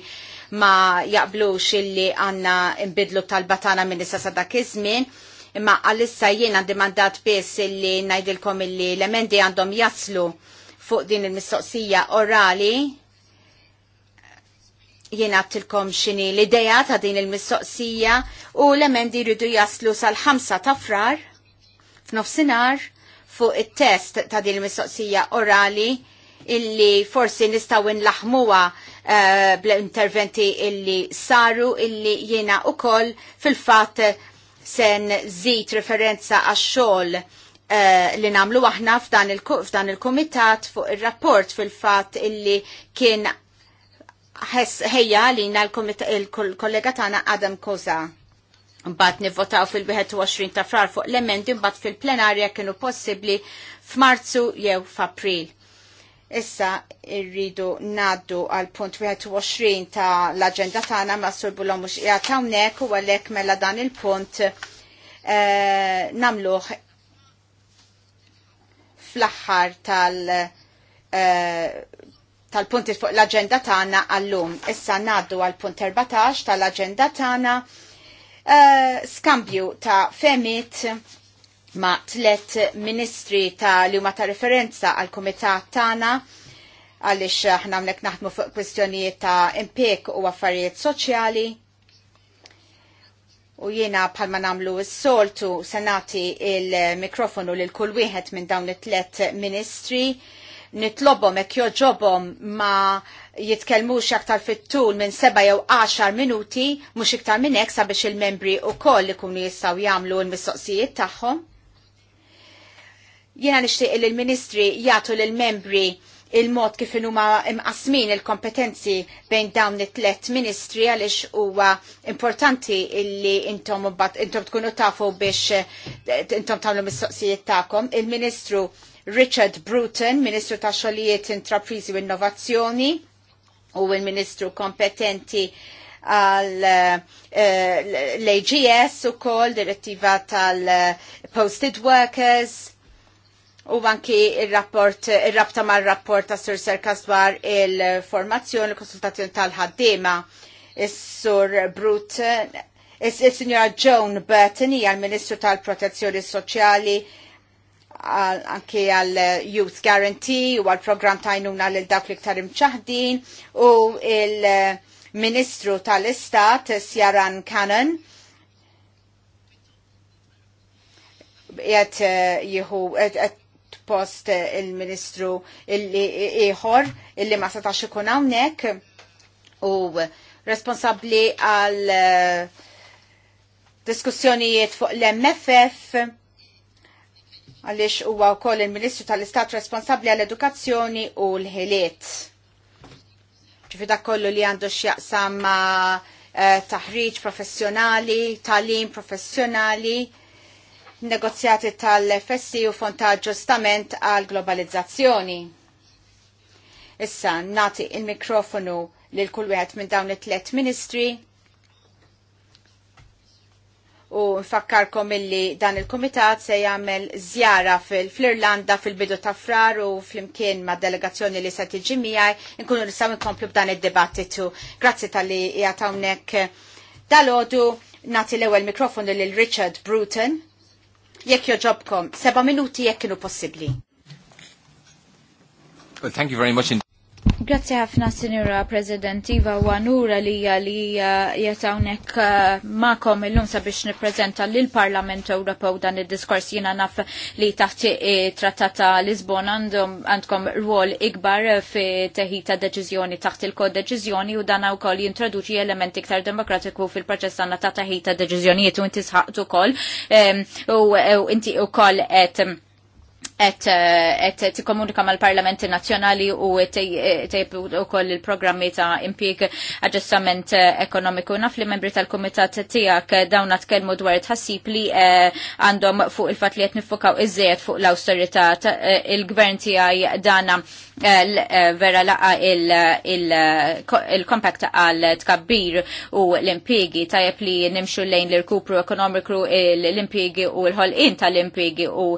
ma jaqblux illi għanna imbidlu talba tana minn issa sa' dak iż-żmien imma għalissa jiena għandi mandat biss illi ngħidilkom illi l-emendi għandhom jaslu fuq din il-mistoqsija orali jiena għabtilkom xini l-ideja ta' din il-mistoqsija u l-emendi rridu jaslu sal-5 ta' frar f'nofsinar fuq il-test ta' din il-mistoqsija orali illi forsi nistawin laħmuwa uh, eh, bl-interventi illi saru illi jiena u koll fil-fat sen zit referenza għax xol Uh, eh, li namlu aħna f'dan il-komitat fuq il-rapport fil-fat illi kien ħejja li l-kollega tagħna Adam Koza. Mbagħad nivvotaw fil-21 ta' frar fuq l-emendi mbagħad fil-plenarja kienu possibbli f'Marzu jew f'April. Issa irridu naddu għal punt 21 ta' l-agenda tagħna ma' Sur l mhux qiegħed hawnhekk u għalhekk mela dan il-punt eh, fl-aħħar tal- eh, tal-punti fuq l-agenda tagħna għallum. Issa ngħaddu għal punt 14 tal-agenda tagħna eh, skambju ta' femit ma' tlet ministri ta' li huma ta' referenza għal kumitat tagħna għaliex aħna hawnhekk naħdmu fuq kwistjonijiet ta' impek u affarijiet soċjali. U jiena bħalma namlu s-soltu senati il-mikrofonu lil kull wieħed minn dawn it-tlet ministri nitlobhom ek joġobom ma jitkellmux aktar fit-tul minn seba' jew 10 minuti mhux iktar minn hekk sabiex il-membri wkoll ikunu jistgħu jagħmlu l-mistoqsijiet tagħhom. Jiena nixtieq li l-Ministri jagħtu lill-membri il-mod kif huma imqasmin il-kompetenzi bejn dawn it-tlet ministri għaliex huwa importanti illi intom intom tkunu tafu biex intom tagħmlu mistoqsijiet tagħkom. Il-Ministru Richard Bruton, Ministru ta' Xogħlijiet Intrapriżi u Innovazzjoni u l-Ministru kompetenti għal eh, ags u kol direttiva tal-Posted Workers u anki il-rapport, il-rabta mal rapport ta' Sur Serkas dwar il-formazzjoni, konsultazzjoni tal-ħaddima. Is-Sur Brut, is-Signora Joan Burton hija l-Ministru tal-Protezzjoni Soċjali anke għal Youth Guarantee u għal program tajnuna lil dawk liktar imċaħdin u il-Ministru tal-Istat Sjaran Cannon jgħet eh, jihu post il-Ministru il-ieħor illi ma setax ikun hawnhekk u responsabbli għal eh, diskussjonijiet fuq l-MFF għaliex huwa wkoll il-Ministru tal-Istat responsabbli għall-edukazzjoni u l-ħiliet. Ġifi dak kollu li għandu x'jaqsam ma' eh, taħriġ professjonali, talim professjonali, negozjati tal-FSI u fond ta' ġustament għal globalizzazzjoni. Issa nati il-mikrofonu lil kull wieħed minn dawn it-tlet ministri u nfakkarkom illi dan il-komitat se jagħmel żjara fl irlanda fil-bidu ta' frar u flimkien ma' delegazzjoni li se tiġi miegħi nkunu nistgħu nkomplu b'dan id-dibattitu. Grazzi tal-li jagħtawnek dalodu nagħti l-ewwel mikrofonu lil Richard Bruton. Jekk joġobkom, seba' minuti jekk kienu possibbli. Well, thank you very much. Grazie ħafna, Signora President, Iva Wanura li li jetawnek uh, ma'kom il-lum sabiex niprezenta l-Parlament Ewropew dan il-diskors jina naf li taħt trattata Lisbon għandhom għandkom rwol ikbar fi teħita deċizjoni taħt il-kod deċizjoni u dan wkoll jintroduċi elementi ktar demokratiku fil-proċess għandna ta' ta' deċizjonijiet u inti sħaqtu kol u inti u kol et et ti komunika mal-parlamenti nazjonali u tejpu u koll il-programmi ta' impieg aġġestament ekonomiku. Naf li membri tal-komitat tijak dawna tkellmu dwar tħassib li eh, għandhom fuq il-fat li jett nifukaw iż fuq l-austerita eh, il-gvern tijaj dana Eh, vera laqa il-kompakt għal tkabbir u l-impiegi tajab li nimxu lejn l-rkupru ekonomiku l-impiegi u l-ħolqin tal-impiegi u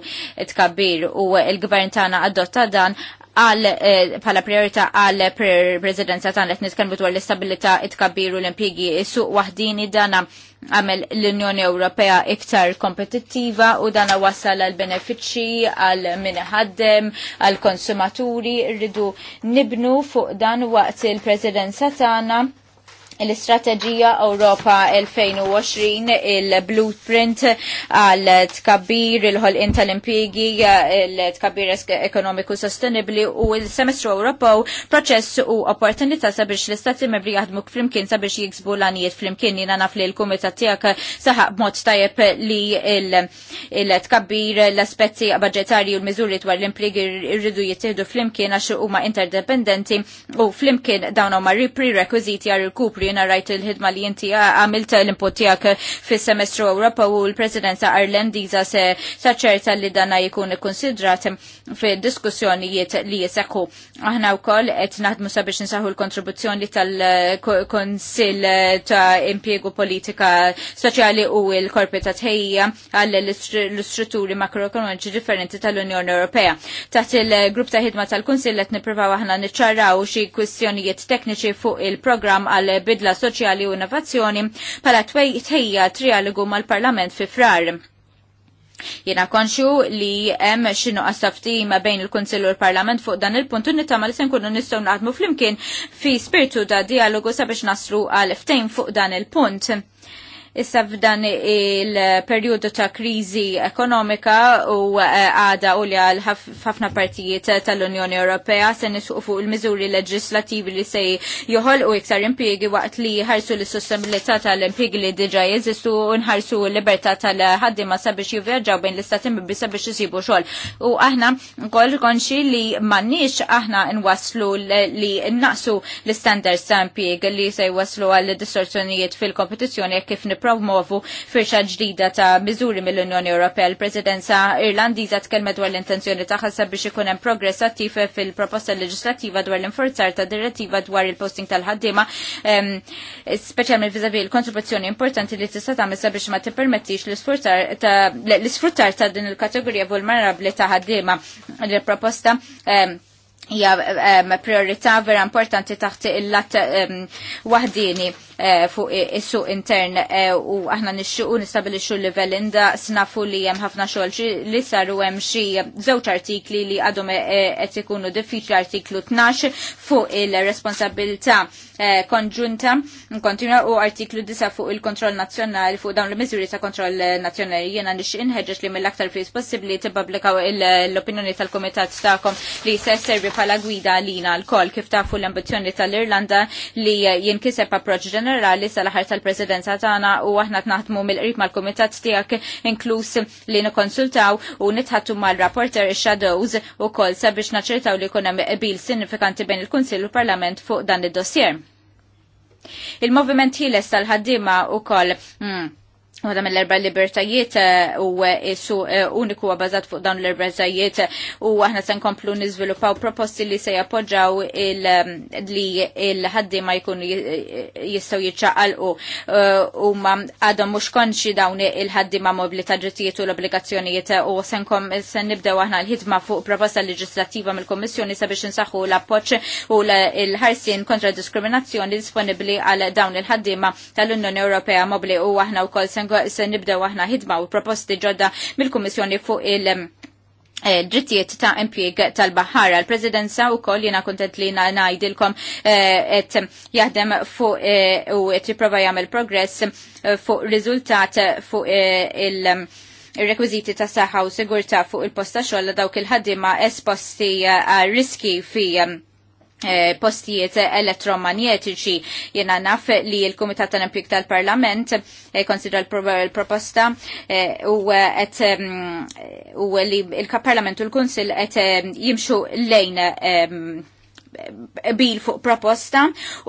tkabbir u il-gvern tana adotta dan għal pala eh, priorita għal presidenza tan li nitkellmu dwar l-istabilità it-kabbiru l-impjegi suq waħdini dana għamel l-Unjoni Ewropea iktar kompetittiva u dana wasal għal benefiċċji għal minħaddem, għal konsumaturi, rridu nibnu fuq dan waqt il-prezidenza tagħna l-istrateġija Ewropa 2020, il-blueprint għal tkabbir il ħol tal impigi il-tkabbir ekonomiku sostenibli u il-semestru Ewropew proċess u opportunità sabiex l-istati membri jaħdmu flimkien sabiex jiksbu l-anijiet flimkien jina naf li l-kumitat tiegħek saħaq mod tajjeb li il-tkabbir l-aspetti budgetari u l-miżuri dwar l impigi rridu jittieħdu flimkien għax huma interdependenti u flimkien dawn huma għar għal kupri jena rajt il-ħidma li jinti għamilt l-input tiegħek fis semestru Ewropa u l-Presidenza Irlandiża se saċerta li dana jkun konsidrat fid diskussjonijiet li jisekku. Aħna wkoll qed naħdmu sabiex nsaħu l-kontribuzzjoni tal konsil ta' impjegu politika soċjali u l-korpi ta' tħejja għall l-istrutturi makroekonomiċi differenti tal-Unjoni Ewropea. Taħt il-grupp ta' ħidma tal-Kunsill qed niprofaw aħna niċċaraw xi kwistjonijiet tekniċi fuq il-programm għal bidla soċjali u innovazzjoni pala tejja trialogu mal-Parlament fi frar. Jena konxu li hemm xinu għastafti ma bejn il kunsill u l-Parlament fuq dan il-punt u nittama li se nkunu nistgħu naħdmu flimkien fi spiritu ta' dialogu sabiex naslu għal ftejn fuq dan il-punt. Issa f'dan il-periodu ta' krizi ekonomika u eh, għada u li għal ħafna partijiet tal-Unjoni Ewropea se nisqu fuq il-miżuri leġislativi li se joħol u iktar impiegi waqt li ħarsu l-sostenibilità tal-impiegi li diġa jeżistu u nħarsu l-libertà tal-ħaddima sabiex jivvjaġġaw bejn l istatim bi sabiex jisibu xogħol. U aħna wkoll konxi li m'għandniex aħna nwaslu li naqsu l-standards ta' impiegi li se jwaslu għal distorsjonijiet fil-kompetizzjoni kif nipro jippromovu firxa ġdida ta' miżuri mill-Unjoni Ewropea. Il-Presidenza Irlandiża tkellmet dwar l-intenzjoni tagħha sabiex ikun hemm progress attiv fil-proposta leġislattiva dwar l inforzar ta' direttiva dwar il-posting tal-ħaddiema, speċjalment viżavi l-kontribuzzjoni importanti li tista' tagħmel sabiex ma tippermettix l-isfruttar ta' din il-kategorija vulnerabbli ta' ħaddiema. Il-proposta hija um, priorità vera importanti taħt il-lat um, wahdini uh, fuq is-suq intern uh, u aħna nixxuqu nistabilixxu livell inda snafu li hemm ħafna xogħol li saru hemm xi żewġ artikli li għadhom eh, qed ikunu diffiċli artiklu 12 fuq il-responsabilità konġunta nkontinwa u artiklu 9 fuq il-kontroll nazzjonali fuq dawn il-miżuri ta' kontroll nazzjonali jiena nixxi inħeġġeġ li mill-aktar fis possibbli tippubblikaw l-opinjoni tal-kumitat tagħkom li se servi bħala gwida għalina l-koll kif tafu l-ambizjoni tal-Irlanda li jinkiseb approċ ġenerali sal-ħar tal-presidenza tagħna u aħna naħdmu mill-qrib mal-kumitat tiegħek inkluż li nikkonsultaw u nitħattu mal-rapporter shadows u koll sabiex naċertaw li jkun hemm qbil sinifikanti bejn il-Kunsill u l-Parlament fuq dan id-dossier. Il-moviment ħieles tal-ħaddiema u koll mm, Għadam mill-erba libertajiet eh, u jessu eh, eh, uniku għabazat fuq dawn l-libertajiet u għahna sen komplu nizvilupaw proposti li se jappoġġaw li l ħaddi ma jkun jistaw jitxaqal u ma għadhom mux konċi dawn il-ħaddi ma mobilita ġittijiet u l-obbligazzjonijiet u sen kom sen nibdew għahna l-ħidma fuq proposta leġislativa mill-Kommissjoni sabiex nsaħu l-appoċ u l-ħarsin kontra diskriminazzjoni disponibli għal dawn il-ħaddi ma tal-Unjoni Ewropea mobli u għahna u kol sen se nibdew aħna ħidma u proposti ġodda mill-Kummissjoni fuq il- eh, drittijiet ta' impjieg tal-Bahara. L-Presidenza u koll jena kontent li najdilkom eh, et jaħdem fuq eh, u et jiprofa jagħmel progress fuq riżultat fuq il- il-rekwiziti ta' saħħa u sigurta fuq il-posta xolla dawk il-ħaddima esposti riski fi Eh, postijiet elettromagnetiċi. Jena naf li il-Komitat Olimpik tal-Parlament eh, konsidra l-proposta eh, u u li il-Parlament u l-Kunsil et jimxu lejn bil fuq proposta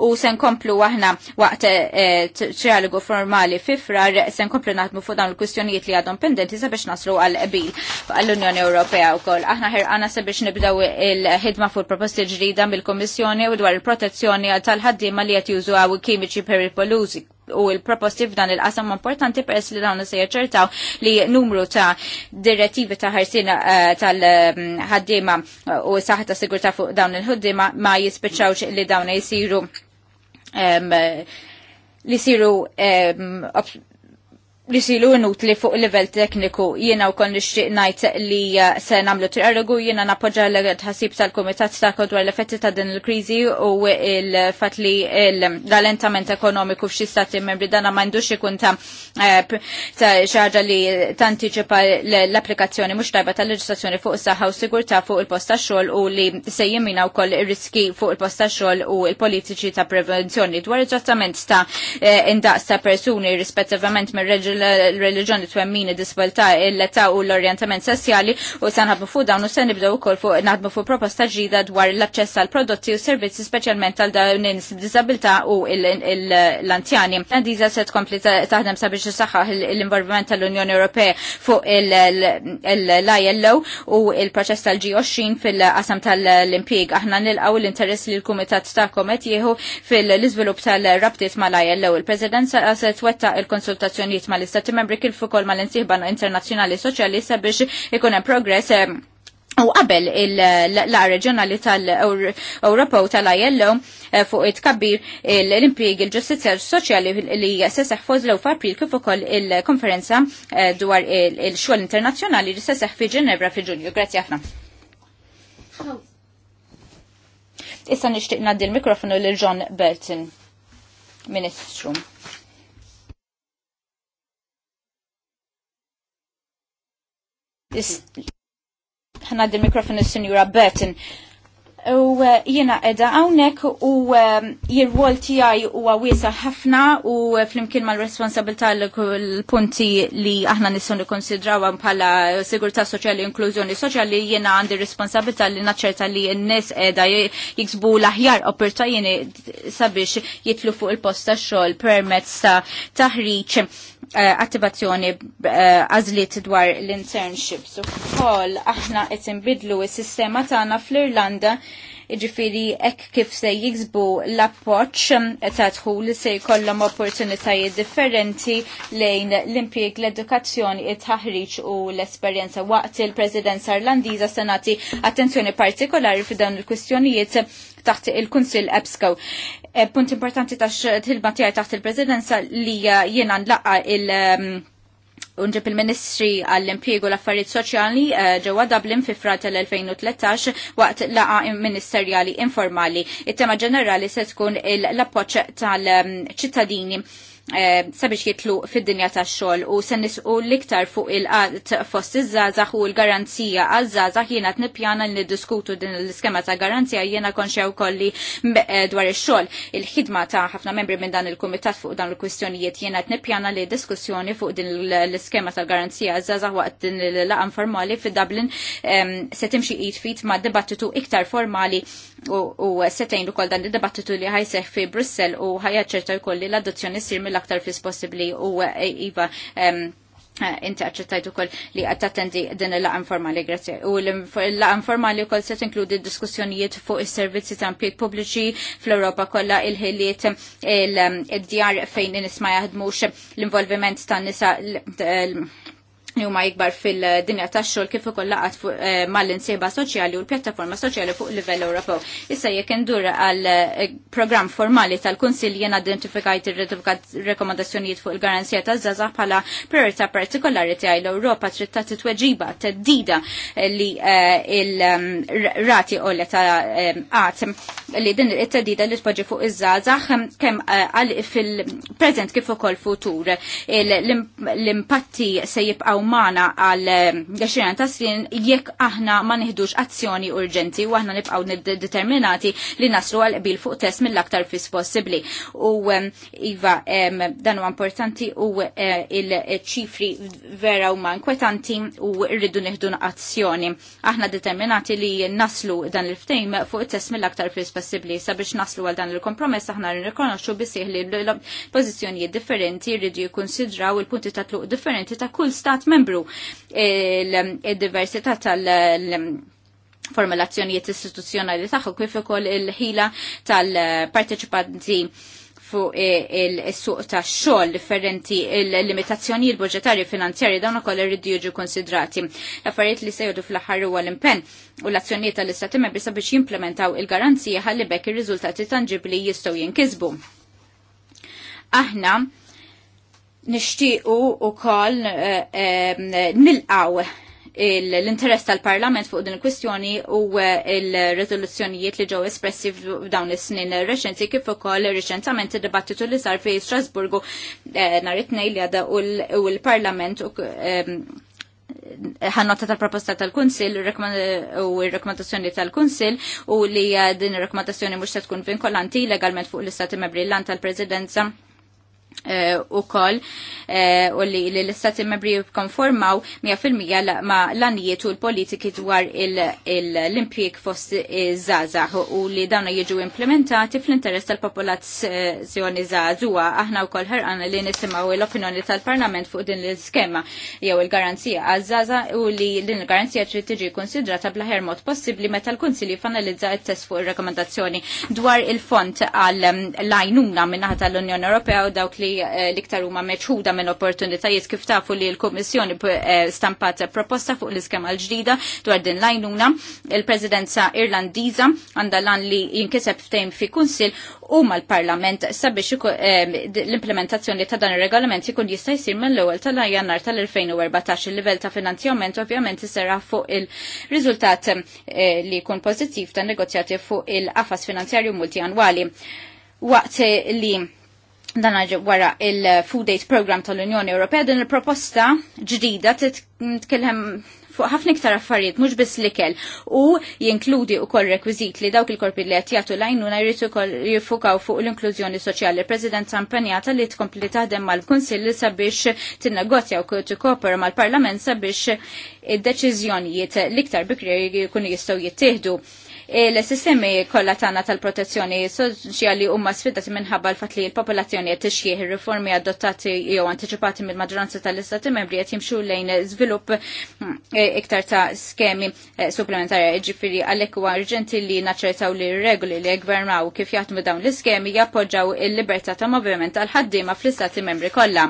u sen komplu aħna waqt eh, trialogu formali fifrar sen komplu naħdmu fuq dawn il-kustjonijiet li għadhom pendenti sabiex naslu għal bil għall-Unjoni Ewropea u koll. Aħna ħerqana sabiex nibdaw il-ħidma fuq proposti ġrida mill komissjoni u dwar il-protezzjoni tal-ħaddiema li qed jużu għaw kimiċi per il il-polużi u il-proposti f'dan il-qasam importanti peress li dawn se jaċertaw li numru ta' direttivi ta' ħarsina eh, tal-ħaddima eh, u saħħa ta' sigurtà fuq dawn il-ħaddima ma jispiċċawx li dawn jisiru li siru li silu inutli fuq level tekniku. Jiena u kon nixtieq ngħid li uh, se nagħmlu triqargu jiena nappoġġa l ħasib tal komitat ta' dwar l-effetti ta' din il-kriżi u il-fatt li l-allentament ekonomiku f'xi stati membri dana ma ndux ikun ta' eh, xaġa li tantiċipa l-applikazzjoni mhux tajba tal-leġislazzjoni fuq is-saħħa u sigurtà fuq il posta xol xogħol u li se jimmina wkoll ir-riski fuq il posta xol xogħol u l-politiċi ta' prevenzjoni dwar il ġattament ta' eh, indaqs ta' persuni rispettivament mir-reġil il-reliġjoni twemmini disabilità il letta u l-orjentament sessjali u se naħdmu fuq dawn u se nibdew ukoll fuq naħdmu fuq proposta ġdida dwar l-aċċess għal prodotti u servizzi speċjalment għal dawn nies u l-antjani. Diza se tkompli taħdem sabiex isaħħaħ l-involviment tal-Unjoni Ewropea fuq l-ILO u il-proċess tal-G20 fil-qasam tal-impjieg. Aħna nilqgħu l-interess li l-Kumitat tagħkom qed jieħu fil-iżvilupp tal-rabtiet mal-ILO. Il-Presidenza se twetta il-konsultazzjonijiet mal l-istati membri kif ukoll mal-insieħba internazzjonali soċjalista biex ikun hemm progress eh, U qabel la reġjonali tal u tal-ILO eh, fuq it-kabbir l impieg il ġustizja soċjali li se seħħ lew f'April kif ukoll il-konferenza eh, dwar il-xogħol internazzjonali li se seħħ fi Ġenevra fi Ġunju. Grazzi ħafna. Issa nixtieq ngħaddi l-mikrofonu lil John Burton, Ministru. ħanad il-mikrofon is sinjura Bertin. U uh, jiena edha għawnek u um, jirwol tijaj u għawisa ħafna u uh, flimkien mal responsabilta l-punti li aħna nisson konsidraw bħala sigurta soċjali inklużjoni soċjali jiena għandi responsabilità li naċċerta li n-nis edha jiksbu laħjar opportajini sabiex jitlu fuq il-posta xol permezz ta' taħriċ Eh, attivazzjoni eh, għazliet dwar l-internships u kol aħna qed inbidlu s-sistema tagħna fl-Irlanda iġifiri ek kif se jiksbu l-appoċ um, ta' tħul se jkollhom opportunitajiet differenti lejn l impieg l-edukazzjoni, it-taħriġ u l-esperjenza waqt il-Presidenza Irlandiża se nagħti attenzjoni partikolari f'dan il-kwistjonijiet taħt il-Kunsill EBSCO. Eh, punt importanti tax tilba tiegħi taħt il-Presidenza li eh, jenan nlaqqa il- um, unġib il-Ministri għall impiegu l-Affarijiet Soċjali eh, ġewwa Dublin fi Frat tal 2013 waqt laqa ministerjali informali. It-tema ġenerali se tkun l-appoġġ tal-ċittadini ehm, Eh, sabiex jitlu fid-dinja tax-xogħol u se nisqu l-iktar fuq il-qatt fost iż żazax u l-garanzija għal-żazax jiena t-nipjana li diskutu din l-iskema ta' garanzija jiena konxew kolli eh, dwar ix-xogħol. Il-ħidma ta' ħafna membri minn dan il-kumitat fuq dan il-kwistjonijiet jiena t-nipjana li diskussjoni fuq din l-iskema ta' garanzija għal-żazax waqt din l-laqgħa formali fi Dublin se timxi qid fit ma' dibattitu iktar formali u setejn kol dan id-dibattitu li ħajseħ fi Brussell u ħajaċċerta jkolli l-adozzjoni ssir mill l-aktar fis possibbli u eh, iva eh, inti għacċettajt u koll li għattendi din il-laqa informali, grazie. U l-laqa informali u koll se tinkludi diskussjonijiet fuq il-servizzi ta' impjeg pubbliċi fl-Europa kolla il-ħiliet il-djar fejn nisma l-involviment ta' nisa huma jikbar fil-dinja tax-xogħol kif ukoll laqat eh, mal-insieba soċjali u l-pjattaforma soċjali fuq livell Ewropew. Issa jekk indur għal eh, programm formali tal-Kunsill jien identifikajt ir-rekomandazzjonijiet fuq il-garanzija ta' żaża bħala priorità partikolari tiegħi l-Ewropa trid tagħti tweġiba teddida eh, li il-rati qolja ta' qatt li din it-teddida li tpoġġi fuq iż-żgħażagħ kemm fil-preżent kif ukoll futur l-impatti se jibqgħu umana għal għaxirjan ta' snin jekk aħna ma nieħdux azzjoni urġenti u aħna nibqaw determinati li naslu għal qbil fuq test mill-aktar fis possibbli. U iva dan huwa importanti u il-ċifri vera huma inkwetanti u rridu nieħdu azzjoni. Aħna determinati li naslu dan il-ftejm fuq test mill-aktar fis possibbli sabiex naslu għal dan il-kompromess aħna nirrikonoxxu bisih li l-pożizzjonijiet differenti rridu jikkonsidraw il-punti ta' tluq differenti ta' kull stat membru. Il-diversità tal- formulazzjonijiet istituzzjonali tagħhom kif ukoll il-ħila tal-parteċipanti fuq il-suq ta' xogħol differenti il-limitazzjoni il budgetari finanzjarji dawn ukoll irridu jiġu konsidrati. L-affarijiet li sejdu fl-aħħar huwa l-impenn u l-azzjonijiet tal-istati membri sabiex jimplementaw il-garanzija ħalli bekk ir-riżultati tanġibli jistgħu jinkisbu. Aħna nishtiqu u koll eh, nilqaw l-interess tal-Parlament fuq din il-kwistjoni u eh, il-rezoluzzjonijiet li ġew espressi f'dawn is-snin reċenti kif ukoll riċentament id-dibattitu li sar fi Strasburgu eh, nhar it-tnejn li għadha u l-Parlament ħannota tal-proposta tal-Kunsil u r rekomendazzjoni tal-Kunsil u li din ir rekomendazzjoni mhux se tkun vinkolanti legalment fuq l-Istati Membri l-lan tal-Presidenza Eh, u koll eh, u li l-istati membri konformaw 100% ma l-anijiet u l-politiki dwar l-impjeg fost zazax u li dawna jiġu implementati fl-interess tal-popolazzjoni zazuwa. Aħna u koll ħarqan li nisimaw l-opinjoni tal-parlament fuq din l-skema jew il-garanzija għazzaza u li din il-garanzija trid tiġi konsidrata bla mod possibli meta l-Kunsilli fanalizza t-test fuq il-rekomendazzjoni dwar il-font għal lajnuna minnaħa tal-Unjoni Ewropea u dawk li eh, liktar huma meċħuda minn opportunitajiet kif tafu li l-Kummissjoni eh, stampat proposta fuq l-iskema l-ġdida dwar din lajnuna il-Presidenza Irlandiża għandha lan li jinkiseb ftejm fi kunsil u mal-Parlament sabiex eh, l-implementazzjoni ta' dan ir-regolament ikun jista' jsir mill-ewwel tal-Jannar tal-2014 il-livell ta' finanzjament ovvjament isera fuq il-riżultat li jkun pożittiv ta' negozjati fuq il-qafas finanzjarju annwali. Waqt li dan wara il-Food Aid Program tal-Unjoni Ewropea din il-proposta ġdida titkellem fuq ħafna iktar affarijiet mhux biss l-ikel u jinkludi wkoll rekwiżit li dawk il-korpi li qed jagħtu lajnuna jrid ukoll jiffukaw fuq l-inklużjoni soċjali. Il-President sampenjata li tkompli taħdem mal-Kunsill sabiex tinnegozja u tikkopera mal-Parlament sabiex id-deċiżjonijiet l-iktar bikri jkunu jistgħu jittieħdu il-sistemi kollha tagħna tal-protezzjoni soċjali huma sfidati minħabba l fat li l-popolazzjoni qed tixjih ir-riformi adottati jew antiċipati mill-maġġoranza tal-istati membri qed jimxu lejn żvilupp mm, e, iktar ta' skemi e, supplementari ġifiri għalhekk huwa urġenti li naċċertaw li r-regoli li jgvernaw kif jaħdmu dawn l-iskemi jappoġġaw il-libertà ta' moviment għal ħaddiema fl-istati membri kollha.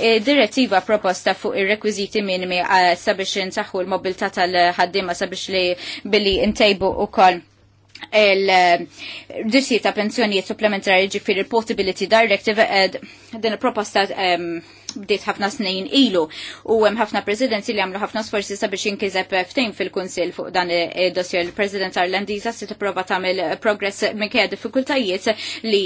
E, direttiva proposta fuq ir-rekwiżiti minimi sabiex taħu l-mobilità tal-ħaddiema sabiex li billi intejbu u ukoll il-dirsi eh, ta' pensjoni supplementari ġifir il-Portability Directive ed eh, din il-proposta um, bdiet ħafna snin ilu u hemm ħafna presidenzi li għamlu ħafna sforzi sabiex jinkiseb ftejn fil-Kunsill fuq dan id-dossier il-President Arlandiża se tipprova tagħmel progress minkejja diffikultajiet li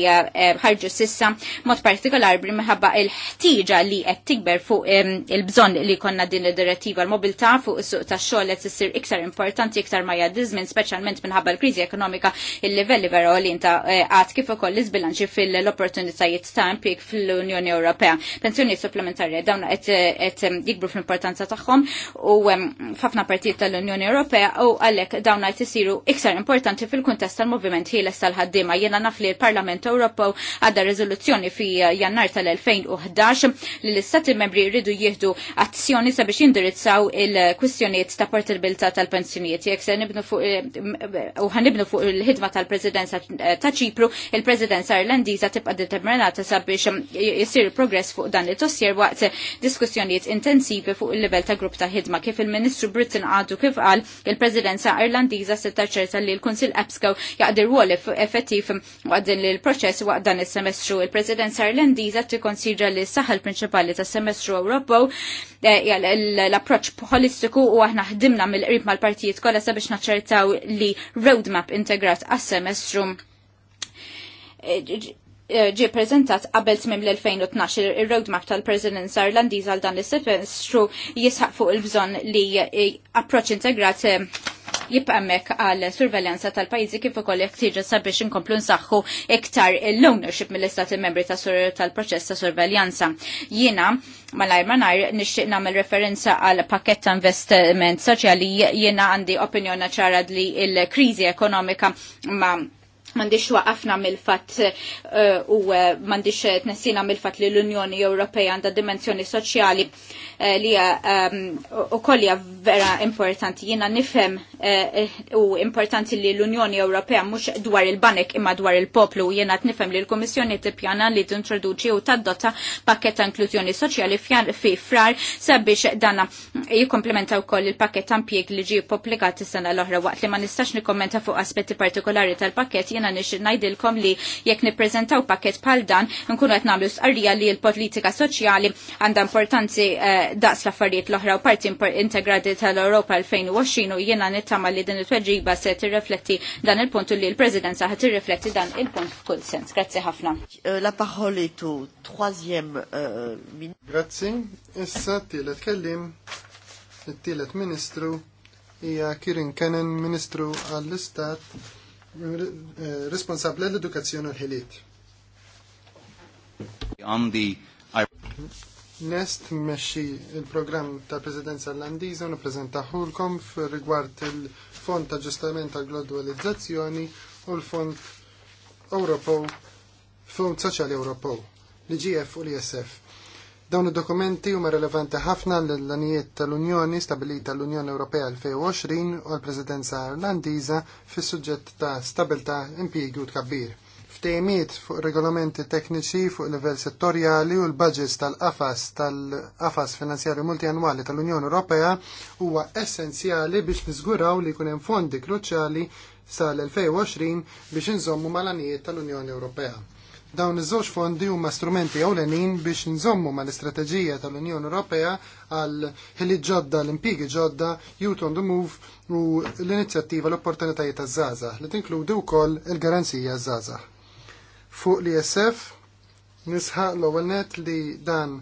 ħarġu sissa mod partikolar minħabba il-ħtieġa li qed tikber fuq il-bżonn li konna din id-direttiva l-mobilità fuq is-suq tax-xogħol qed issir iktar importanti iktar ma jaddiżmin speċjalment minħabba l-kriżi ekonomika il-livelli vera li inta eh, għad kif ukoll l isbilanċi fil-opportunitajiet ta' impjieg fl-Unjoni Ewropea. Pensjoni supplementarja dawn qed jikbru fl-importanza tagħhom u f'ħafna partijiet tal-Unjoni Ewropea u għalhekk dawn qed isiru iktar importanti fil-kuntest tal-moviment ħieles tal-ħaddiema. Jiena naf li l-Parlament Ewropew għadda riżoluzzjoni fi Jannar tal-2011 li l-Istati membri jridu jieħdu azzjoni sabiex jindirizzaw il-kwistjonijiet ta' portabilità tal-pensjonijiet. Jekk se nibnu fuq eh, u ħanibnu fuq il-ħidma tal-Presidenza ta' Ċipru, il-Presidenza Irlandiża tibqa' determinata sabiex eh, jisir progress fuq dan it-tossja dossier waqt diskussjonijiet intensivi fuq il-livell ta' grupp ta' ħidma kif il-Ministru Britain għadu kif qal il-Presidenza Irlandiża se taċċerta li l kunsil EBSCO jaqdir wol effettiv waqt din il-proċess waqt dan is-semestru. Il-Presidenza Irlandiża tikkonsidra li s-saħħa prinċipali tas-semestru Ewropew eh, l-approċ holistiku u aħna ħdimna mill-qrib mal-partijiet kollha sabiex naċċertaw li roadmap integrat għas-semestru eh, Eh, ġie prezentat qabel tmim l-2012 il-roadmap tal-presidenza irlandiża għal dan is-semestru jisħaq fuq il-bżonn li eh, approċċ integrat eh, jibqemmek għal surveljanza tal-pajjiżi kif ukoll jekk tiġa sabiex inkomplu nsaħħu iktar l-ownership mill-istati membri tal-proċess ta' surveljanza. Jiena malajr najr nixtieq nagħmel referenza għal pakket ta' investiment soċjali jiena għandi opinjoni ċara li l-kriżi ekonomika ma' mandiċ waqafna mill-fat eh, u eh, mandiċ tnessina mill-fat li l-Unjoni Ewropea għanda dimensjoni soċjali Eh, li ehm, u kollja vera importanti jina nifhem eh, u importanti li l-Unjoni Ewropea mhux dwar il-banek imma dwar il-poplu jena nifhem li l-Komissjoni tippjana li tintroduċi u tadotta pakket ta' inklużjoni soċjali fi frar sabiex dana jikkomplementa wkoll il-pakket ta' impjieg li ġie publikat is-sena l-oħra waqt li ma nistax nikkommenta fuq aspetti partikolari tal-pakket jiena nix ngħidilkom li jekk nippreżentaw pakket bħal dan nkunu qed nagħmlu sqarrija li l-politika soċjali għandha importanti eh, daqs laffariet l-oħra u parti integrati tal-Europa 2020 u jena nittama li din it-tweġiba se tirrifletti dan il-punt li l-Presidenza ħat tirrifletti dan il-punt f'kull sens. Grazie ħafna. Euh, la parole tu, au troisième euh, ministre. Grazie. Issa t tielet kellim, t tielet ministru ija Kirin Kenen, ministru għall-Istat eh, responsabli l-edukazzjoni l-ħiliet. Nest meċi il-programm tal-Presidenza Irlandiża u nippreżentaħulkom rigward il-Fond ta' Ġustament tal Globalizzazzjoni u l-Fond Europow, Fond Soċjali Europow, l-GF u l-ISF. Dawn id-dokumenti huma relevanti ħafna l-lanijiet tal-Unjoni stabilita l-Unjoni Ewropea 2020 u l-Presidenza Irlandiża fis-suġġett ta' stabilta' impjiegi u tkabbir ftejmiet fuq regolamenti tekniċi fuq livell settorjali u l-budgets tal-qafas tal-qafas finanzjarju multianwali tal-Unjoni Ewropea huwa essenzjali biex niżguraw li jkun hemm fondi kruċjali sal-2020 biex inżommu mal-anijiet tal-Unjoni Ewropea. Dawn iż-żewġ fondi huma strumenti ewlenin biex nżommu mal-istrateġija tal-Unjoni Ewropea għal ħili ġodda l-impigi ġodda Youth on the Move u l-inizjattiva l-opportunitajiet taż-żgħażagħ li tinkludi wkoll il-garanzija żgħażagħ. Fuq li jessef nisħaq l-ewwel li dan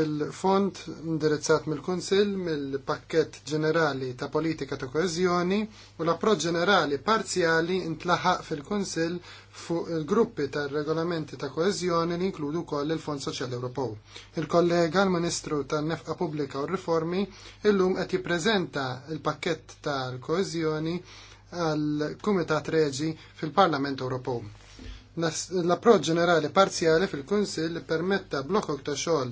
il-fond indirizzat mill-Kunsill mill-pakket ġenerali ta' politika ta' koeżjoni u l-approċ ġenerali parzjali intlaħaq fil-Kunsill fuq il-gruppi ta' regolamenti ta' koeżjoni li inkludu koll il-Fond Soċjal Ewropew. Il-kollega l-Ministru tan-Nefqa Pubblika u Riformi illum qed jippreżenta il-pakket tal-koeżjoni għal Kumitat Reġi fil-Parlament Ewropew. L-approċ ġenerali parzjali fil-Kunsill permetta blokok ta' xogħol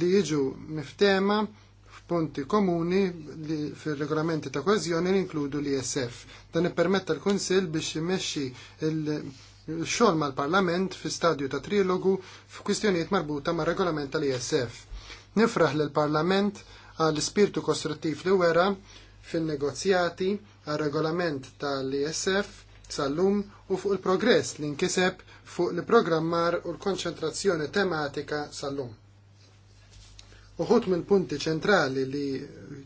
li jiġu miftema f'punti komuni li fil-regolamenti ta' kważjoni li inkludu l-ISF. Dan ippermetta l-Kunsill biex jimexxi il-xogħol mal-Parlament fi stadju ta' trilogu f'kwistjonijiet marbuta ma' regolament tal-ISF. Nifraħ l parlament għall spirtu kostruttiv li wera fin-negozjati għal regolament tal-ISF sal-lum u fuq il-progress li nkiseb fuq l programmar u l-konċentrazzjoni tematika sal-lum. Uħut minn punti ċentrali li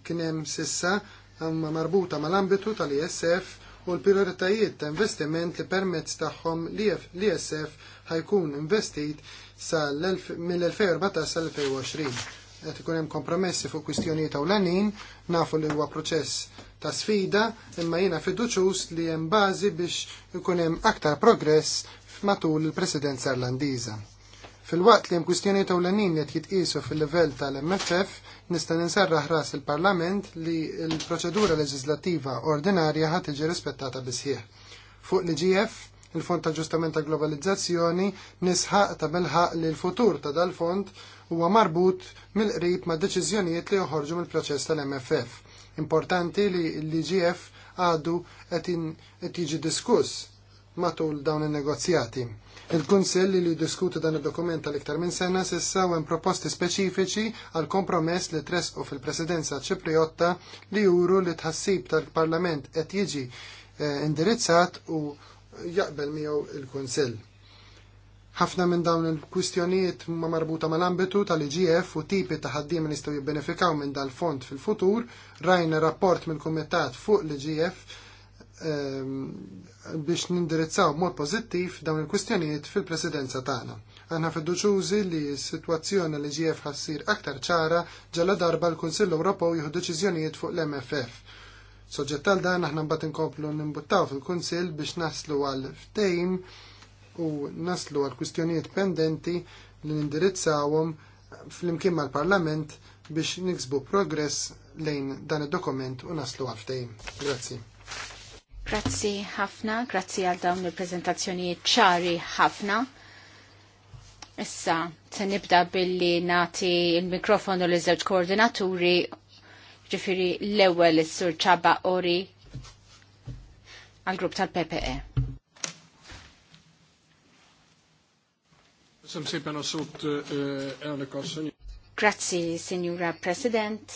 kienem sissa għamma marbuta mal-ambitu tal-ISF u l-prioritajiet ta' investiment li permezz tagħhom li l-ISF ħajkun investit mill-2014 sal-2020 qed ikun hemm kompromessi fuq kwistjonijiet ewlenin, nafu li huwa proċess ta' sfida, imma jiena fiduċus li hemm bażi biex ikun hemm aktar progress matul il-Presidenza Irlandiża. Fil-waqt li hemm kwistjonijiet ewlenin li qed jitqisu fil-livell tal-MFF nista' ninsarraħ ras il-Parlament li l-proċedura leġislattiva ordinarja ħadd iġi rispettata bisħieħ. Fuq li GF, il-Fond ta' Ġustament ta' Globalizzazzjoni nisħaq ta' belħaq li l-futur ta' dal-fond huwa marbut mill-qrib ma' deċiżjonijiet li joħorġu mill-proċess tal-MFF. Importanti li l-IGF għadu qed jiġi diskuss matul dawn in-negozjati. Il-Kunsell li diskutu dan id-dokument tal-iktar minn sena sissa u proposti speċifiċi għal kompromess li tresqu fil-Presidenza Ċipriotta li juru li tħassib tal-Parlament qed jiġi eh, indirizzat u jaqbel miegħu il-Kunsell. Ħafna minn dawn il-kwistjonijiet ma marbuta mal-ambitu tal-IGF u tipi ta' ħaddim li jistgħu jibbenefikaw minn dal-fond fil-futur, rajna rapport mill-Kumitat fuq l-IGF ehm, biex nindirizzaw mod pozittiv dawn il-kwistjonijiet fil-presidenza tagħna. Għanna fiduċużi li s-situazzjoni l-IGF ħassir aktar ċara ġalla darba l-Kunsill Ewropew jieħu deċiżjonijiet fuq l-MFF. Soġġett tal dan aħna mbagħad inkomplu nimbuttaw fil-Kunsill biex naslu għal ftejm u naslu għal kwistjonijiet pendenti li nindirizzawhom fl-imkien mal-Parlament biex niksbu progress lejn dan id-dokument u naslu għal ftehim. Grazzi. Grazzi ħafna, grazzi għal dawn il-prezentazzjonijiet ċari ħafna. Issa, se nibda billi nati il-mikrofonu l żewġ koordinaturi, ġifiri l-ewel s sur ċaba ori għal-grupp tal-PPE. Eh, eh, Grazzi Grazie, signora President.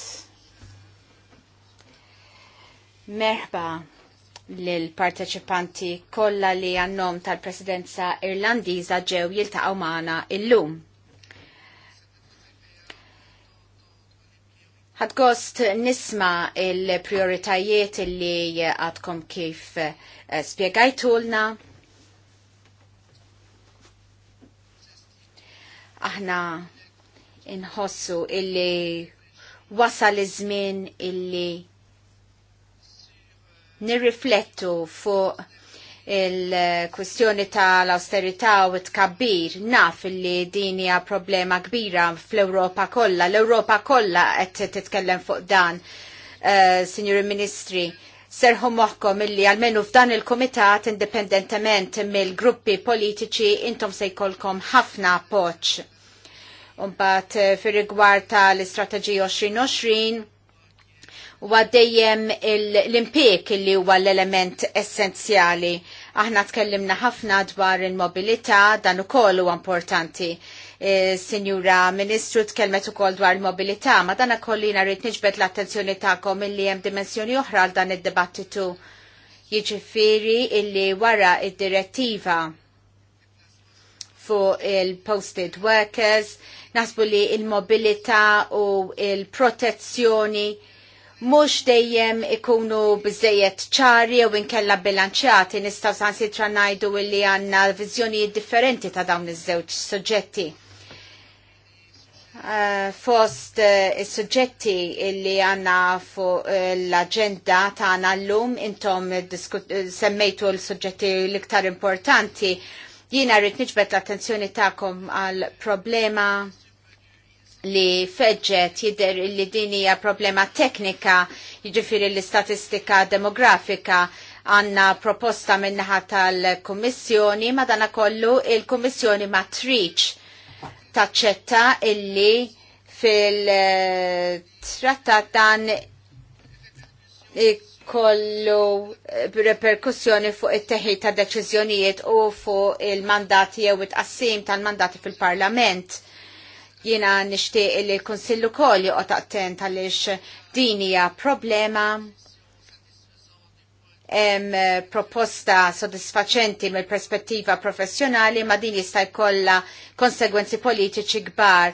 Merba l-parteċipanti kollha li għannom tal-presidenza irlandiża ġew jiltaqgħu magħna illum. Għadgost nisma il-prioritajiet li għadkom kif eh, spjegajtulna Aħna inħossu illi wasal iż-żmien illi nirriflettu fuq il-kwistjoni tal-austerità u tkabbir naf li din hija problema kbira fl-Ewropa kollha. L-Ewropa kollha qed titkellem fuq dan, uh, eh, Sinjuri Ministri. Serħu moħkom illi għalmenu f'dan il-komitat indipendentement mill-gruppi politiċi intom se jkollkom ħafna poċ Umbat eh, fir-rigward tal-istrateġija 2020 huwa dejjem l-impik li huwa l-element essenzjali. Aħna tkellimna ħafna dwar il-mobilità, dan ukoll huwa importanti. E, Sinjura Ministru tkellmet ukoll dwar il-mobilità, ma dan kollina rrid niġbed l-attenzjoni tagħkom illi hemm dimensjoni oħra għal dan id-dibattitu. Jiġifieri illi wara id-direttiva fuq il-posted workers, Nasbu li il-mobilità u il-protezzjoni mux dejjem ikunu bżejet ċari u inkella bilanċjati nistaw sitra najdu illi għanna vizjoni differenti ta' dawn iż-żewġ soġġetti. Uh, fost uh, il-sujġetti illi għanna fu uh, l-agenda ta' għanna l-lum intom uh, semmejtu l-sujġetti l-iktar importanti jina rrit nġbet l-attenzjoni ta'kom għal problema li feġġet jidder li din hija problema teknika jiġifieri l-istatistika demografika għanna proposta minnaħa tal-Kummissjoni madana kollu il-Kummissjoni ma triċ taċċetta illi fil-trattat dan kollu reperkussjoni fuq it-teħid ta' deċiżjonijiet u fuq il-mandati jew it-qassim tal-mandati fil-Parlament Jiena nixtieq li l-Konsillu kol joqgħod attent għaliex din hija problema em, proposta sodisfaċenti mill perspettiva professjonali ma din jista' jkollha konsegwenzi politiċi kbar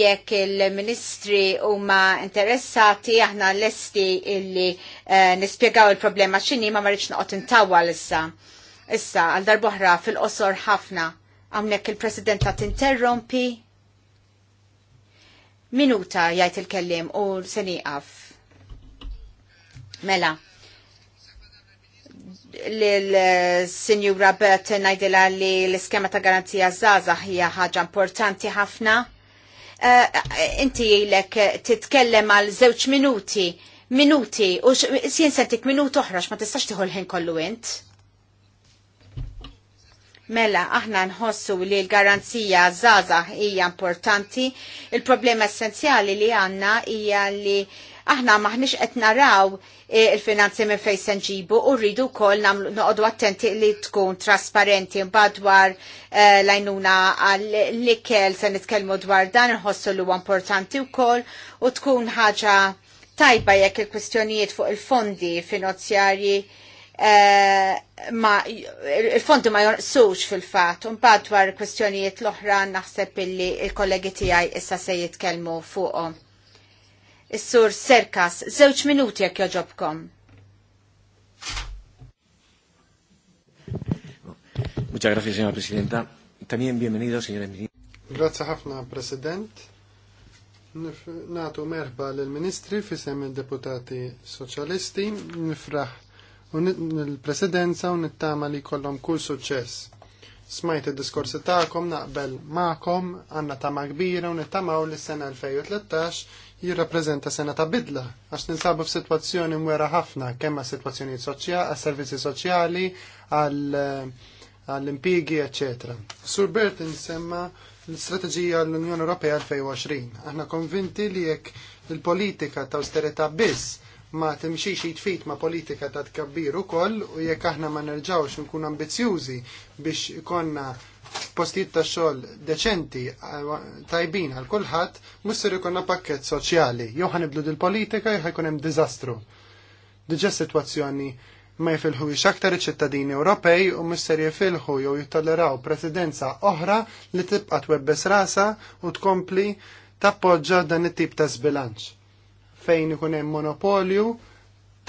jekk il-ministri huma interessati aħna lesti illi eh, nispjegaw il-problema x'inhi ma marriċ noqgħod intawwa issa. Issa għal darboħra fil-qosor ħafna hawnhekk il-President tinterrompi. Minuta jgħid il-kellim u se nieqaf. Mela l-Sinjura Bert najdila li l-iskema ta' garanzija zaza hija ħaġa importanti ħafna. Eh, inti jilek titkellem għal zewċ minuti, minuti, u s-jinsentik minuti uħrax ma tistax tiħol ħin kollu int. Mela, aħna nħossu li l-garanzija zaza hija importanti. Il-problema essenzjali li għanna hija li aħna maħnix qed naraw eh, il-finanzi minn fejn se nġibu u rridu wkoll noqogħdu attenti li tkun trasparenti mbagħad dwar eh, lajnuna għall-ikel se nitkellmu dwar dan inħossu li huwa importanti wkoll u tkun ħaġa tajba jekk il-kwistjonijiet fuq il-fondi finanzjarji Eh, ma il-fondi ma jonqsux fil-fat. bad dwar kwestjonijiet l-oħra naħseb illi il-kollegi tiegħi issa se jitkellmu fuqhom. Is-sur Serkas, żewġ minuti jekk joġobkom. Muchas gracias, señora presidenta. También bienvenido, señora ministra. Grazie ħafna, President. Natu merħba l-Ministri fisem il-Deputati Soċjalisti. Nifraħ il presidenza u nittama li kollom kull suċċess. Smajt il-diskorsi ta'kom naqbel ma'kom għanna tama kbira u nittamaw li s-sena 2013 jirrapprezenta sena ta' bidla għax ninsabu f'sitwazzjoni mwera ħafna kemm għas soċjali, għal servizzi soċjali, għall-impigi, eccetera. Sur Bert insemma l-strategija l-Unjoni Ewropea 2020. Aħna konvinti li jekk il-politika ta' austerita biss ma timxiex jitfit ma politika ta' tkabbir ukoll u jekk aħna ma nerġawx nkun ambizjużi biex ikonna postijiet ta' xogħol deċenti eh, tajbin għal kulħadd, musser ikonna pakkett soċjali. Jew ħanibdu dil-politika jew ħajkun hemm diżastru. Diġà sitwazzjoni ma jifilħux aktar iċ-ċittadini Ewropej u mister jifilħu jew jittoleraw presidenza oħra li tibqa' twebbes rasa u tkompli tappoġġa dan it-tip ta' zbilanċ fejn ikun hemm monopolju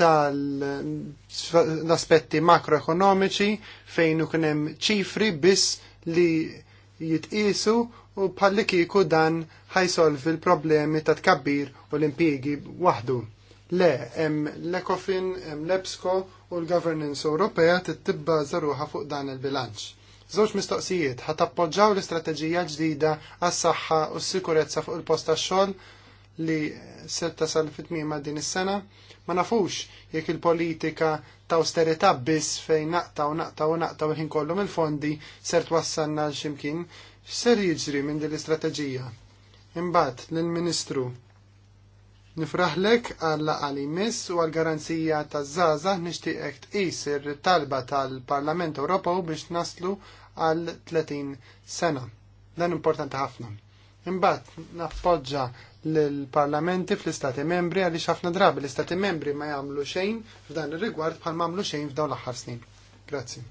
tal-aspetti makroekonomiċi fejn ikun hemm ċifri biss li jitqisu u bħalli kieku dan ħajsolvi l-problemi ta' tkabbir u l-impjiegi waħdu. Le, hemm l-Ecofin, hemm l-EBSCO u l-Governance Ewropea tittibba żaruha fuq dan il-bilanċ. Zoċ mistoqsijiet ħat appoġġaw l-istrateġija ġdida għas-saħħa u s-sikurezza fuq il-post tax-xogħol li se tasal fit-tmiema din is-sena, ma nafux jekk il-politika ta' austerità biss fejn naqtaw naqtaw naqtaw ħin kollu mill-fondi ser twassalna x'imkien ser jiġri minn din l-istrateġija. Imbagħad lill-Ministru Nifraħlek għal għali miss u għal garanzija ta' zaza nishtiqek tqis ir-talba tal-Parlament Ewropew biex naslu għal 30 sena. Dan importanti ħafna. Imbagħad nappoġġa l-parlamenti fl-istati membri għaliex ħafna drabi l-istati membri ma jagħmlu xejn f'dan ir-rigward bħal ma għamlu xejn f'dawn l-aħħar snin. Grazzi.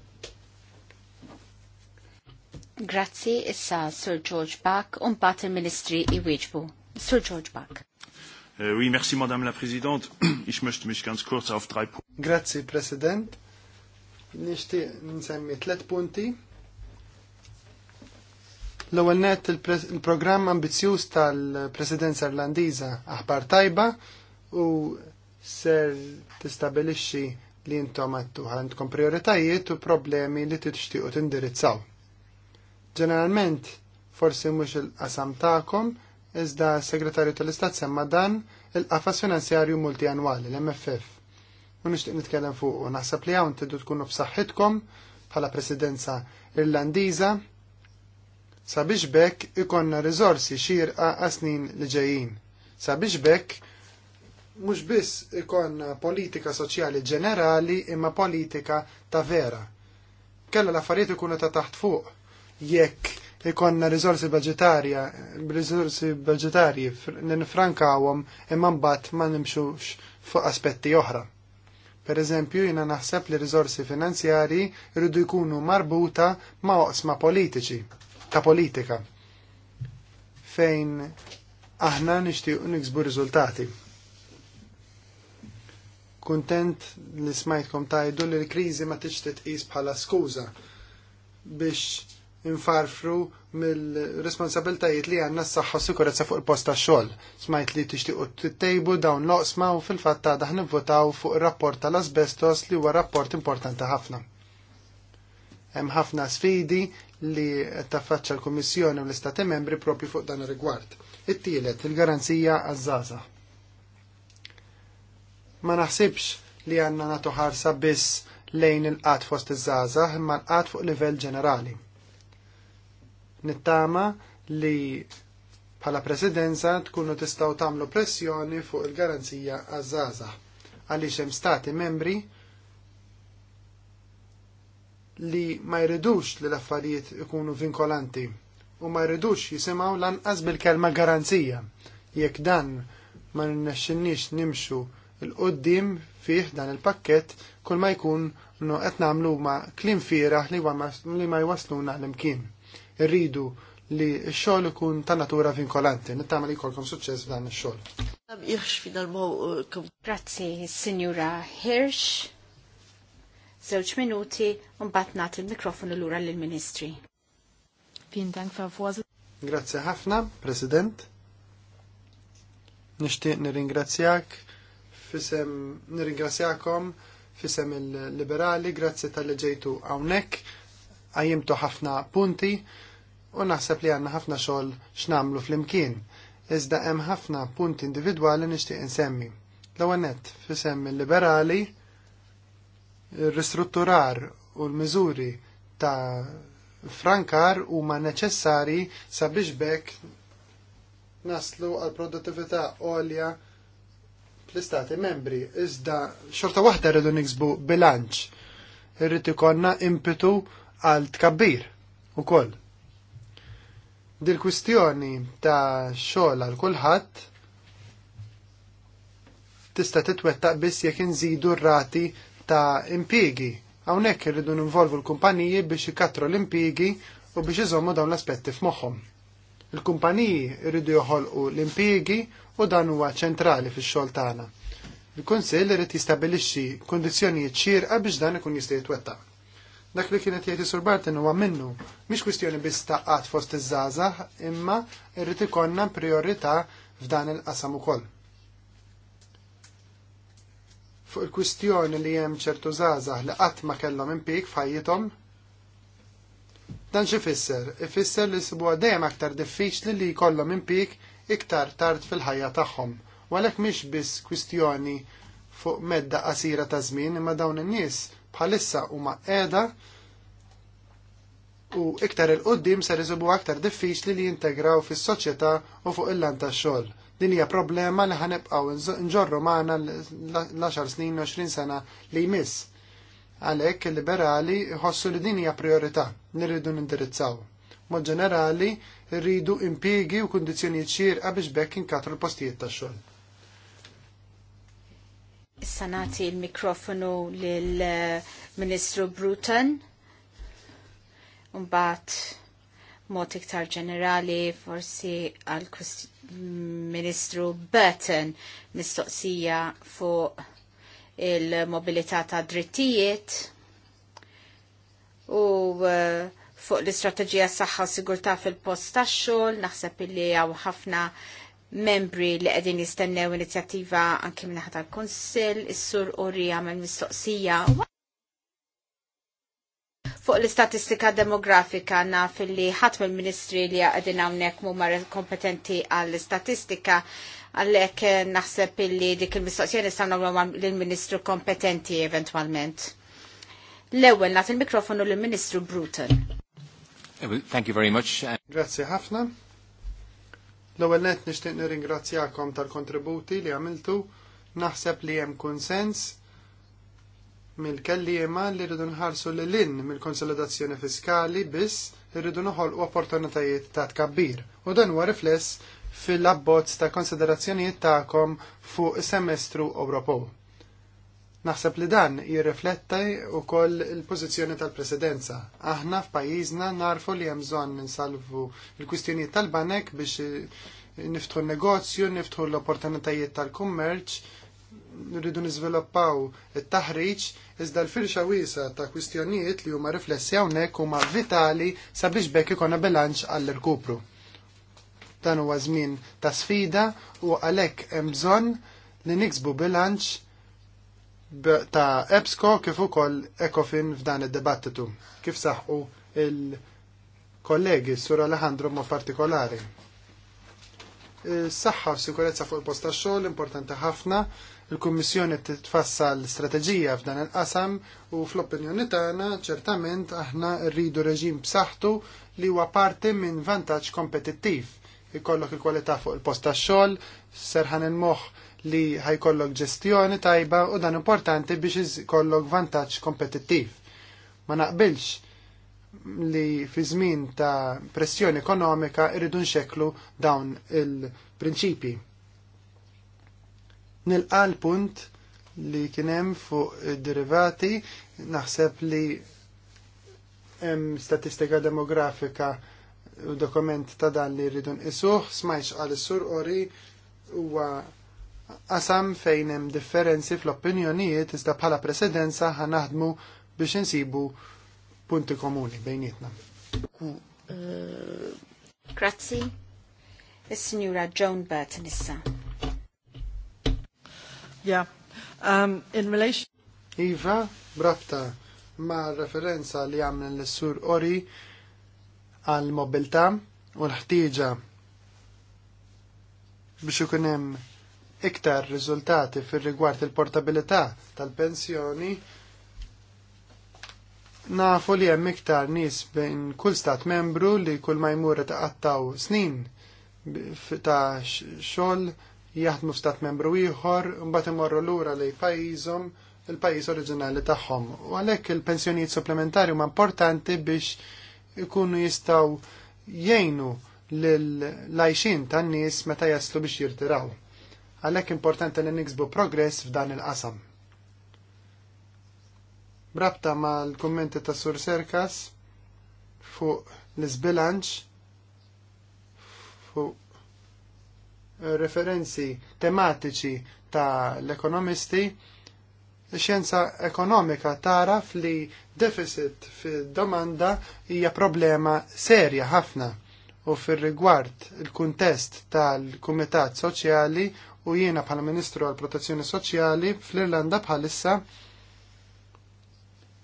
Grazzi issa Sir George Bach un bat il-Ministri iwieġbu. Sir George Bach. Eh, uh, oui, merci Madame la Présidente. ich möchte mich ganz kurz auf drei Punkte. Grazie President. Nishtiq nsemmi tlet punti L-ewwel net il-programm ambizzjuż tal-Presidenza Irlandiża aħbar tajba u ser tistabilixxi li intom għattu għandkom prioritajiet u problemi li tixtiequ tindirizzaw. Ġeneralment, forsi mhux il-qasam tagħkom, iżda segretarju tal-Istat semma dan il-qafas finanzjarju multianwali l-MFF. U nixtieq nitkellem fuq u naħseb li hawn tiddu tkunu b'saħħitkom bħala presidenza Irlandiża Sabiex bekk ikonna rizorsi xirqa għasnin li ġejjin. Sabiex bekk mhux biss ikonna politika soċjali ġenerali imma politika ta' vera. Kella l-affarijiet ikunu ta' taħt fuq jekk ikonna rizorsi budgetarja, rizorsi budgetarji ninfrankawhom imma mbagħad ma nimxux fuq aspetti oħra. Per eżempju, jina naħseb li rizorsi finanzjari rridu jkunu marbuta ma' oqsma politiċi ta' politika fejn aħna nixtiequ niksbu riżultati. Kuntent li smajtkom tajdu li l-kriżi ma tiġ titqis bħala skuża biex infarfru mill-responsabiltajiet li għanna s-saxħa sikurezza fuq il posta ta' xogħol. Smajt li tixtiequ tittejbu dawn loqsma u fil-fatt daħn votaw fuq ir-rapport tal-asbestos li huwa rapport importanti ħafna. Hemm ħafna sfidi li taffaċċa l-Kummissjoni u l-Istati membri propju fuq dan ir-rigward. It-tielet, il-garanzija għaż-żaża. Ma naħsibx li għandna nagħtu ħarsa biss lejn il qat fost iż-żaża imma l qat fuq livell ġenerali. Nittama li bħala presidenza tkunu tistgħu tagħmlu pressjoni fuq il-garanzija għaż-żaża għaliex hemm stati membri li ma jridux li l-affarijiet ikunu vinkolanti u ma jridux jisimaw lanqas bil-kelma garanzija. Jekk dan ma nnexxinniex nimxu l-qoddim fih dan il-pakket kull ma jkun no qed nagħmlu ma klim fieraħ li, li ma jwasluna l-imkien. Irridu li x-xogħol ikun ta' natura vinkolanti, nittama li jkollkom suċċess f'dan ix-xogħol. Uh, Grazzi, Signora Hirsch żewġ minuti u mbagħad nagħti l-mikrofonu lura lill-Ministri. Vielen Dank, Frau Vorsitz. Grazie ħafna, President. Nixtieq nirringrazzjak fisem nirringrazzjakom fisem il-liberali, grazzi tal ġejtu hawnhekk, għajimtu ħafna punti u naħseb li għandna ħafna xogħol x'namlu flimkien. Iżda hemm ħafna punti individwali nixtieq insemmi. L-ewwel nett fisem il-liberali, ristrutturar u l-miżuri ta' frankar huma neċessari sabiex bekk naslu għal produttività għolja fl-istati membri. Iżda xorta waħda rridu niksbu bilanċ. Irrid ikonna impetu għal tkabbir ukoll. Dil-kwistjoni ta' xogħol għal kulħadd tista' titwettaq biss jekk inżidu r-rati ta' impigi. Hawnhekk irridu ninvolvu l-kumpaniji biex ikatru l-impigi u biex iżommu dawn l-aspetti f'moħħhom. Il-kumpaniji irridu joħolqu l-impigi u dan huwa ċentrali fix-xogħol tagħna. Il-Kunsill irid jistabbilixxi kundizzjonijiet xierqa biex dan ikun jista' jitwettaq dak li kienet jgħid Sur Barton huwa minnu, mhix kwistjoni biss taqqat fost iż-żgħażagħ, imma irrid ikonna priorità f'dan il-qasam ukoll fuq il-kwistjoni li hemm ċertu żgħażagħ li qatt ma kellhom impik f'ħajjithom. Dan xi fisser? Ifisser li sibuha dejjem aktar diffiċli li jkollhom impik iktar tard fil-ħajja tagħhom. U għalhekk mhix biss kwistjoni fuq medda qasira ta' żmien imma dawn in-nies bħalissa huma qiegħda u iktar il-qoddim ser isibu aktar diffiċli li jintegraw fis-soċjetà u fuq il-lan tax-xogħol Din hija problema li ħanibqgħu nġorru magħna l-10 snin 20 sena li jmiss. Għalhekk il-liberali ħossu li din hija priorità li rridu nindirizzaw. Mod ġenerali rridu impjiegi u kundizzjonijiet xierqa biex bekk inkatru l-postijiet tax-xogħol. Issa nagħti l-mikrofonu lil Ministru Bruton. Mbagħad mod iktar ġenerali forsi għal Ministru Burton mistoqsija fuq il-mobilità ta' drittijiet u uh, fuq l-istrateġija saħħa u sigurtà fil-post tax-xogħol naħseb illi hawn ħafna membri li qegħdin jistennew inizjattiva anke minn tal-Kunsill, is-Sur Uri għamel mistoqsija Fuq l-istatistika demografika naf li ħadd mill-ministri li għadin hawnhekk mhuma kompetenti għall-istatistika għalhekk eh, naħseb illi dik il-mistoqsija nistgħu nagħmlu lill-ministru kompetenti eventwalment. L-ewwel nagħti il-mikrofonu lill-Ministru Bruton. Eh, thank you very much. Eh. Grazzi ħafna. L-ewwel net nixtieq nirringrazzjakom tal-kontributi li għamiltu. Naħseb li hemm konsens mill-kelliema li rridu nħarsu l in mill-konsolidazzjoni fiskali biss rridu noħolqu opportunitajiet ta' tkabbir. U dan huwa rifless fil-abbozz ta' konsiderazzjonijiet tagħkom fuq semestru Ewropew. Naħseb li dan jirrifletta wkoll il-pożizzjoni tal-presidenza. Aħna f'pajjiżna narfu li hemm bżonn insalvu l-kwistjonijiet tal-banek biex niftħu n-negozju, niftħu l-opportunitajiet tal-kummerċ, nridu nizviluppaw it-taħriġ iżda l-firxa wiesa ta' kwistjonijiet li huma riflessi hawnhekk huma vitali sabiex bekk ikona bilanċ għall-irkupru. Dan huwa żmien ta' sfida u għalhekk hemm bżonn li niksbu bilanċ ta' EBSCO kif ukoll ECOFIN f'dan id-dibattitu. Kif saħħu il-kollegi Sur Alejandro ma' partikolari. Saħħa u sikurezza fuq il-posta xogħol importanti ħafna Il-Kummissjoni titfassal strateġija f'dan il-qasam u fl-opinjoni tagħna ċertament aħna rridu reġim b'saħħtu li huwa parti minn vantaġġ kompetittiv. Ikollok il-kwalità fuq il-post tax-xogħol, serħan il-moħħ li ħajkollok ġestjoni tajba u dan importanti biex ikollok vantaġġ kompetittiv. Ma naqbilx li fi żmien ta' pressjoni ekonomika irridu nxekklu dawn il-prinċipji. Nilqa l-punt li kienem fuq derivati naħseb li hemm statistika demografika u dokument ta' dan li rridu isuħ smajx għal sur ori huwa għasam fejn hemm differenzi fl-opinjonijiet iżda bħala presidenza ħanaħdmu biex insibu punti komuni bejnietna. Grazzi. il-signora Joan Burton issa. Yeah. Um, in relation... Iva, brabta, ma' referenza li għamna l-sur ori għal mobilta u l-ħtieġa biex ikun hemm iktar riżultati fir-rigward il-portabilità tal-pensjoni nafu li hemm iktar nies bejn kull stat membru li kull ma jmur taqattaw snin ta' xogħol jaħdmu f'stat membru ieħor, mbagħad imorru lura lejn pajjiżhom il-pajjiż oriġinali tagħhom. U għalhekk il-pensjonijiet supplementari huma importanti biex ikunu jistgħu jgħinu l-lajxin tan-nies meta jaslu biex jirtiraw. Għalhekk importanti li niksbu progress f'dan il-qasam. Brabta mal-kummenti ta' Sur Serkas fuq l-izbilanċ fuq referenzi tematiċi ta' l-ekonomisti, xjenza ekonomika taraf li deficit fil-domanda hija problema serja ħafna u fil-rigward il-kuntest tal-Kumitat Soċjali u jiena bħala Ministru għal Protezzjoni Soċjali fl-Irlanda bħalissa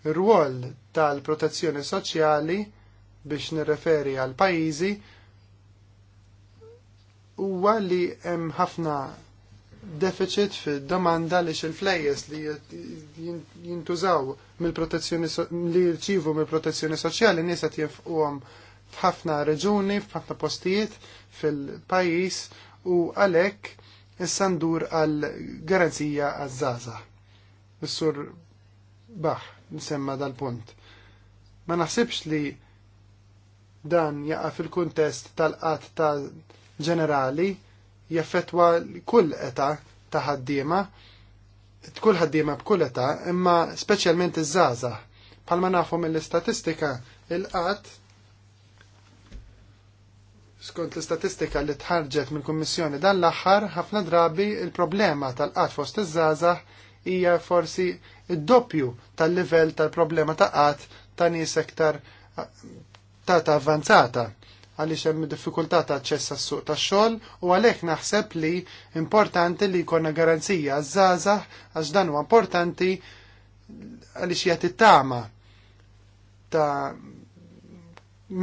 r rwol tal-protezzjoni soċjali biex nirreferi għal pajjiżi huwa li hemm ħafna deficit fid domanda li xil-flejjes li jintużaw mill-protezzjoni li jirċivu mill-protezzjoni soċjali qed tinfquhom f'ħafna reġuni, f'ħafna postijiet fil-pajjiż u għalhekk issa ndur għal garanzija għaż-żaża. Is-sur Baħ nsemma dal-punt. Ma naħsibx li dan jaqa' fil-kuntest tal-qatt ta' ġenerali jaffetwa kull età ta' ħaddiema, kull ħaddiema b'kull età, imma speċjalment iż żaza Palma nafu mill-istatistika il qat skont l-istatistika li tħarġet mill-Kummissjoni dan l-aħħar ħafna drabi il-problema tal qat fost iż żaza hija forsi id-doppju tal-livell tal-problema ta' qatt ta' nies iktar ta' ta' għaliex hemm diffikultà ta' aċċess għas-suq tax-xogħol u għalhekk naħseb li importanti li jkollna garanzija żgħażagħ għax dan huwa importanti għaliex jagħti tama ta'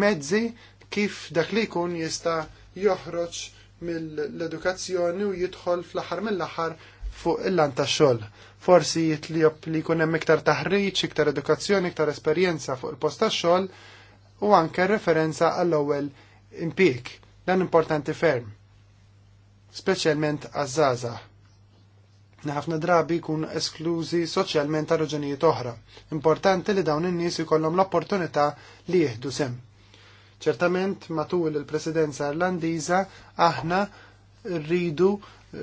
mezzi kif dak li jkun jista' joħroġ mill-edukazzjoni u jidħol fl-aħħar mill-aħħar fuq il-lan ta' xogħol. Forsi jitlieb li jkun hemm iktar taħriġ, iktar edukazzjoni, iktar esperjenza fuq il-post tax xogħol u anke referenza għall-ewwel impik, dan importanti ferm, specialment għazzaza. Naħafna drabi kun esklużi soċjalment ta' raġunijiet oħra. Importanti li dawn in-nies ikollhom l-opportunità li jieħdu sem. Ċertament matul il-Presidenza Irlandiża aħna rridu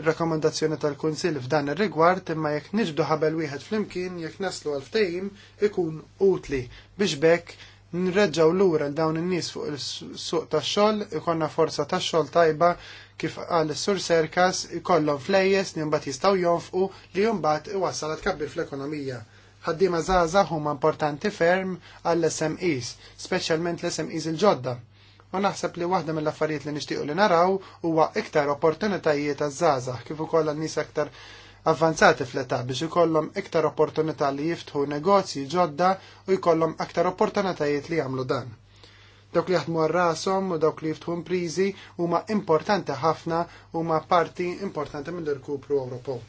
rakkomandazzjoni tal-Kunsill f'dan ir-rigward imma jekk niġbdu ħabel wieħed flimkien jekk naslu għal ftehim ikun utli biex bekk nreġġaw lura l dawn in-nies fuq il-suq tax-xogħol, ikonna forza tax-xogħol tajba kif għal sur serkas ikollhom flejjes li mbagħad jistgħu jonfqu li mbagħad iwassal tkabbir fl-ekonomija. Ħaddiema żgħażagħ huma importanti ferm għall smes speċjalment l-SMEs il-ġodda. U naħseb li waħda mill-affarijiet li nixtiequ li naraw huwa iktar opportunitajiet għaż-żgħażagħ kif ukoll għan nies aktar avvanzati fl-età biex ikollhom iktar opportunità li jiftħu negozji ġodda u jkollhom aktar opportunitajiet li jagħmlu dan. Dawk li jaħdmu rashom u dawk li jiftħu imprizi huma importanti ħafna huma parti importanti mill-irkupru Ewropew.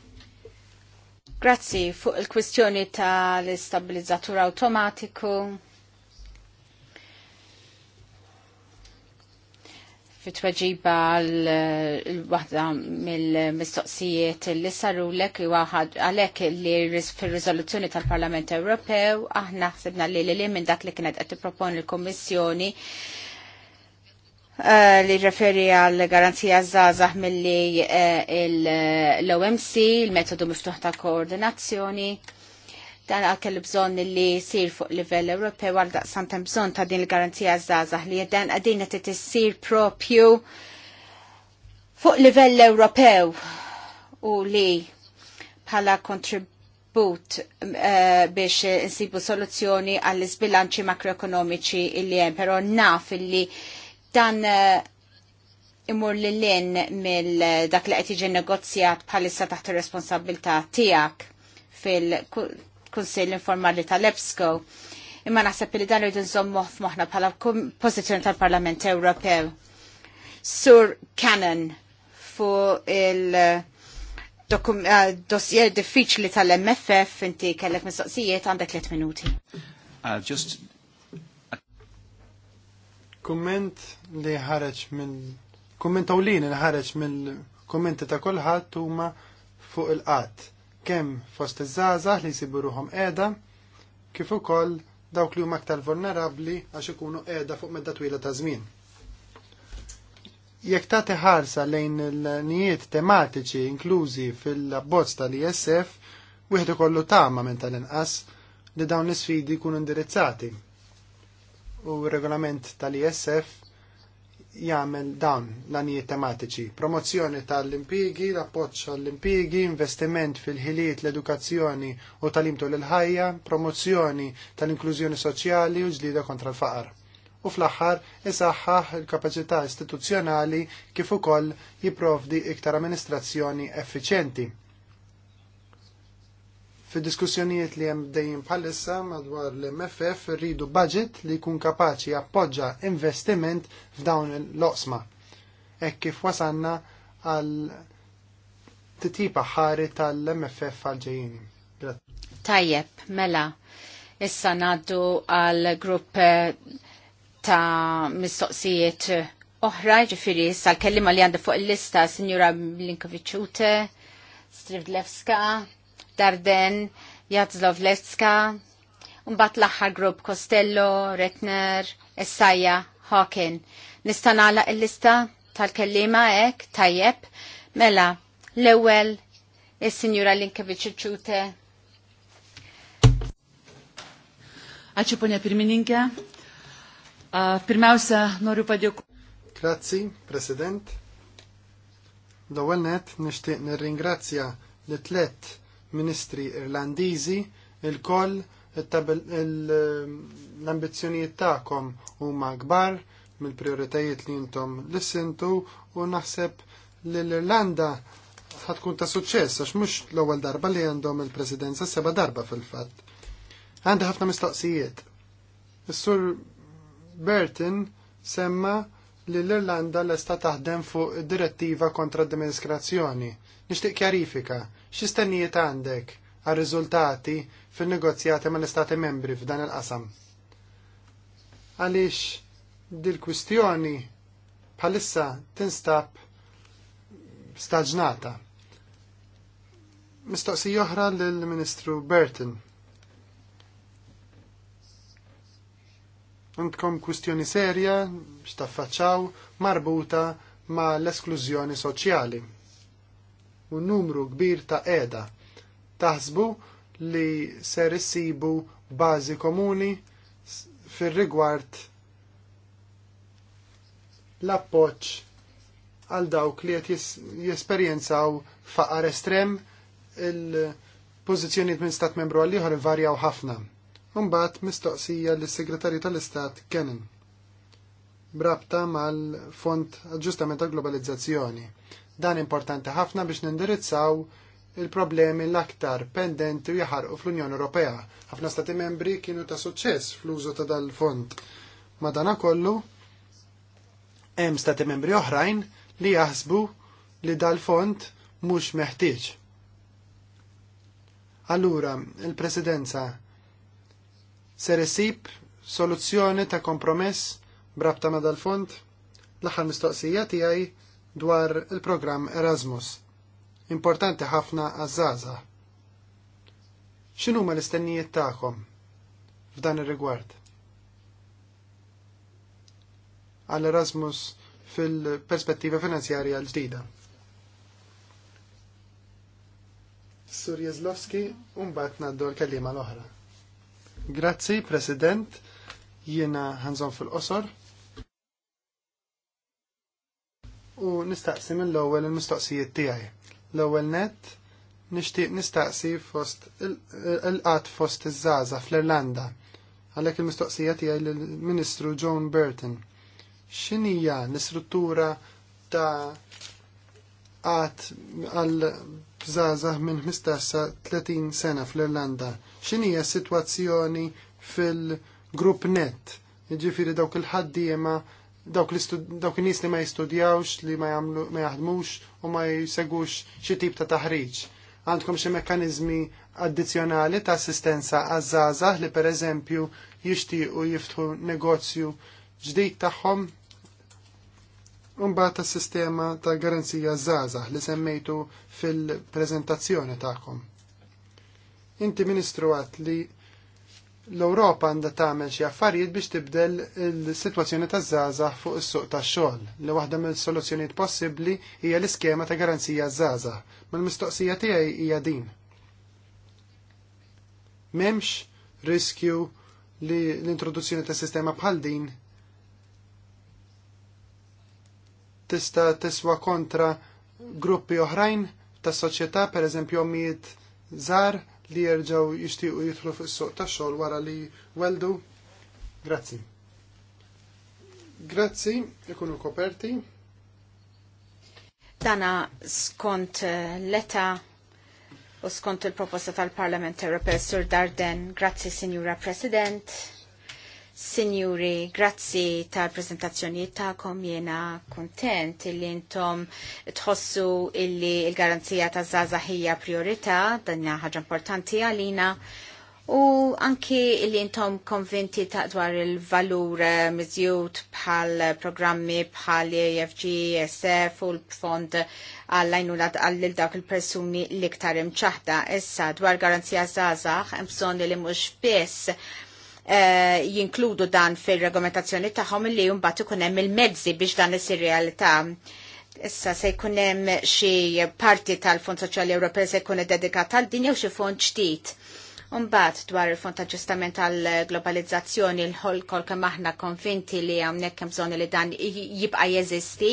Grazzi fuq il-kwistjoni tal-istabilizzatur automatiku. fit-tweġiba l-wahda mill-mistoqsijiet li saru lek għalek li fil-rizoluzzjoni tal-Parlament Ewropew aħna ħsibna li li minn dak li kienet għed propon l komissjoni eh, li referi għal garanzija zazah mill-OMC, eh, il-metodu miftuħ ta' koordinazzjoni dan kellu bżon li sir fuq livell Ewropew għal daqsantem bżon ta' din il-garanzija żgħażagħ li dan qegħdin qed sir propju fuq livell Ewropew u li bħala kontribut uh, biex insibu soluzzjoni għall sbilanċi makroekonomiċi illi jem, però naf illi dan uh, imur li l-in mill dak li qed jiġi negozjat bħalissa taħt ir-responsabilità tiegħek fil kunsil informali tal-EBSCO. Imma naħseb li dan rridu nżommu f'moħħna bħala pożizzjoni tal-Parlament Ewropew. Sur Cannon fu il- eh, dossier diffiċli tal-MFF, inti kellek mistoqsijiet għandek 3 minuti. Uh, just li ħareġ minn kumment awlin li ħareġ mill kommenti ta' kolħat huma fuq il-qatt kemm fost iż żazah li jsibu ruhom qiegħda kif ukoll dawk li huma aktar vulnerabbli għax ikunu qiegħda fuq medda twila ta' żmien. Jekk tagħti ħarsa lejn il-nijiet tematiċi inklużi fil-abbozz tal-ISF, wieħed ikollu tama minn tal-inqas li dawn l-isfidi jkunu indirizzati. U r regolament tal-ISF jagħmel dawn l-anijiet tematiċi. Promozzjoni tal-impigi, l-appoġġ għall-impigi, investiment fil-ħiliet l-edukazzjoni u tal-imtu l-ħajja, promozzjoni tal-inklużjoni soċjali u ġlida kontra l-faqar. U fl-aħħar isaħħaħ il-kapaċità istituzzjonali kif ukoll jipprovdi iktar amministrazzjoni effiċjenti Fid-diskussjonijiet li hemm dejjem bħalissa madwar l-MFF rridu budget li jkun kapaċi appoġġa investiment f'dawn l-oqsma. Hekk kif wasanna għal titipa ħari tal-MFF għal-ġejjini. Tajjeb, mela, issa naddu għal grupp eh, ta' mistoqsijiet oħra, ġifiri, sal-kellima li għanda fuq il-lista, Signora Milinkovic Ute, Strivdlevska, Darden, Jadzlov Levska, Mbatt l-axħar grupp Costello, Retner, Essaja, Hawken. Nista' nagħlaq il-lista tal-kellima ek, tajjeb. Mela, l ewel il sinjura Linkovic Ċute. Aċċu ponja pirmininka. Pirmawsa norju padjoku. Grazzi, President. l ewel net nixtieq nirringrazzja li tlet ministri Irlandiżi il-koll l-ambizzjonijiet tagħkom huma kbar mill-prioritajiet li intom lissintu u naħseb li l-Irlanda ħatkun ta' suċċess għax mhux l-ewwel darba li għandhom il-presidenza seba' darba fil-fatt. Għandi ħafna mistoqsijiet. Is-Sur Bertin semma li l-Irlanda l-esta taħdem fuq direttiva kontra d-demistrazzjoni. Nixtieq kjarifika X'istennijiet għandek għal riżultati fin-negozjati mal-Istati membri f'dan il-qasam? Għaliex dil-kwistjoni bħalissa tinstab staġnata. Mistoqsi joħra lill-Ministru Burton. Għandkom kwistjoni serja x'taffaċċaw marbuta ma l-esklużjoni soċjali u numru kbir ta' qiegħda. Taħsbu li ser issibu bażi komuni fir-rigward l-appoġġ għal dawk li qed jesperjenzaw faqar estrem il-pożizzjonijiet minn stat membru għal ieħor varjaw ħafna. Mbagħad mistoqsija lis segretarju tal-Istat Kenin brabta mal-Fond Aġġustament tal-Globalizzazzjoni. Dan importanti ħafna biex nindirizzaw il-problemi l-aktar pendenti u jaħarqu fl-Unjoni Ewropea. Ħafna stati membri kienu ta' suċċess fl-użu ta' dal-fond. Madana kollu, hemm stati membri oħrajn li jaħsbu li dal-fond mhux meħtieġ. Allura, il-Presidenza ser resib soluzzjoni ta' kompromess brabta ma' dal-fond? L-aħħar mistoqsija tiegħi dwar il-programm Erasmus, importanti ħafna għazzaza. Xinu ma l-istennijiet taħkom f'dan ir-rigward? Għal Erasmus fil-perspettiva finanzjarja l-ġdida. Sur Jezlowski, unbat naddu l-kellima l-oħra. Grazzi, President, jiena ħanżon fil-qosor. u nistaqsi mill-ewwel il-mistoqsijiet tiegħi. L-ewwel net nixtieq nistaqsi fost il-qatt fost iż żgħażagħ fl-Irlanda. Għalhekk il-mistoqsija tiegħi lill-Ministru John Burton. X'inhija l-istruttura ta' qatt għal żgħażagħ minn 15-30 sena fl-Irlanda. X'inhija s-sitwazzjoni fil-grupp net? Jiġifieri dawk il-ħaddiema dawk in-nies li ma jistudjawx, li ma jagħmlu ma jaħdmux u ma jsegwux xi tip ta' taħriġ. Għandkom xi mekkaniżmi addizzjonali ta' assistenza għaż-żgħażagħ li pereżempju jixtiequ jiftħu negozju ġdid tagħhom Umbat ta' sistema ta' garanzija żgħażagħ li semmejtu fil-preżentazzjoni tagħkom. Inti Ministru għat li l-Europa għandha tagħmel xi affarijiet biex tibdel il-sitwazzjoni taż-żgħażagħ fuq is-suq tax-xogħol. Li waħda mill-soluzzjonijiet possibbli hija l-iskema ta' garanzija żgħażagħ. Mal-mistoqsija tiegħi hija din. M'hemmx riskju li l-introduzzjoni ta' sistema bħal din tista' tiswa kontra gruppi oħrajn tas soċjetà, pereżempju ommijiet żgħar li jerġgħu jixtiequ jidħlu fis-suq tax-xogħol wara li weldu? Grazzi. Grazzi, ikunu koperti. Dana skont eh, l eta u skont il-proposta tal-Parlament Ewropew Sur Darden. Grazzi, Sinjura President. Signori, grazzi tal-prezentazzjoni ta'kom jena kontent illi intom tħossu illi il-garanzija ta' zaza hija priorita, dan ħaġa importanti għalina. U anki illi intom konvinti ta' dwar il-valur eh, mizjut bħal programmi bħal EFG, SF u l-fond għallajnu għajnuna għall-dawk il-persuni l-iktar imċaħda. Issa dwar garanzija zazax, bżon illi mux biss Eh, jinkludu dan fil regumentazzjoni tagħhom li mbagħad ikun hemm il-mezzi biex dan isir realtà. Issa se jkun hemm xi parti tal-Fond Soċjali Ewropew se jkun dedikat għal din jew xi fond ġdid. Umbat dwar il-fond Aġġustament tal globalizzazzjoni l-ħol kol kem aħna konvinti li għamnek hemm bżonn li dan jibqa jeżisti,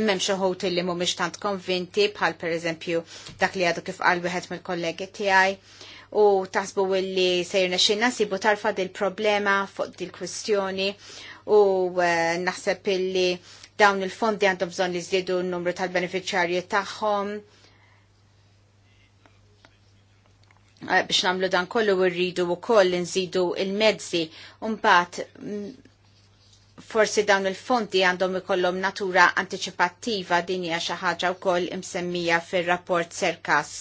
immem xoħut li mhumiex tant konvinti bħal per eżempju dak li għadu kif għal wieħed mill-kollegi tiegħi u tasbu illi sejrna xinna sibu tarfa dil-problema fuq dil-kwistjoni u eh, naħseb illi dawn il-fondi għandhom bżon li zjedu n-numru tal-beneficjarji tagħhom. Eh, biex namlu dan kollu rridu u koll nżidu il-mezzi un-bat mm, forsi dawn il-fondi għandhom ikollhom natura antiċipattiva din hija xi ħaġa wkoll imsemmija fir-rapport Serkas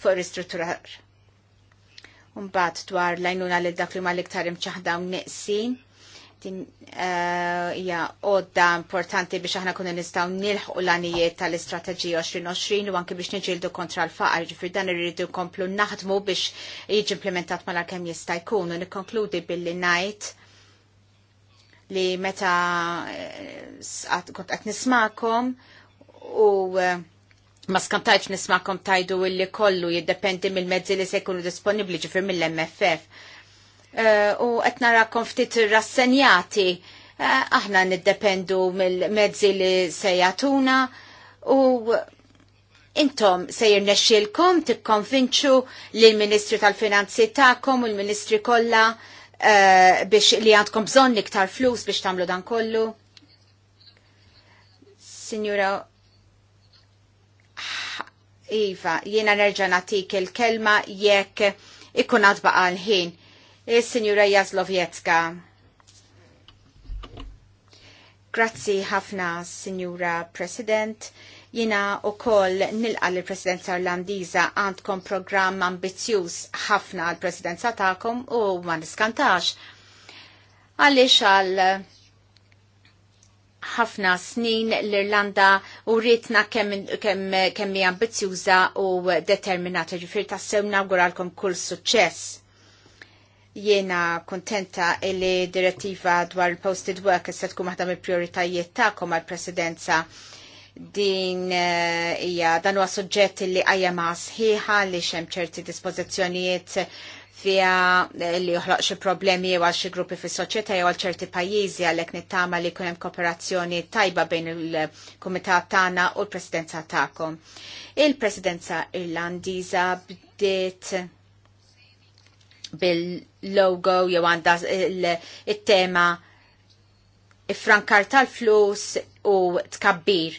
fuq ristrutturar Mbagħad dwar lajnuna lil dak li ma l-iktar imċaħda u neqsin din eh, hija uh, għodda importanti biex aħna kunu nistgħu nilħqu l-għanijiet tal-istrateġija 2020 u anke biex niġildu kontra l-faqar, ġifir dan irridu nkomplu naħdmu biex jiġi implementat mal kemm jista' jkun u nikkonkludi billi ngħid li meta eh, kont qed nismakom u uh, ma skantajċ nismakom tajdu illi kollu jiddependi mill-mezzi li se jkunu disponibli ġifir mill-MFF. Eh, u qed narakom ftit rassenjati, eh, aħna niddependu mill-mezzi li se jagħtuna u intom se jirnexxilkom tikkonvinċu li l-Ministri tal-Finanzi tagħkom u l-Ministri kollha eh, biex li għandkom bżonn iktar flus biex tagħmlu dan kollu. Signora Iva, jiena nerġa' nagħtik il-kelma jekk ikun għadbaqa għal ħin Is-Sinjura Jazlovjetska. Grazzi ħafna, Sinjura President. Jina u koll nilqa l-Presidenza Irlandiza għandkom programm ambizjuż ħafna għal-Presidenza ta'kom u ma niskantax. Għalix għal, ħafna snin l-Irlanda u rritna kemm hija ambizjuża u determinata ġifir tassew nawguralkom kull suċċess. Jiena kontenta li direttiva dwar il-posted workers se tkun waħda mill-prioritajiet tagħkom għall-presidenza din eh, hija uh, dan huwa suġġett li qajja ma' sħiħa li xem ċerti dispożizzjonijiet fija eh, li joħloq xi problemi jew għal xi gruppi fis soċieta jew għal ċerti pajjiżi għalhekk nittama li jkun hemm kooperazzjoni tajba bejn il-kumitat tagħna u l-presidenza tagħkom. Il-presidenza Irlandiża bdiet bil-logo jew għanda il-tema il frankar tal-flus u tkabbir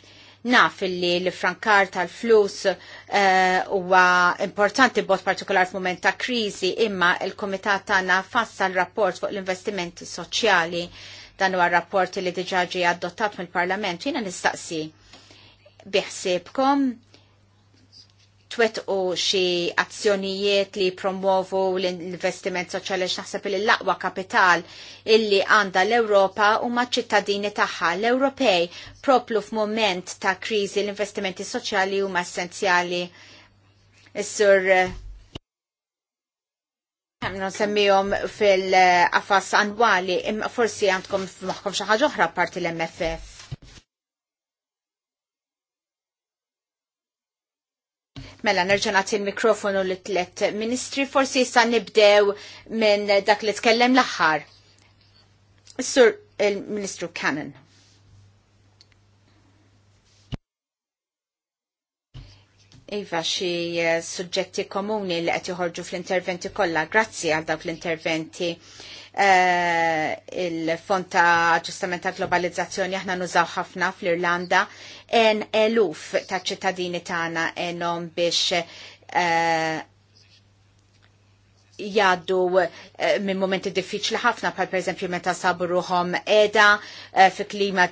Naf li l-frankar tal-flus eh, huwa uh, importanti bot partikolar f'mument ta' kriżi imma il-Komitat tagħna fassa l-rapport fuq l-investiment soċjali dan huwa rapport li diġaġi ġie adottat mill-Parlament. Jiena nistaqsi biħsibkom u xi azzjonijiet li promuovu l-investiment soċjali x'naħseb li l-aqwa kapital illi għandha l-Ewropa u ċittadini tagħha l-Ewropej proplu f'mument ta' kriżi l-investimenti soċjali huma essenzjali. Is-sur eh, non semmijom fil-qafas annwali, forsi għandkom f'moħħkom xi ħaġa oħra parti l-MFF. Mela nerġanat il-mikrofonu li tlet ministri, forsi jissa nibdew minn dak li tkellem l-axħar. Sur il-ministru Cannon. Iva xi eh, suġġetti komuni li qed joħorġu fl-interventi kollha. Grazzi għal dawk l-interventi. Eh, il-fond ta' ġustament ta' globalizzazzjoni aħna nużaw ħafna fl-Irlanda en eluf ta' ċittadini tagħna enhom biex eh, jaddu eh, minn momenti diffiċli ħafna bħal pereżempju meta sabu ruħom uh, fi klima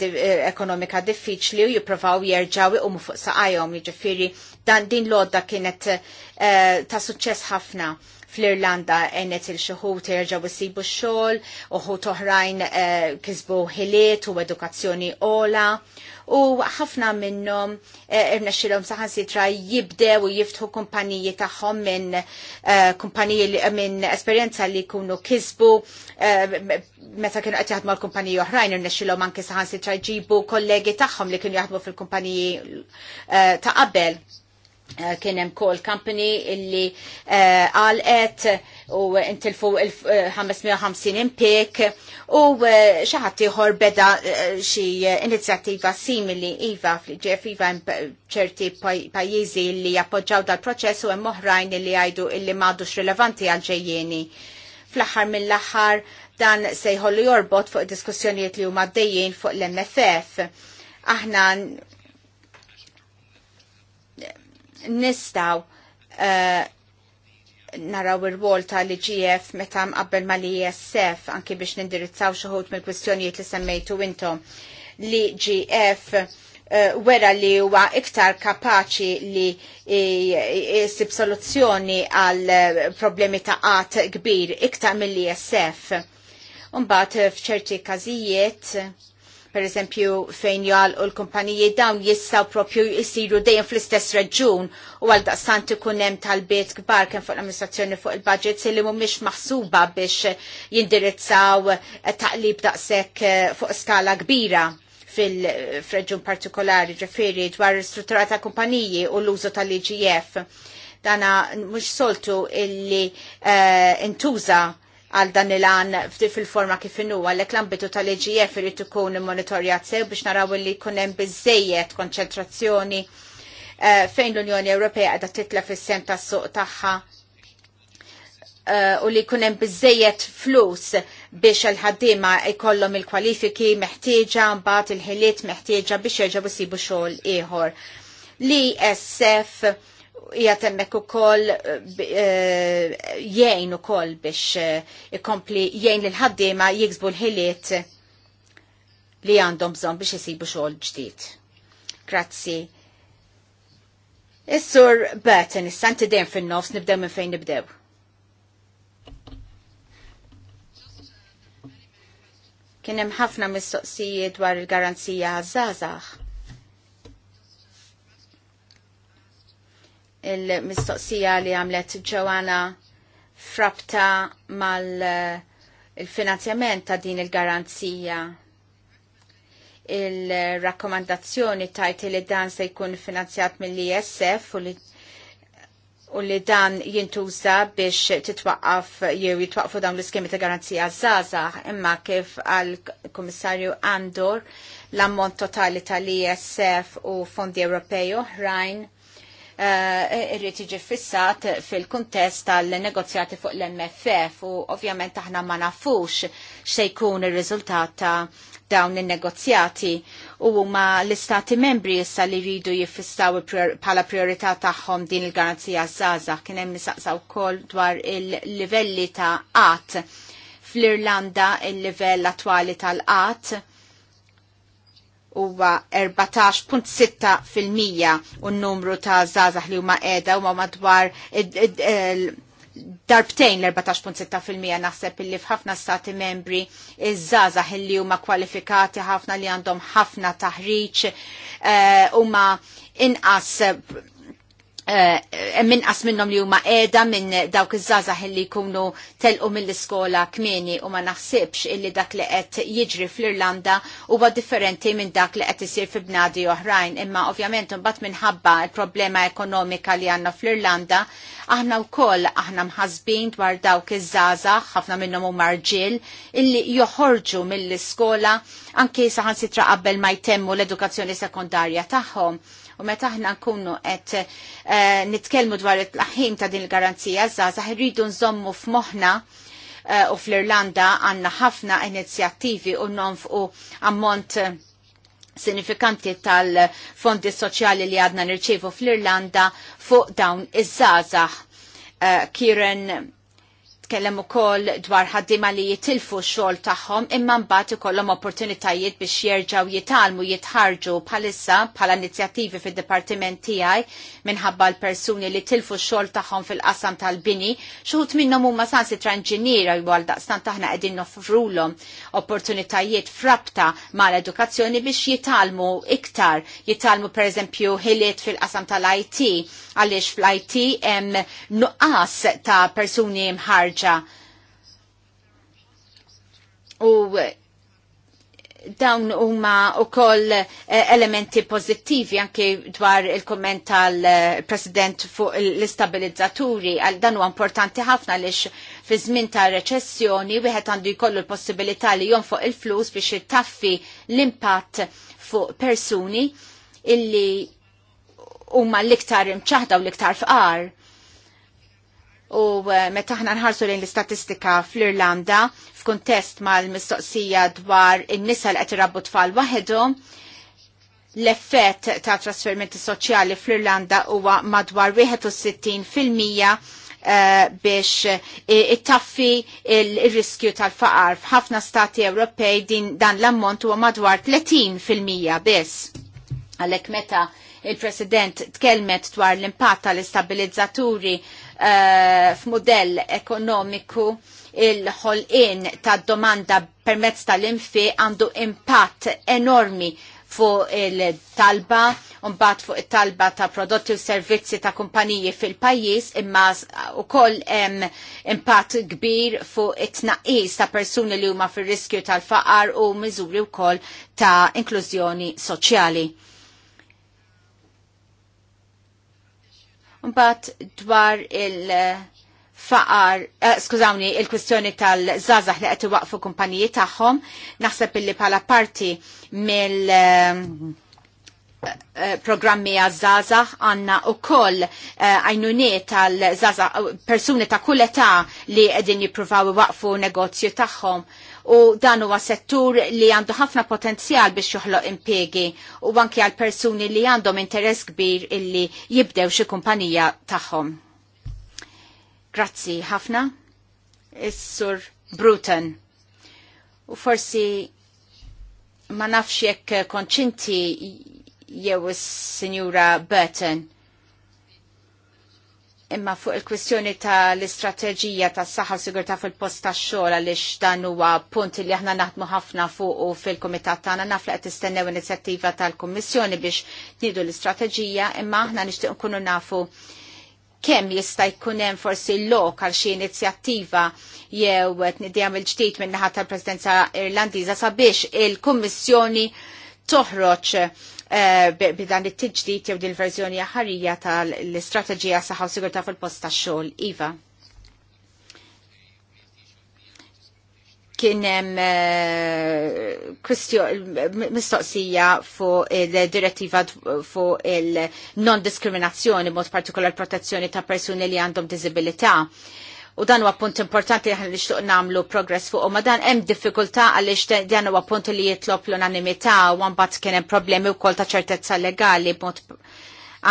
ekonomika diffiċli u jipprovaw jerġgħu iqumu fuq saqajhom jiġifieri dan din l-odda kienet ta' suċċess ħafna fl-Irlanda enet il-xuħut irġaw sibu xol, uħu toħrajn kizbu eh, kisbu ħiliet u edukazzjoni ola, u ħafna minnom irna eh, irnexxilhom saħan sitra jibdew u jiftħu kumpaniji tagħhom minn eh, kumpaniji minn esperjenza li jkunu kisbu meta kienu qed jaħdmu l-kumpaniji oħrajn irnexxilhom anke saħan sitra jġibu kollegi tagħhom li kienu jahdmu fil-kumpaniji ta' qabel Eh, kien hemm call company illi eh, għalqet u intilfu il-550 impik u eh, xi ħadd ieħor beda xi inizjattiva simili iva fl-ġef iva ċerti pajjiżi li jappoġġaw dal-proċess u hemm oħrajn li illi m'għadux rilevanti għal ġejjeni Fl-aħħar mill-aħħar dan se jorbot fuq diskussjonijiet li huma dejjin fuq l-MFF. Aħna nistaw uh, naraw ir-rwol tal-IGF meta ma' mal-ISF anki biex nindirizzaw xi ħut mill-kwistjonijiet li semmejtu intom. li GF uh, eh, wera li huwa iktar kapaċi li jsib soluzzjoni għal eh, problemi ta' għat kbir iktar mill-ISF. Umbat f'ċerti każijiet per eżempju fejn jgħal u l-kumpaniji dawn jistaw propju jisiru dejjem fl-istess reġun u għal ikun ikunem tal-bit kbar kien fuq l-amministrazzjoni fuq il-budget li mhumiex maħsuba biex jindirizzaw taqlib daqshekk eh, fuq skala kbira fil-reġun partikolari ġifiri dwar struttura ta' kumpaniji u l-użu tal-IGF dana mhux soltu illi uh, intuża għal dan il-għan fil-forma kif inhu għalhekk l-ambitu tal-EGF irid ikun monitorjat sew biex naraw li jkun hemm konċentrazzjoni eh, fejn l-Unjoni Ewropea qiegħda titla fis-sem tas-suq tagħha eh, u li kunem bizzejiet flus biex il-ħaddima ikollhom il-kwalifiki meħtieġa mbagħad il-ħiliet meħtieġa biex jerġa' jsibu xogħol ieħor. Li SF hija temmek ukoll eh, jgħin ukoll biex eh, ikompli jgħin lil ħaddiema jiksbu l-ħiliet li għandhom bżonn biex isibu xogħol ġdid. Grazzi. Is-sur Burton, is inti dejjem fin-nofs nibdew minn fejn nibdew. Kien hemm ħafna mistoqsijiet dwar il-garanzija għaż-żgħażagħ il-mistoqsija li għamlet ġewana frabta mal eh, il-finanzjament ta' din il-garanzija il-rakkomandazzjoni tajt li dan se jkun finanzjat mill-ISF u li u li dan jintuża biex titwaqqaf jew jitwaqfu dawn l-iskemi ta' garanzija żgħażagħ imma kif għal kummissarju Andor l-ammont totali tal-ISF u fondi Ewropej oħrajn Eh, irrid jiġi fissat fil-kuntest tal-negozjati fuq l-MFF u ovvjament aħna ma nafux x'se jkun ir-riżultat ta' dawn in-negozjati u huma l-istati membri issa li jridu jiffissaw bħala priorità tagħhom din il-garanzija żgħażagħ kien hemm nisaqsaw ukoll dwar il-livelli ta' qatt fl-Irlanda il-livell attwali tal qatt huwa 14.6% u n-numru ta' zazax li huma qiegħda huma madwar darbtejn l-14.6% naħseb illi f'ħafna stati membri iż-żazax illi huma kwalifikati ħafna li għandhom ħafna taħriġ eh, huma inqas Eh, minqas minnom li huma qiegħda minn dawk iż-żgħażagħ li jkunu telqu mill-iskola kmieni u ma naħsibx illi dak li qed jiġri fl-Irlanda huwa differenti minn dak li qed isir fi bnadi oħrajn. Imma ovvjament imbagħad minħabba l-problema ekonomika li għandna fl-Irlanda, aħna wkoll aħna mħasbin dwar dawk iż-żgħażagħ ħafna minnhom huma rġiel illi joħorġu mill-iskola anke saħansitra qabel ma jtemmu l-edukazzjoni sekondarja tagħhom U meta aħna nkunu qed eh, nitkellmu dwar it-tlaħħim ta' din il-garanzija żgħażagħ irridu nżommu f'moħħna eh, u fl-Irlanda għanna ħafna inizjattivi u nonfqu ammont eh, sinifikanti tal-fondi soċjali li għadna nirċivu fl-Irlanda fuq dawn iż żgħażagħ Kieran tkellem ukoll dwar ħaddiema li jitilfu x-xogħol tagħhom imma mbagħad ikollhom opportunitajiet biex jerġgħu jitalmu jitħarġu bħalissa bħala inizjattivi fid-dipartiment tiegħi minħabba l-persuni li tilfu x-xogħol tagħhom fil-qasam tal-bini, xuħut minnhom huma sansi tranġiniera għal daqstan aħna qegħdin nofrulhom opportunitajiet frabta mal-edukazzjoni biex jitalmu iktar, jitalmu pereżempju ħiliet fil-qasam tal-IT għaliex fl-IT hemm nuqqas ta' persuni mħarġ nerġa' u dawn huma ukoll eh, elementi pozittivi anke dwar il-komment tal-President fuq l-istabilizzaturi għal dan huwa importanti ħafna lix fi żmien ta' reċessjoni wieħed għandu jkollu l-possibilità li jonfoq il-flus biex jittaffi l-impatt fuq persuni illi huma l-iktar imċaħda u l-iktar fqar u eh, meta ħna nħarsu lejn l-istatistika fl-Irlanda f'kuntest mal-mistoqsija dwar in-nisa li qed irabbu tfal waħedhom, l-effett ta' trasferimenti soċjali fl-Irlanda huwa madwar 61 fil-mija eh, biex eh, it-taffi il-riskju tal-faqar. F'ħafna stati Ewropej din dan l-ammont huwa madwar 30 fil biss. Għalhekk meta il-President tkellmet dwar l-impatt tal-istabilizzaturi Eh, f'modell ekonomiku il-ħolqin ta' domanda permezz tal-infi għandu impatt enormi fuq il-talba, unbat fuq il-talba ta' prodotti u servizzi ta' kumpaniji fil-pajis, imma u koll impatt kbir fuq it-naqis ta' persuni li huma fil-riskju tal-faqar u miżuri u koll ta' inklużjoni soċjali Mbatt dwar il- faqar, eh, skużawni, il-kwistjoni tal-żazax li qed iwaqfu kumpaniji tagħhom, naħseb illi bħala parti mill- eh, eh, programmi għazzazax għanna u koll eh, għajnuniet tal-zazax persuni ta' kull età li għedin jipruvaw waqfu negozju tagħhom u dan huwa settur li għandu ħafna potenzjal biex joħloq impiegi u anke għal persuni li għandhom interess kbir illi jibdew xi kumpanija tagħhom. Grazzi ħafna. Is-Sur Bruton. U forsi ma nafx jekk konċinti jew is-Sinjura Burton imma fuq il-kwistjoni ta' l-istrateġija ta' s-saħħa sigurta fil-post ta' xogħol għaliex dan huwa punt li aħna naħdmu ħafna fuq u fil-kumitat tagħna naf li qed tistennew inizjattiva tal-Kummissjoni biex nidu l-istrateġija imma aħna nixtieq nkunu nafu kemm jista' jkun hemm forsi lok għal xi inizjattiva jew tnidjam il-ġdid min-naħa tal-Presidenza Irlandiża sabiex il-Kummissjoni toħroġ Eh, b'dan it-tiġdid jew dil-verżjoni aħarija tal-istrateġija u sigurta fil-post tax-xogħol. Iva. kien hemm eh, mistoqsija fuq il-direttiva fuq il-non-diskriminazzjoni mod partikolar protezzjoni ta' persuni li għandhom disabilità u dan huwa punt importanti li xtuq nagħmlu progress fuq ma dan hemm diffikultà għaliex dan huwa punt li jitlob l-unanimità u mbagħad kien hemm problemi wkoll ta' ċertezza legali b'mod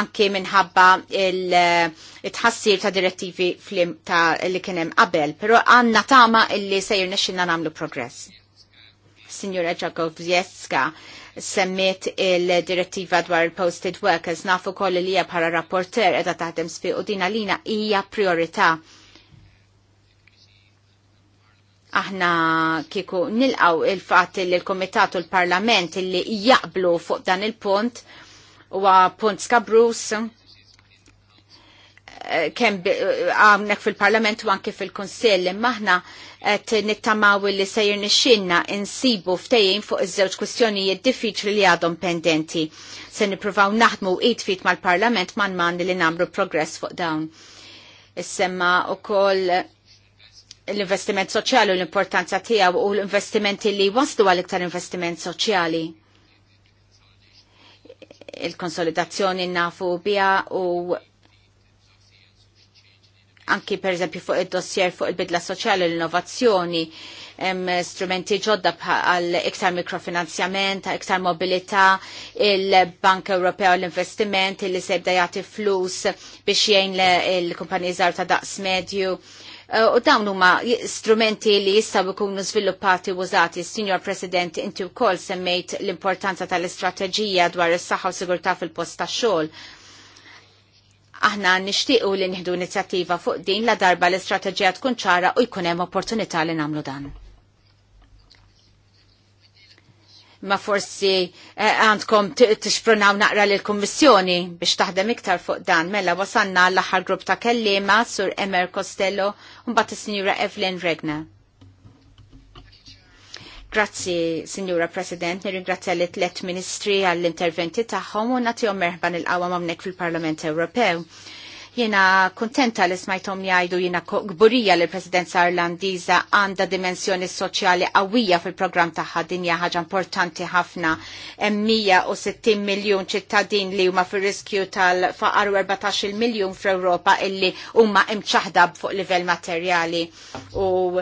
anke minħabba il-tħassir ta' direttivi flim ta' li kien hemm qabel, però għandna tama illi sejr nexxinna nagħmlu progress. Signora Ġakovjeska, semmiet il-direttiva dwar il-posted workers nafu koll li hija bħala rapporter edha taħdem sfiq u dina lina hija priorità aħna kieku nilqaw il-fat li l komitatu u l-Parlament li jaqblu fuq dan il-punt u punt skabrus eh, kem eh, għamnek fil-Parlament u anke fil-Konsill maħna aħna nittamaw li sejr nixxinna insibu ftejjin fuq iż-żewġ kwistjonijiet diffiċli li għadhom pendenti. Se nippruvaw naħdmu id fit mal-Parlament man man li namru progress fuq dawn. Is-semma u koll l-investiment soċjali u l-importanza tiegħu u l-investimenti li waslu għal iktar investiment soċjali. Il-konsolidazzjoni nafu biha u anki per eżempju fuq id-dossier fuq il-bidla soċjali l-innovazzjoni hemm strumenti ġodda għal iktar mikrofinanzjament, iktar mobilità, il-Bank Ewropew l-investiment li sebda jagħti flus biex jgħin l-kumpaniji żgħar ta' daqs medju Eh, u dawn huma strumenti li jistgħu jkunu żviluppati u użati. Signor President, inti wkoll semmejt l-importanza tal-istrateġija dwar is-saħħa u sigurtà fil-post tax-xogħol. Aħna nixtiequ li nieħdu inizjattiva fuq din la darba l-istrateġija tkun ċara u jkun hemm opportunità li nagħmlu dan. ma forsi eh, għandkom tixpronaw naqra l-Kommissjoni biex taħdem iktar fuq dan. Mela wasanna l-aħħar grupp ta' kellima sur Emer Costello un bat signora Evelyn Regna. Grazzi, Signora President, nirringrazzja li t-let ministri għall-interventi tagħhom u nagħtihom merħban il-qawwa hawnhekk fil-Parlament Ewropew Jena kontenta li smajtom jajdu jena gburija li l-presidenza irlandiza għanda dimensjoni soċjali għawija fil-program taħħa dinja ħaġa importanti ħafna. 160 miljon ċittadin li huma fil-riskju tal-faqar 14 miljon fl-Europa illi huma imċaħda fuq livell materjali. U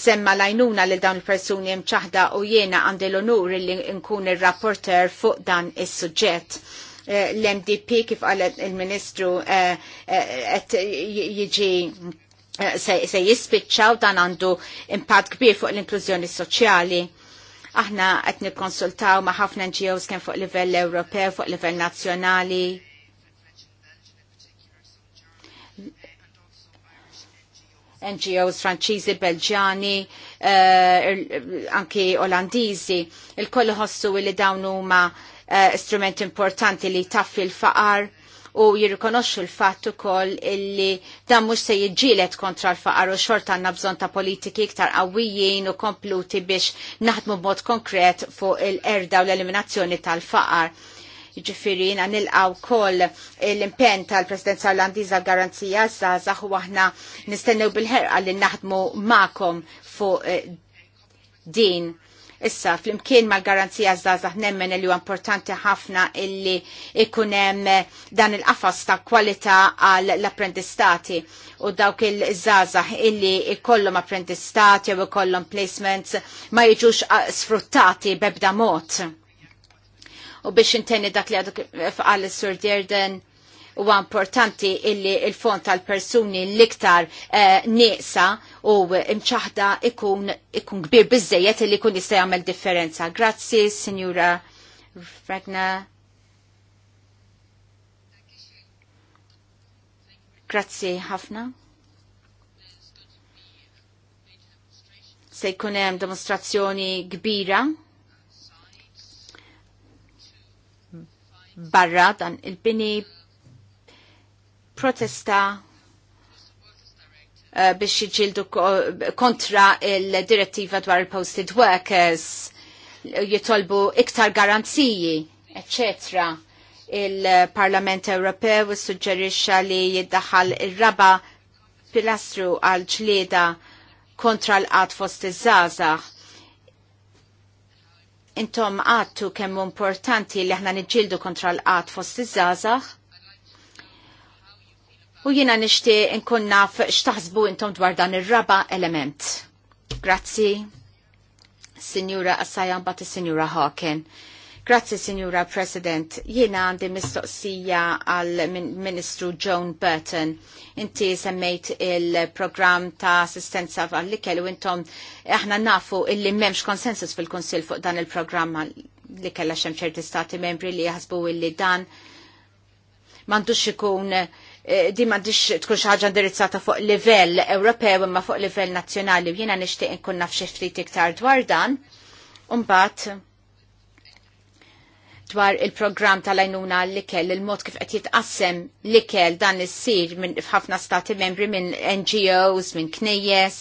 semma lajnuna li dawn il-persuni imċaħda u jena għandi l-onur li nkun il-rapporter fuq dan is-suġġett Eh, l-MDP kif għalet il-Ministru għet eh, eh, jiġi se jispiċċaw dan għandu impatt kbir fuq l-inklużjoni soċjali. Aħna qed nikkonsultaw ma' ħafna NGOs kemm fuq livell Ewropew, fuq livell nazzjonali, NGOs franċiżi, belġani, anki olandizi, il-kollu ħossu li dawn huma Eh, strument importanti li taffi l-faqar u jirrikonoxxu l-fatt ukoll illi dan mhux se jiġġielet kontra l-faqar u xorta għandna bżonn ta' politiki iktar qawwijin u kompluti biex naħdmu b'mod konkret fuq il-erda u l-eliminazzjoni tal-faqar. Ġifiri, għan nilqaw kol l-impen tal-presidenza Olandiza garanzija zazax u għahna nistennew bil-ħerqa li naħdmu ma'kom fuq eh, din Issa, fl-imkien mal-garanzija zazah nemmen li huwa importanti ħafna illi ikunem eh, dan il-qafas ta' kwalità għal l-apprendistati u dawk il-żazah illi ikollhom apprendistati u ikollhom placements ma jiġux eh, sfruttati bebda mod. U biex intenni dak li għaduk eh, fqal sur Dierden, huwa importanti illi il-fond tal-persuni l-iktar eh, nieqsa u imċaħda ikun, ikun kbir bizzejet li kun jista' jagħmel differenza. Grazzi, Signora Ragna. Grazzi ħafna. Se jkun hemm demonstrazzjoni kbira barra dan il-bini protesta Eh, biex jġildu kontra il-direttiva dwar il-posted workers, jitolbu iktar garanziji, etc. Il-Parlament Ewropew suġġerixxa li jiddaħħal ir-raba pilastru għal ġlieda kontra l-qat fost iż-żgħażagħ intom għattu kemm importanti li aħna niġġieldu kontra l-qat fost iż żgħażagħ u jiena nixtieq inkun naf x'taħsbu intom dwar dan ir-raba element. Grazzi, Sinjura Assajan bat Sinjura Hawken. Grazzi, Sinjura President. Jiena għandi mistoqsija għal Ministru Joan Burton. Inti semmejt il-program ta' assistenza għall-ikel u intom aħna nafu illi memx konsensus fil-Konsil fuq dan il-program li kella xemċerti stati membri li jaħsbu illi dan mandux ikun uh, Eh, di dix tkun xi ħaġa indirizzata fuq livell Ewropew imma fuq livell nazzjonali u jiena nixtieq inkun naf xi ftit iktar dwar dan. Umbagħad dwar il-programm tal-għajnuna li kell il-mod kif qed jitqassem li kell dan issir minn f'ħafna stati membri minn NGOs, minn knejjes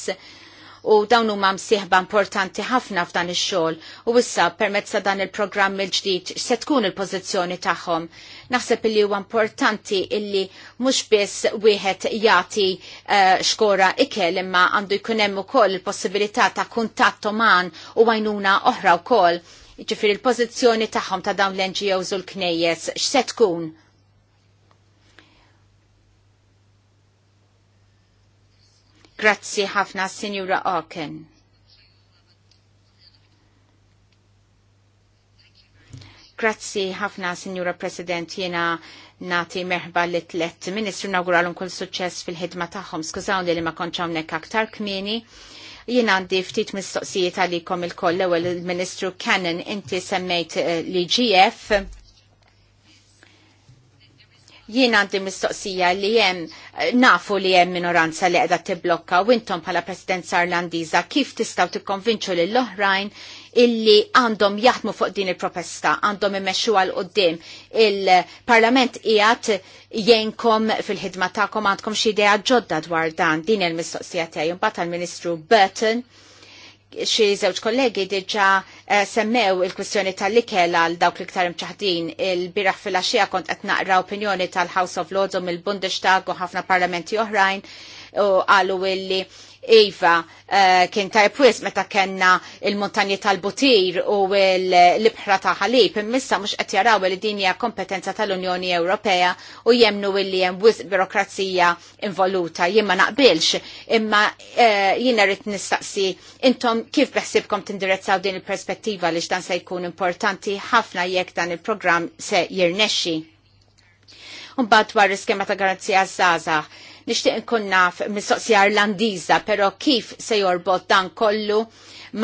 u dawn huma msieħba importanti ħafna f'dan ix-xogħol u issa permezz ta' dan il-programm il-ġdid se tkun il-pożizzjoni tagħhom Naħseb li huwa importanti illi mhux biss wieħed jagħti eh, xkora ikel imma għandu jkun hemm ukoll il-possibilità ta' kuntatt uman u għajnuna oħra wkoll. Ġifieri il-pożizzjoni tagħhom ta' dawn l-NGOs u l-knejjes x'se tkun? Grazzi ħafna, Sinjura Aken. Grazzi ħafna, Signora President, jena nati meħba li tlet ministru nawguralum kull suċċess fil-ħidma tagħhom. Skużawni li ma konċaw hawnhekk aktar kmieni. Jien għandi ftit mistoqsijiet għalikom il-koll l-ewwel il-Ministru Cannon inti semmejt eh, li GF jien għandi mistoqsija li jem eh, nafu li jem minoranza li għedha tiblokka u intom bħala presidenza irlandiza kif tistaw tikkonvinċu lill oħrajn illi għandhom jaħdmu fuq din il-propesta, għandhom immexxu għal qoddim il-Parlament qiegħed jenkom fil-ħidma tagħkom għandkom xi idea ġodda dwar dan din il-mistoqsija tiegħi imbagħad tal-Ministru Burton xi żewġ kollegi diġà eh, semmew il-kwistjoni tal-ikel għal dawk l-iktar imċaħdin il-biraħ fil-axija kont qed naqra opinjoni tal-House of Lords u mill-Bundestag u ħafna parlamenti oħrajn u għalu illi Iva, uh, kien ta' meta kena il-montanji tal-Butir u l-ibħra ta' ħalib, immissa mux qed jaraw li din hija kompetenza tal-Unjoni Ewropea u jemnu illi hemm wisq birokrazija involuta. Jien ma naqbilx, imma uh, jiena rrid nistaqsi intom kif beħsibkom tindirezzaw din il-perspettiva li dan se jkun importanti ħafna jekk dan il-programm se jirnexxi. bad dwar iskema ta' garanzija żgħażagħ Nixtieq nkun naf mistoqsija Irlandiża, però kif se jorbot dan kollu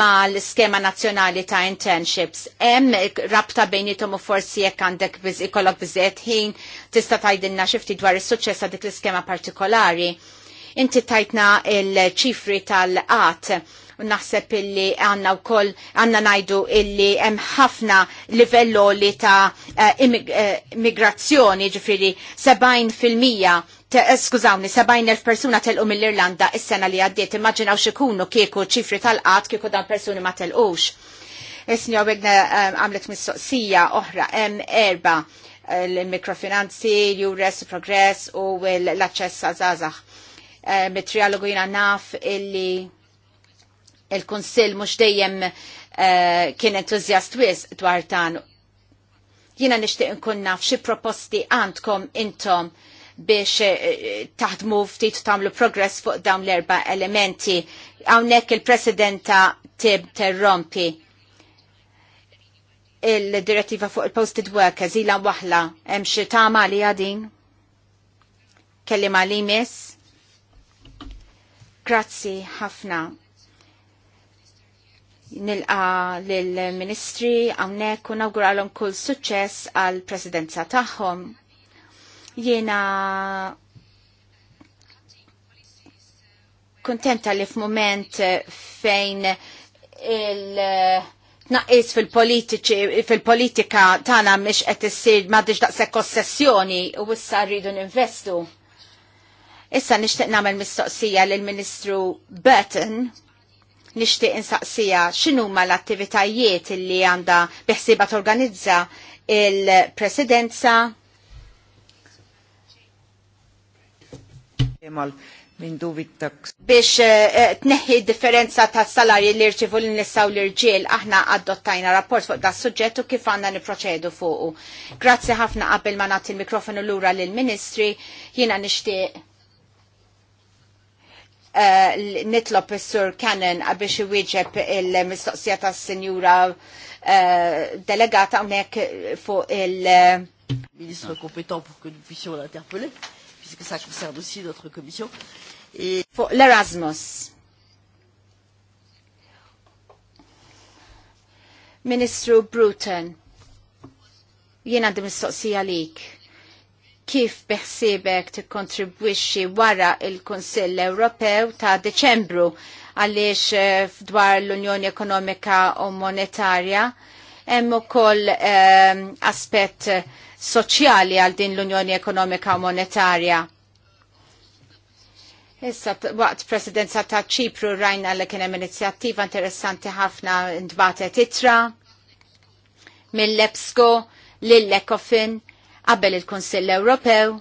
ma l-skema nazzjonali ta' internships. Hemm rabta bejnietom u forsi jekk għandek ikollok biżiet ħin tista' tgħidilna xi ftit dwar is-suċċess ta' dik l-iskema partikolari. Inti tajtna il-ċifri tal-qat naħseb illi għanna u koll għanna najdu illi hemm ħafna livelloli ta' eh, eh, immigrazzjoni ġifiri 70% Eh, skużawni, 70.000 persuna telqu mill-Irlanda is-sena li għaddiet, immaġinaw xikunu kieku ċifri tal-qat kieku dan persuni ma telqux. Eh, Isnja Wegna eh, għamlet mistoqsija oħra hemm erba l-mikrofinanzi, l-jurress, Jures, Progress u l-aċċess għazazax. Mit-trialogu jina naf illi il-Konsil mux dejjem kien entuzjast wis dwar dan. Jina nishtiq nkun naf xi proposti għandkom intom biex eh, eh, taħdmu ftit tagħmlu progress fuq dawn l-erba elementi. Hawnhekk il-Presidenta tib terrompi il-direttiva fuq il-posted workers ila waħla hemm xi tama li għadin. Kellim li miss. Grazzi ħafna nilqa lill ministri għawnek u nawguralhom kull suċċess għal presidenza tagħhom. Jena kontenta li f-moment fejn il- naqis fil-politika fil tana mish qed issir m'għadix daqshekk kossessjoni u issa rridu ninvestu. Issa nixtieq nagħmel mistoqsija lil Ministru Burton nixtieq insaqsija x'inhuma l-attivitajiet li għandha biħsiba torganizza il-Presidenza duvit taks. Biex eh, eh, tneħħi differenza ta' salari li rċivu l nisaw l-irġiel, aħna adottajna rapport fuq da' suġġettu kif għanna niproċedu fuqu. Grazzi ħafna qabel ma nagħti il-mikrofonu lura lill-Ministri, jiena nixtieq eh, nitlob is-Sur Cannon biex iwieġeb il-mistoqsija tas-Sinjura delegata hawnhekk fuq il- Ministru kompetent pour que nous puisque ça concerne aussi notre commission. Et... pour l'Erasmus. Ministru Bruton, jiena għandi mistoqsija għalik. Kif beħsibek tikkontribwixxi wara il konsill Ewropew ta' Deċembru għaliex eh, dwar l-Unjoni Ekonomika u Monetarja hemm ukoll eh, aspett soċjali għal din l-Unjoni Ekonomika u Monetarja. Issa, waqt presidenza ta' ċipru rajna li kienem inizjattiva interessanti ħafna ntbatet itra mill-EPSCO lill-ECOFIN qabel il-Konsill Ewropew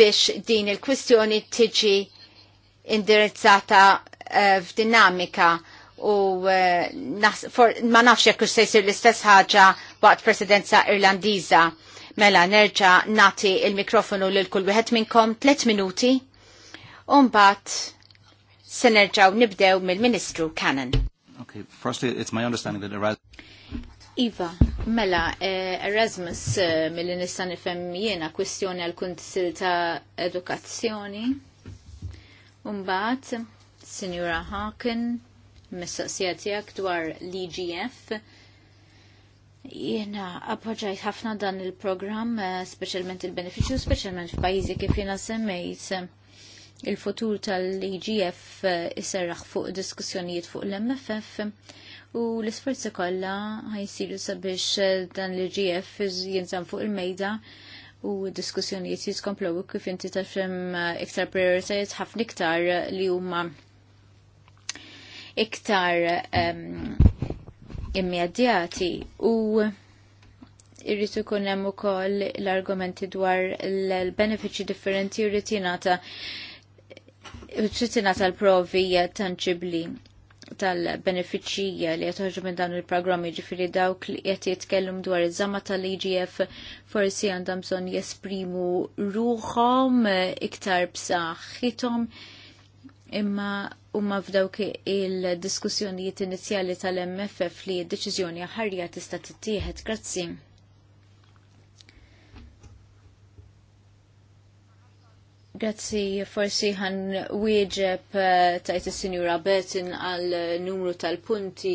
biex din il-kwistjoni tiġi indirizzata eh, f'dinamika u eh, ma nafx jekk se jsir l-istess ħaġa waqt presidenza Irlandiża Mela nerġa nati il-mikrofonu lil kull wieħed minnkom 3 minuti. Umbat se nerġaw nibdew mill-Ministru Cannon. Okay, firstly, it's my understanding that Erasmus... Iva, mela, eh, Erasmus eh, mill nista nifhem jiena kwistjoni għal kunsil ta' edukazzjoni. Umbat, Signora Hawken, mistoqsija tiegħek dwar l-IGF Jena appoġġajt ħafna dan il-programm, eh, specialment il-beneficju, specialment f'pajjiżi kif jena semmejt eh, il-futur tal-IGF eh, iserraħ fuq diskussjonijiet fuq l-MFF u l-isforzi kollha ħajsiru sabiex dan l-IGF e jinżam fuq il-mejda u diskussjonijiet jiskomplu kif inti tafhem iktar prioritajiet ħafna iktar li huma iktar um, immedjati u irrit ikun hemm ukoll l-argumenti dwar l-benefiċċji differenti irrid jingħata trid l-provi tanċibli tal-benefiċċija li qed minn dan il-programm jiġifieri dawk li qed jitkellem dwar iż-żama tal-IGF forsi għandhom bżonn jesprimu ruħhom iktar b'saħħithom imma umma f'dawk il-diskussjonijiet inizjali tal-MFF li d-deċiżjoni ħarja tista' tittieħed. Grazzi. Grazzi, forsi ħan wieġeb eh, tajt is-Sinjura Betin għal numru tal-punti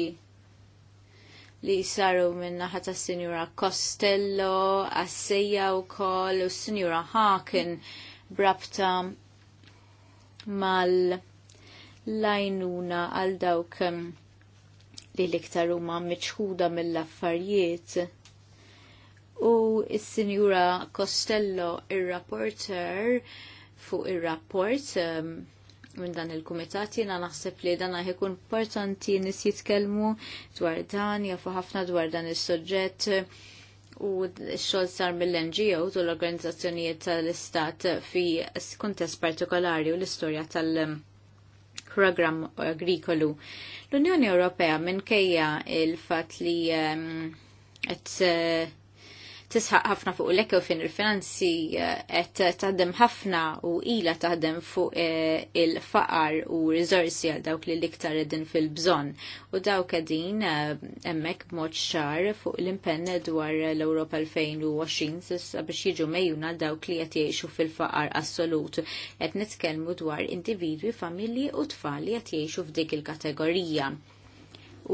li saru minn naħa tas sinjura Costello, Assija u kol u s-Sinjura Haken brabta mal- lajnuna għal dawk um, li liktar huma miċħuda mill-affarijiet. U s-Sinjura Costello, ir-rapporter fuq ir-rapport um, minn dan il-kumitat jiena naħseb li dan ikun importanti nis jitkellmu dwar dan, jafu ħafna dwar dan is-soġġett u xol sar mill-NGO u l-organizzazzjonijiet tal-istat fi kontest partikolari u l-istorja tal- um, programm agrikolu. L-Unjoni Ewropea minkejja il-fat li qed um, tisħaq ħafna fuq l-ekka fin il-finanzi qed eh, taħdem ħafna u ila taħdem fuq eh, il-faqar u rizorsi għal dawk li liktar edin fil-bżonn. U dawk edin eh, emmek b'mod xar fuq l-impenn dwar l-Europa 2020 sissa biex jiġu mejjuna dawk li qed jgħixu fil-faqar assolut. Qed nitkellmu dwar individwi, familji u tfal li qed jgħixu f'dik il-kategorija.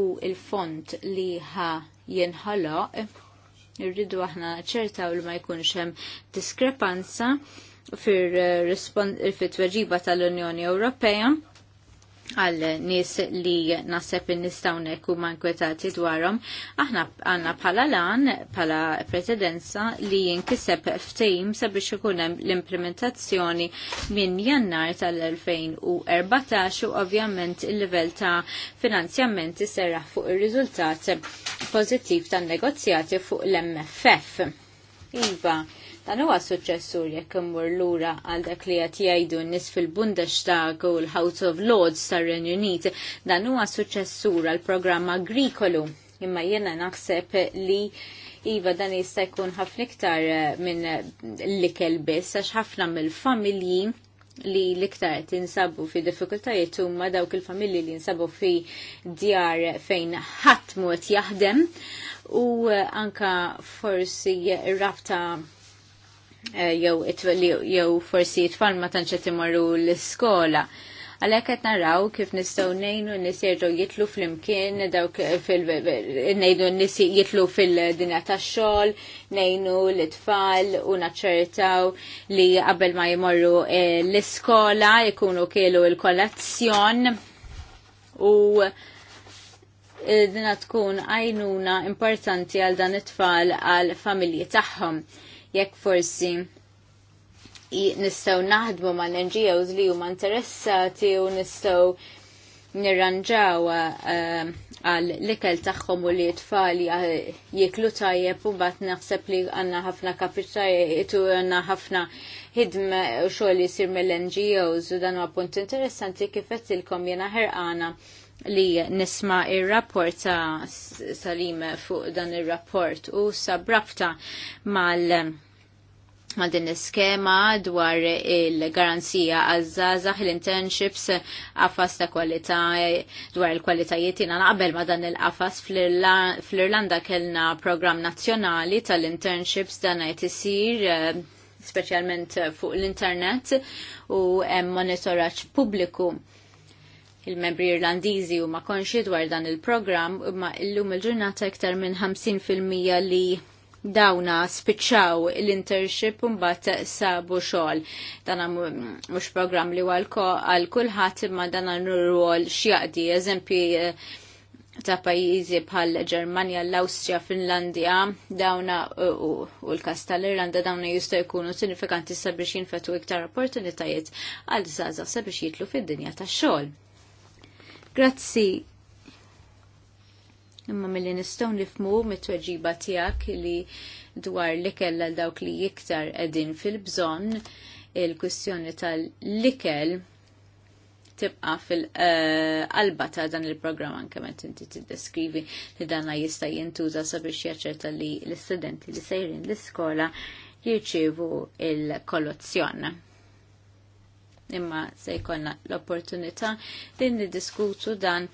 U il-font li ħa jenħoloq Irridu aħna ċertaw li ma jkunx hemm diskrepanza fir-tweġiba eh, tal-Unjoni Ewropea għal nis li nasep nistaw nekku ma nkwetati dwarom, aħna għanna pala lan, pala presidenza li jinkiseb ftejm sabiex ikunem l-implementazzjoni minn jannar tal-2014 u ovvjament il-level ta' finanzjamenti serraħ fuq il-riżultat pozittiv tan negozjati fuq l-MFF. Iva, Dan huwa suċċessur jekk immur lura għal dak li qed jgħidu n-nies fil-Bundestag u l-House of Lords tar-Renju Unit, dan huwa suċċessur għal programm agrikolu. Imma jiena naħseb li Iva dan jista' jkun ħafna iktar eh, minn l-ikel biss għax ħafna mill-familji li l-iktar tinsabu fi diffikultajiet huma dawk il-familji li jinsabu fi djar fejn ħadd mod jaħdem u eh, anka forsi rabta Eh, jew jew forsi it-tfal ma tantx qed imorru l-iskola. Għalhekk qed naraw kif nistgħu ngħinu n-nies jerġgħu jitlu flimkien dawk fil ngħidu n-nies jitlu fil-dinja tax-xogħol, ngħinu l-itfal u naċċertaw li qabel ma jmorru eh, l-iskola jkunu kielu l-kolazzjon u eh, dina tkun għajnuna importanti għal dan it-tfal għal familji tagħhom jekk forsi nistaw naħdmu ma' NGOs li huma interessati u nistaw nirranġaw eh, għal l-ikel tagħhom u li tfal eh, jiklu tajjeb u bat naħseb li għanna ħafna kapitajiet u għanna ħafna hidme u xogħol jisir mill-NGOs u dan huwa punt interessanti kif qed ilkom jiena ħerqana li nisma il-rapport ta' Salim fuq dan il-rapport u sabrabta mal mal din iskema dwar il-garanzija għazzazax l-internships għafas ta' kwalità dwar il-kwalitajiet jina naqbel ma dan il-qafas fl-Irlanda kellna program nazzjonali tal-internships dan għajt isir eh, specialment fuq l-internet u monitoraċ publiku. Il-membri Irlandiżi huma konxi dwar dan il-programm imma llum il-ġurnata iktar minn 50% li dawna spiċċaw l-internship mbagħad sabu xogħol. Dan mhux programm li walko għal kulħadd imma dan rwol x'jaqdi eżempji eh, ta' pajjiżi bħal Ġermanja, l-Awstrija, Finlandja, dawna u l-kas tal-Irlanda dawna jistgħu jkunu sinifikanti sabiex jinfetu iktar opportunitajiet għal żgħażagħ sabiex jitlu fid-dinja tax-xogħol. Grazzi. Imma mill-li nistaw nifmu mit-tweġiba tijak li dwar li kella dawk li iktar edin fil-bżon il-kwistjoni tal-likel tibqa fil-qalba ta' dan il-programm anke meta inti tiddeskrivi li dana jista' jintuża sabiex jaċċerta li l-istudenti li sejrin l-iskola jirċievu il-kolozzjon imma se jkollna l-opportunità li niddiskutu dan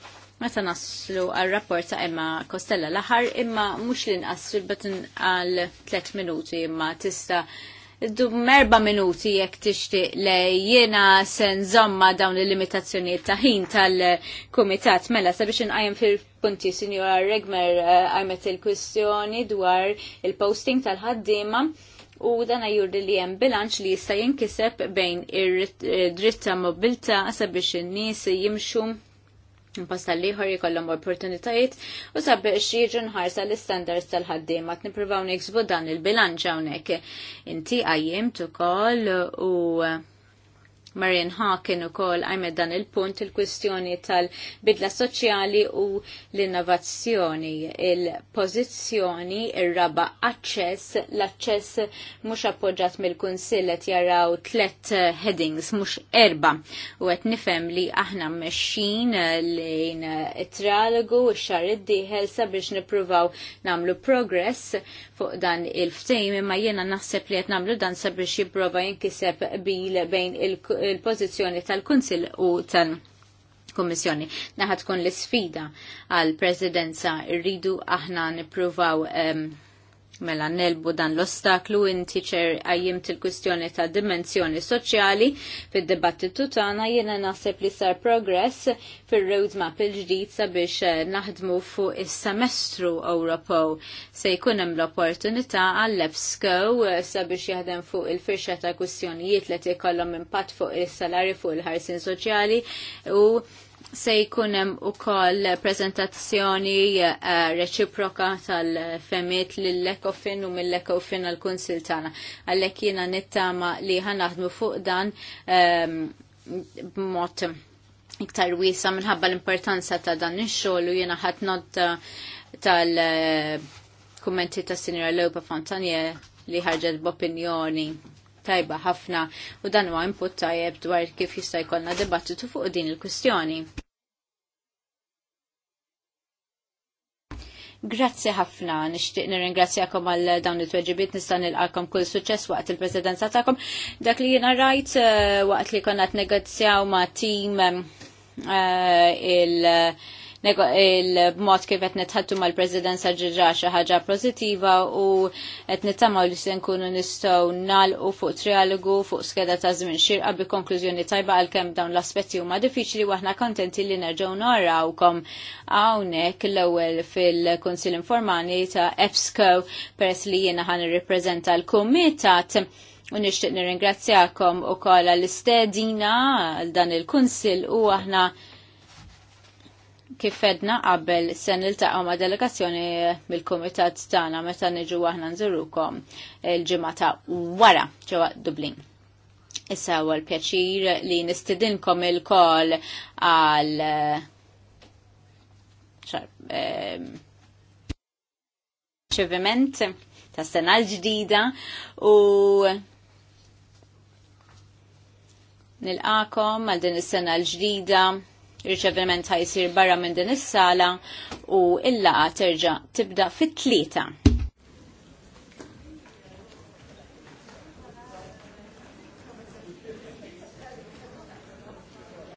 meta naslu għal rapport ta' Emma Kostella l-aħħar imma mhux li nqassu l-batin għal 3 minuti imma tista' Iddu merba minuti jekk tixtieq le jiena se zomma dawn il-limitazzjonijiet ta' ħin tal-kumitat mela sabiex inqajjem fil-punti Sinjora Regmer eh, għajmet il-kwistjoni dwar il-posting tal-ħaddiema u dan ajurdi li hemm bilanċ li jista' jinkiseb bejn ir-dritta eh, mobilta sabiex in-nies jimxu imposta liħor jikollom opportunitajiet u sabiex jiġu nħarsa l-istandards tal-ħaddiema qed nippruvaw niksbu dan il-bilanċ hawnhekk. Inti qajjimt ukoll u Marian Hawken u kol għajmed dan il-punt il-kwistjoni tal-bidla soċjali u l-innovazzjoni, il-pozizjoni, il-raba access, l-access mux appoġġat mill-kunsillet jaraw tlet headings, mux erba, u għet nifem li aħna meċin lejn it-tralogu, xar id-diħel sabiex nipruvaw namlu progress fuq dan il-ftejm, imma jena naħseb li għet namlu dan sabiex jiprofa jinkiseb bil bejn il- il-pozizjoni tal-Kunsil u tal-Kommissjoni. Naħat tkun l-sfida għal-Presidenza irridu aħna nipruvaw um, Mela nelbu dan l-ostaklu inti ċer għajjim til kustjoni ta' dimensjoni soċjali fil-dibattitu tagħna jiena naħseb li sar progress fil-roadmap il-ġdid sabiex eh, naħdmu fuq is-semestru Ewropew se jkun hemm l-opportunità għall-EBSCO eh, sabiex jaħdem fuq il-firxa ta' kustjonijiet li tikollhom impatt fuq is-salari fuq il-ħarsin soċjali u se jkun hemm ukoll prezentazzjoni eh, reċiproka tal-femiet lill-Ekofin u mill-Ekofin għall-Kunsil tagħna. Għalhekk jiena nittama li ħanaħdmu fuq dan ehm, b'mod iktar wiesa minħabba l-importanza ta' dan ix-xogħol u jiena ħadd nod eh, tal-kummenti ta' Sinjora Lewba Fontanje li ħarġet b'opinjoni tajba ħafna u dan huwa input tajjeb dwar kif jista' jkollna dibattitu fuq din il-kwistjoni. Grazzi ħafna, nixtieq nirringrazzjakom għal dawn it-tweġibiet nista' għakom kull suċċess waqt il-presidenza tagħkom. Dak li jiena rajt eh, waqt li konna t negozjaw ma' tim eh, il- uh, il-mod kif qed nitħattu mal president ġiġa xi ħaġa pożittiva u qed nittamaw li se nkunu nistgħu nagħlqu fuq trialogu fuq skeda ta' żmien xirqa bi konklużjoni tajba għalkemm dawn l-aspetti huma diffiċli waħna aħna kontenti li nerġgħu narawkom hawnhekk l-ewwel fil-Kunsill Informali ta' EBSCO peress li jiena ħan irrippreżenta l-Kumitat u nixtieq nirringrazzjakom u għall l-istedina għal dan il kunsill u aħna kif fedna qabel se niltaqgħu ma' delegazzjoni mill-kumitat tagħna meta niġu aħna nżurukom il-ġimgħa ta' wara ġewwa Dublin. Issa huwa l-pjaċir li nistidinkom il-kol għal ċeviment ehm, ta' sena l-ġdida u nilqakom għal din is-sena l-ġdida ir-riċeviment ħajsir barra minn din is-sala u il terġa' tibda fit-tlieta.